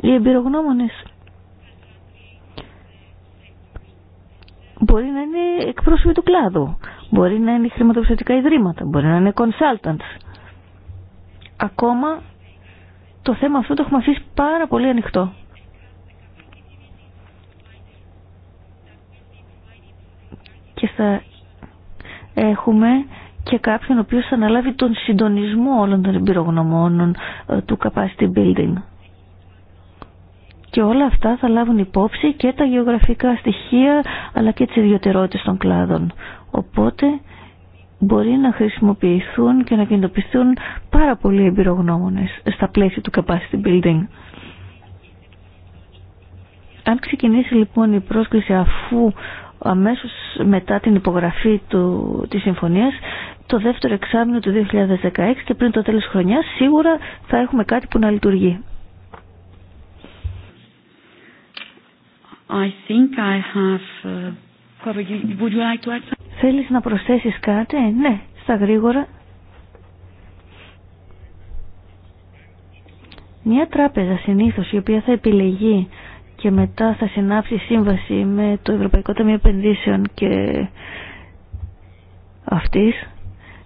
οι εμπειρογνώμονες. Μπορεί να είναι εκπρόσωποι του κλάδου, μπορεί να είναι χρηματοπιστωτικά ιδρύματα, μπορεί να είναι consultants. Ακόμα το θέμα αυτό το έχουμε αφήσει πάρα πολύ ανοιχτό. Και θα έχουμε και κάποιον ο οποίος θα αναλάβει τον συντονισμό όλων των εμπειρογνωμόνων ε, του capacity building. Και όλα αυτά θα λάβουν υπόψη και τα γεωγραφικά στοιχεία αλλά και τις ιδιωτερότητες των κλάδων. Οπότε μπορεί να χρησιμοποιηθούν και να κινητοποιηθούν πάρα πολλοί εμπειρογνώμονες στα πλαίσια του capacity building. Αν ξεκινήσει λοιπόν η πρόσκληση αφού αμέσως μετά την υπογραφή του, της συμφωνίας το δεύτερο εξάμεινο του 2016 και πριν το τέλος χρονιάς σίγουρα θα έχουμε κάτι που να λειτουργεί. I think I have... Uh, would you like to add Θέλεις να προσθέσεις κάτι, ναι, στα γρήγορα. Μια τράπεζα συνήθως η οποία θα επιλεγεί και μετά θα συνάψει σύμβαση με το Ευρωπαϊκό Ταμείο Επενδύσεων και αυτής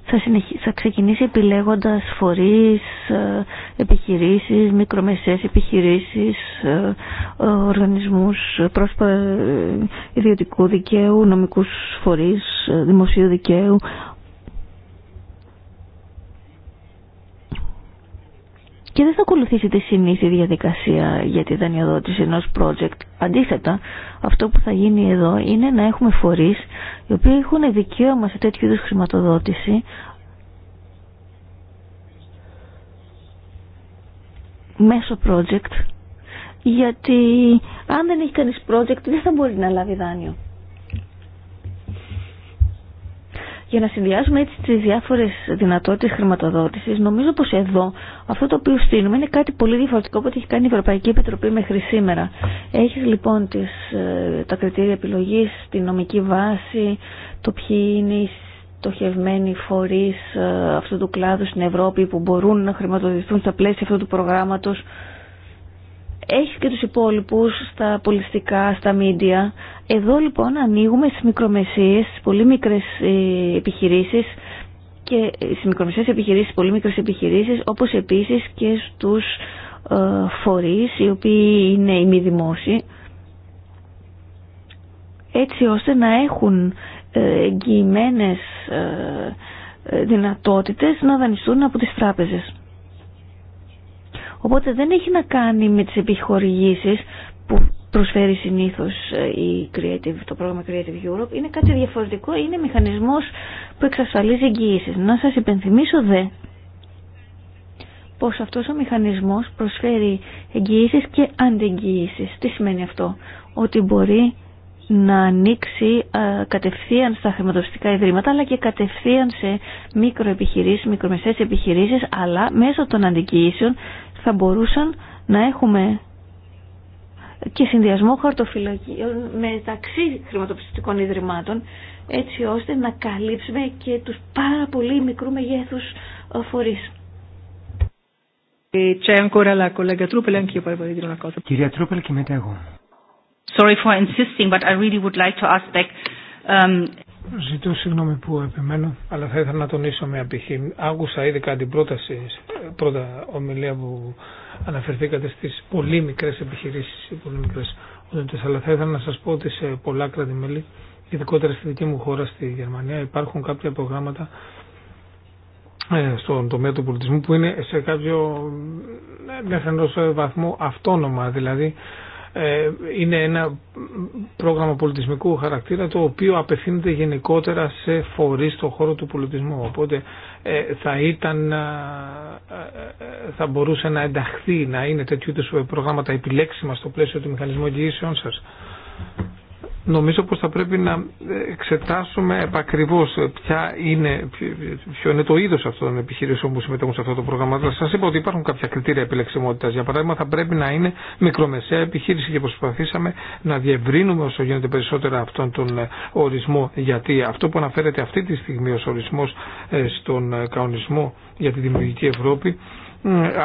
θα, θα ξεκινήσει επιλέγοντας φορείς, ε, επιχειρήσεις, μικρομεσαίες επιχειρήσεις, ε, ε, οργανισμούς πρόσωπα ιδιωτικού δικαίου, νομικούς φορείς, δημοσίου δικαίου, και δεν θα ακολουθήσει τη συνήθη διαδικασία για τη δανειοδότηση ενός project. Αντίθετα, αυτό που θα γίνει εδώ είναι να έχουμε φορείς οι οποίοι έχουν δικαίωμα σε τέτοιου είδους χρηματοδότηση μέσω project γιατί αν δεν έχει κανείς project δεν θα μπορεί να λάβει δάνειο. Για να συνδυάσουμε έτσι τις διάφορες δυνατότητες χρηματοδότησης, νομίζω πως εδώ αυτό το οποίο στείλουμε είναι κάτι πολύ διαφορετικό από ό,τι έχει κάνει η Ευρωπαϊκή Επιτροπή μέχρι σήμερα. Έχεις λοιπόν τις, ε, τα κριτήρια επιλογής, τη νομική βάση, το ποιοι είναι οι στοχευμένοι φορείς ε, αυτού του κλάδου στην Ευρώπη που μπορούν να χρηματοδοτηθούν στα πλαίσια αυτού του προγράμματος έχει και τους υπόλοιπους στα πολιτικά στα μίντια. Εδώ λοιπόν ανοίγουμε στις μικρομεσίες, στις πολύ μικρές ε, επιχειρήσεις και ε, στις μικρομεσίες επιχειρήσεις, πολύ μικρές επιχειρήσεις, όπως επίσης και στους ε, φορείς οι οποίοι είναι οι μη έτσι ώστε να έχουν εγγυημένες δυνατότητες να δανειστούν από τις τράπεζες. Οπότε δεν έχει να κάνει με τις επιχορηγήσεις που προσφέρει συνήθως ε, η Creative, το πρόγραμμα Creative Europe. Είναι κάτι διαφορετικό, είναι μηχανισμός που εξασφαλίζει εγγύησεις. Να σας υπενθυμίσω δε πως αυτός ο μηχανισμός προσφέρει εγγυήσεις και αντεγγυήσεις. Τι σημαίνει αυτό? Ότι μπορεί να ανοίξει ε, κατευθείαν στα χρηματοπιστικά ιδρύματα αλλά και κατευθείαν σε μικροεπιχειρήσεις, μικρομεσαίες επιχειρήσεις αλλά μέσω των αντικοιήσεων θα μπορούσαν να έχουμε και συνδυασμό χαρτοφυλακίων μεταξύ χρηματοπιστικών ιδρυμάτων έτσι ώστε να καλύψουμε και τους πάρα πολύ μικρού μεγέθους ε, φορείς. Κυρία Τρούπελ και μετά εγώ. Sorry for insisting, but I really would like to ask back. Um... Ζητώ συγγνώμη που επιμένω, αλλά θα ήθελα να τονίσω μια πτυχή. Άκουσα ήδη κάτι πρόταση, πρώτα ομιλία που αναφερθήκατε στις πολύ μικρές επιχειρήσεις, πολύ μικρές οδοντές, αλλά θα ήθελα να σας πω ότι σε πολλά κράτη-μέλη, ειδικότερα στη δική μου χώρα, στη Γερμανία, υπάρχουν κάποια προγράμματα ε, στον τομέα του πολιτισμού που είναι σε κάποιο ε, μέχρι βαθμό αυτόνομα, δηλαδή ε, είναι ένα πρόγραμμα πολιτισμικού χαρακτήρα το οποίο απευθύνεται γενικότερα σε φορείς στον χώρο του πολιτισμού. Οπότε ε, θα ήταν, ε, θα μπορούσε να ενταχθεί, να είναι τέτοιου είδους προγράμματα επιλέξιμα στο πλαίσιο του μηχανισμού εγγυήσεών σας νομίζω πως θα πρέπει να εξετάσουμε επακριβώς ποια είναι, ποιο είναι το είδος αυτών των επιχειρήσεων που συμμετέχουν σε αυτό το πρόγραμμα. Σας είπα ότι υπάρχουν κάποια κριτήρια επιλεξιμότητας. Για παράδειγμα θα πρέπει να είναι μικρομεσαία επιχείρηση και προσπαθήσαμε να διευρύνουμε όσο γίνεται περισσότερα αυτόν τον ε, ορισμό. Γιατί αυτό που αναφέρεται αυτή τη στιγμή ως ορισμός ε, στον ε, κανονισμό για τη Δημιουργική Ευρώπη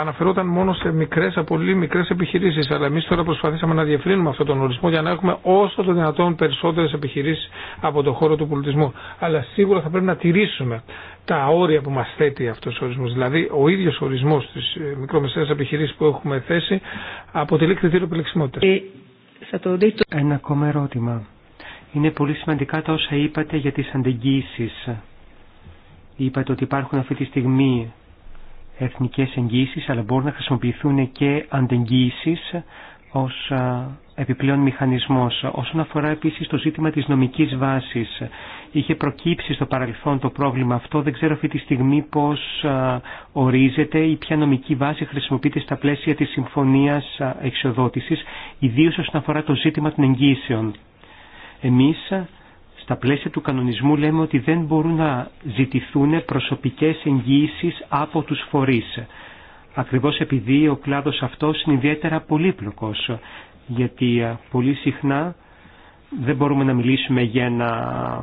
αναφερόταν μόνο σε μικρέ, πολύ μικρέ επιχειρήσει. Αλλά εμεί τώρα προσπαθήσαμε να διευρύνουμε αυτόν τον ορισμό για να έχουμε όσο το δυνατόν περισσότερε επιχειρήσει από τον χώρο του πολιτισμού. Αλλά σίγουρα θα πρέπει να τηρήσουμε τα όρια που μα θέτει αυτό ο ορισμό. Δηλαδή, ο ίδιο ορισμό τη ε, μικρομεσαία επιχειρήση που έχουμε θέσει αποτελεί κριτήριο επιλεξιμότητα. Ε, Ένα ακόμα ερώτημα. Είναι πολύ σημαντικά τα όσα είπατε για τι αντεγγύσει. Είπατε ότι υπάρχουν αυτή τη στιγμή εθνικές εγγύησεις, αλλά μπορούν να χρησιμοποιηθούν και αντεγγύησεις ως επιπλέον μηχανισμός. Όσον αφορά επίσης το ζήτημα της νομικής βάσης, είχε προκύψει στο παρελθόν το πρόβλημα αυτό, δεν ξέρω αυτή τη στιγμή πώς ορίζεται ή ποια νομική βάση χρησιμοποιείται στα πλαίσια της συμφωνίας εξοδότησης, ιδίως όσον αφορά το ζήτημα των εγγύσεων. Εμείς στα πλαίσια του κανονισμού λέμε ότι δεν μπορούν να ζητηθούν προσωπικές εγγύησεις από τους φορείς. Ακριβώς επειδή ο κλάδος αυτός είναι ιδιαίτερα πολύπλοκος, γιατί ε, πολύ συχνά δεν μπορούμε να μιλήσουμε για, ένα,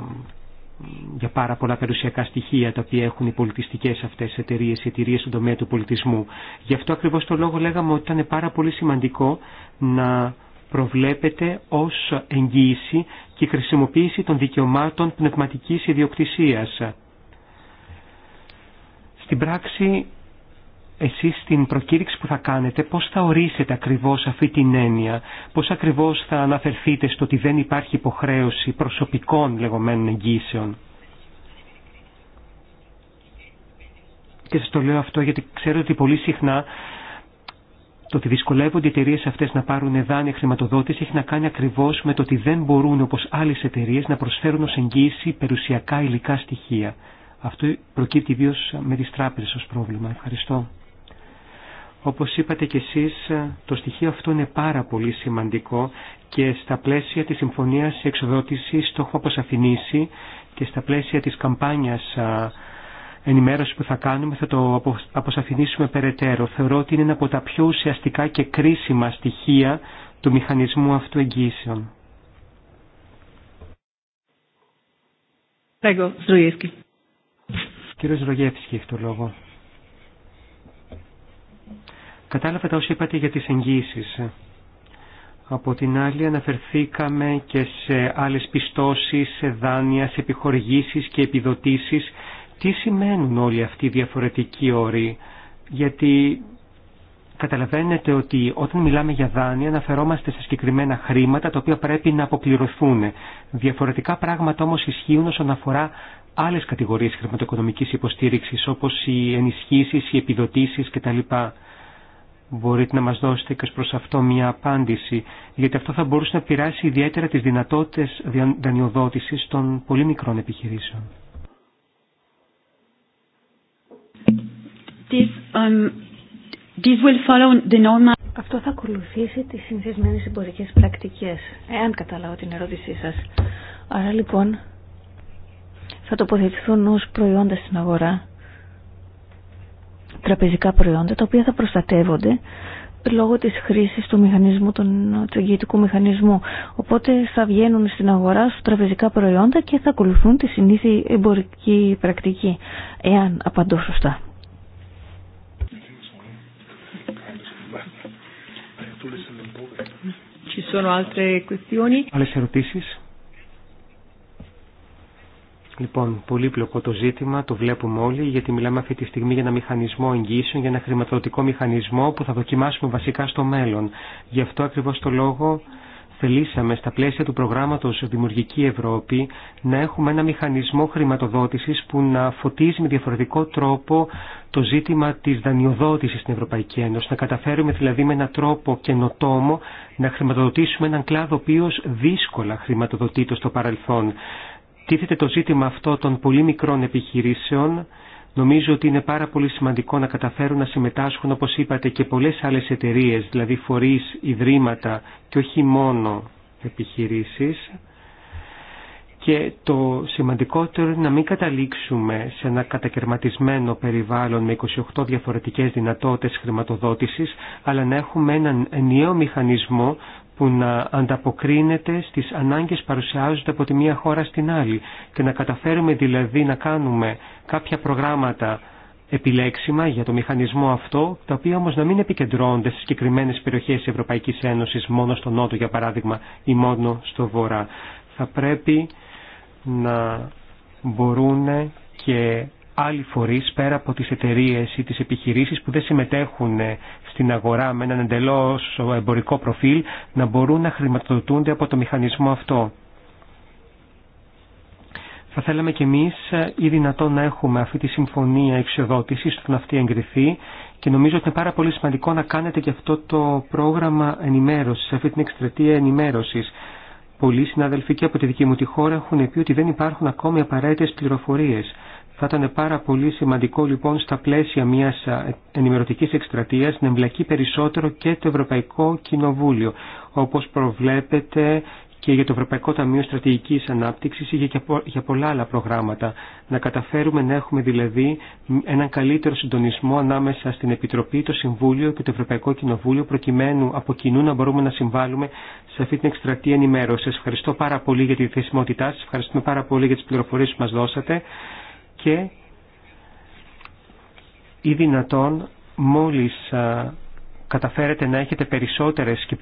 για πάρα πολλά περιουσιακά στοιχεία τα οποία έχουν οι πολιτιστικές αυτές εταιρείε, οι εταιρείε στον τομέα του πολιτισμού. Γι' αυτό ακριβώς το λόγο λέγαμε ότι ήταν πάρα πολύ σημαντικό να προβλέπεται ως εγγύηση και χρησιμοποίηση των δικαιωμάτων πνευματικής ιδιοκτησίας. Στην πράξη, εσείς την προκήρυξη που θα κάνετε, πώς θα ορίσετε ακριβώς αυτή την έννοια, πώς ακριβώς θα αναφερθείτε στο ότι δεν υπάρχει υποχρέωση προσωπικών λεγόμενων εγγύσεων. Και σας το λέω αυτό γιατί ξέρω ότι πολύ συχνά το ότι δυσκολεύονται οι εταιρείε αυτέ να πάρουν δάνεια χρηματοδότηση έχει να κάνει ακριβώ με το ότι δεν μπορούν όπω άλλε εταιρείε να προσφέρουν ω εγγύηση περιουσιακά υλικά στοιχεία. Αυτό προκύπτει ιδίω με τι τράπεζε ω πρόβλημα. Ευχαριστώ. Όπω είπατε κι εσεί, το στοιχείο αυτό είναι πάρα πολύ σημαντικό και στα πλαίσια τη συμφωνία εξοδότηση το έχω αποσαφηνίσει και στα πλαίσια τη καμπάνια ενημέρωση που θα κάνουμε θα το αποσαφηνίσουμε περαιτέρω. Θεωρώ ότι είναι ένα από τα πιο ουσιαστικά και κρίσιμα στοιχεία του μηχανισμού αυτού εγγύσεων. Κύριος έχει το λόγο. Κατάλαβα τα όσα είπατε για τις εγγύησεις. Από την άλλη αναφερθήκαμε και σε άλλες πιστώσεις, σε δάνεια, σε επιχορηγήσεις και επιδοτήσεις τι σημαίνουν όλοι αυτοί οι διαφορετικοί όροι, γιατί καταλαβαίνετε ότι όταν μιλάμε για δάνεια αναφερόμαστε σε συγκεκριμένα χρήματα τα οποία πρέπει να αποπληρωθούν. Διαφορετικά πράγματα όμως ισχύουν όσον αφορά άλλες κατηγορίες χρηματοοικονομικής υποστήριξης όπως οι ενισχύσεις, οι επιδοτήσεις κτλ. Μπορείτε να μας δώσετε και προς αυτό μια απάντηση, γιατί αυτό θα μπορούσε να πειράσει ιδιαίτερα τις δυνατότητες δανειοδότησης των πολύ μικρών επιχειρήσεων. Um, Αυτό θα ακολουθήσει τις συνηθισμένες εμπορικές πρακτικές, εάν καταλάβω την ερώτησή σας. Άρα λοιπόν θα τοποθετηθούν ως προϊόντα στην αγορά τραπεζικά προϊόντα τα οποία θα προστατεύονται λόγω της χρήσης του μηχανισμού, του εγγυητικού μηχανισμού. Οπότε θα βγαίνουν στην αγορά στους τραπεζικά προϊόντα και θα ακολουθούν τη συνήθεια εμπορική πρακτική, εάν απαντώ σωστά. Ci sono altre questioni. Άλλες ερωτήσει. Λοιπόν, πολύπλοκο το ζήτημα, το βλέπουμε όλοι, γιατί μιλάμε αυτή τη στιγμή για ένα μηχανισμό εγγύσεων, για ένα χρηματοδοτικό μηχανισμό που θα δοκιμάσουμε βασικά στο μέλλον. Γι' αυτό ακριβώ το λόγο θελήσαμε στα πλαίσια του προγράμματος Δημιουργική Ευρώπη να έχουμε ένα μηχανισμό χρηματοδότησης που να φωτίζει με διαφορετικό τρόπο το ζήτημα της δανειοδότησης στην Ευρωπαϊκή Ένωση. Να καταφέρουμε δηλαδή με έναν τρόπο καινοτόμο να χρηματοδοτήσουμε έναν κλάδο ο οποίο δύσκολα χρηματοδοτείται στο παρελθόν. Τίθεται το ζήτημα αυτό των πολύ μικρών επιχειρήσεων Νομίζω ότι είναι πάρα πολύ σημαντικό να καταφέρουν να συμμετάσχουν, όπως είπατε, και πολλές άλλες εταιρείες, δηλαδή φορείς, ιδρύματα και όχι μόνο επιχειρήσεις. Και το σημαντικότερο είναι να μην καταλήξουμε σε ένα κατακαιρματισμένο περιβάλλον με 28 διαφορετικές δυνατότητες χρηματοδότησης, αλλά να έχουμε έναν ενιαίο μηχανισμό που να ανταποκρίνεται στις ανάγκες παρουσιάζονται από τη μία χώρα στην άλλη και να καταφέρουμε δηλαδή να κάνουμε κάποια προγράμματα επιλέξιμα για το μηχανισμό αυτό, τα οποία όμως να μην επικεντρώνονται στις συγκεκριμένες περιοχές της Ευρωπαϊκής Ένωσης μόνο στο Νότο για παράδειγμα ή μόνο στο Βορρά. Θα πρέπει να μπορούν και άλλοι φορείς πέρα από τις εταιρείες ή τις επιχειρήσεις που δεν συμμετέχουν στην αγορά με έναν εντελώ εμπορικό προφίλ να μπορούν να χρηματοδοτούνται από το μηχανισμό αυτό. Θα θέλαμε κι εμείς ε, ή δυνατόν να έχουμε αυτή τη συμφωνία εξοδότησης όταν αυτή εγκριθεί και νομίζω ότι είναι πάρα πολύ σημαντικό να κάνετε και αυτό το πρόγραμμα ενημέρωσης, αυτή την εκστρατεία ενημέρωση Πολλοί συναδελφοί και από τη δική μου τη χώρα έχουν πει ότι δεν υπάρχουν ακόμη απαραίτητες πληροφορίες. Θα ήταν πάρα πολύ σημαντικό λοιπόν στα πλαίσια μιας ενημερωτικής εκστρατείας να εμπλακεί περισσότερο και το Ευρωπαϊκό Κοινοβούλιο, όπως προβλέπεται και για το Ευρωπαϊκό Ταμείο Στρατηγικής Ανάπτυξης ή για πολλά άλλα προγράμματα. Να καταφέρουμε να έχουμε δηλαδή έναν καλύτερο συντονισμό ανάμεσα στην Επιτροπή, το Συμβούλιο και το Ευρωπαϊκό Κοινοβούλιο προκειμένου από κοινού να μπορούμε να συμβάλλουμε σε αυτή την εκστρατεία ενημέρωση. ευχαριστώ πάρα πολύ για τη θεσιμότητά σα. ευχαριστούμε πάρα πολύ για τις πληροφορίες που μας δώσατε και ή δυνατόν μόλις ε, καταφέρετε να έχετε περισσότερες και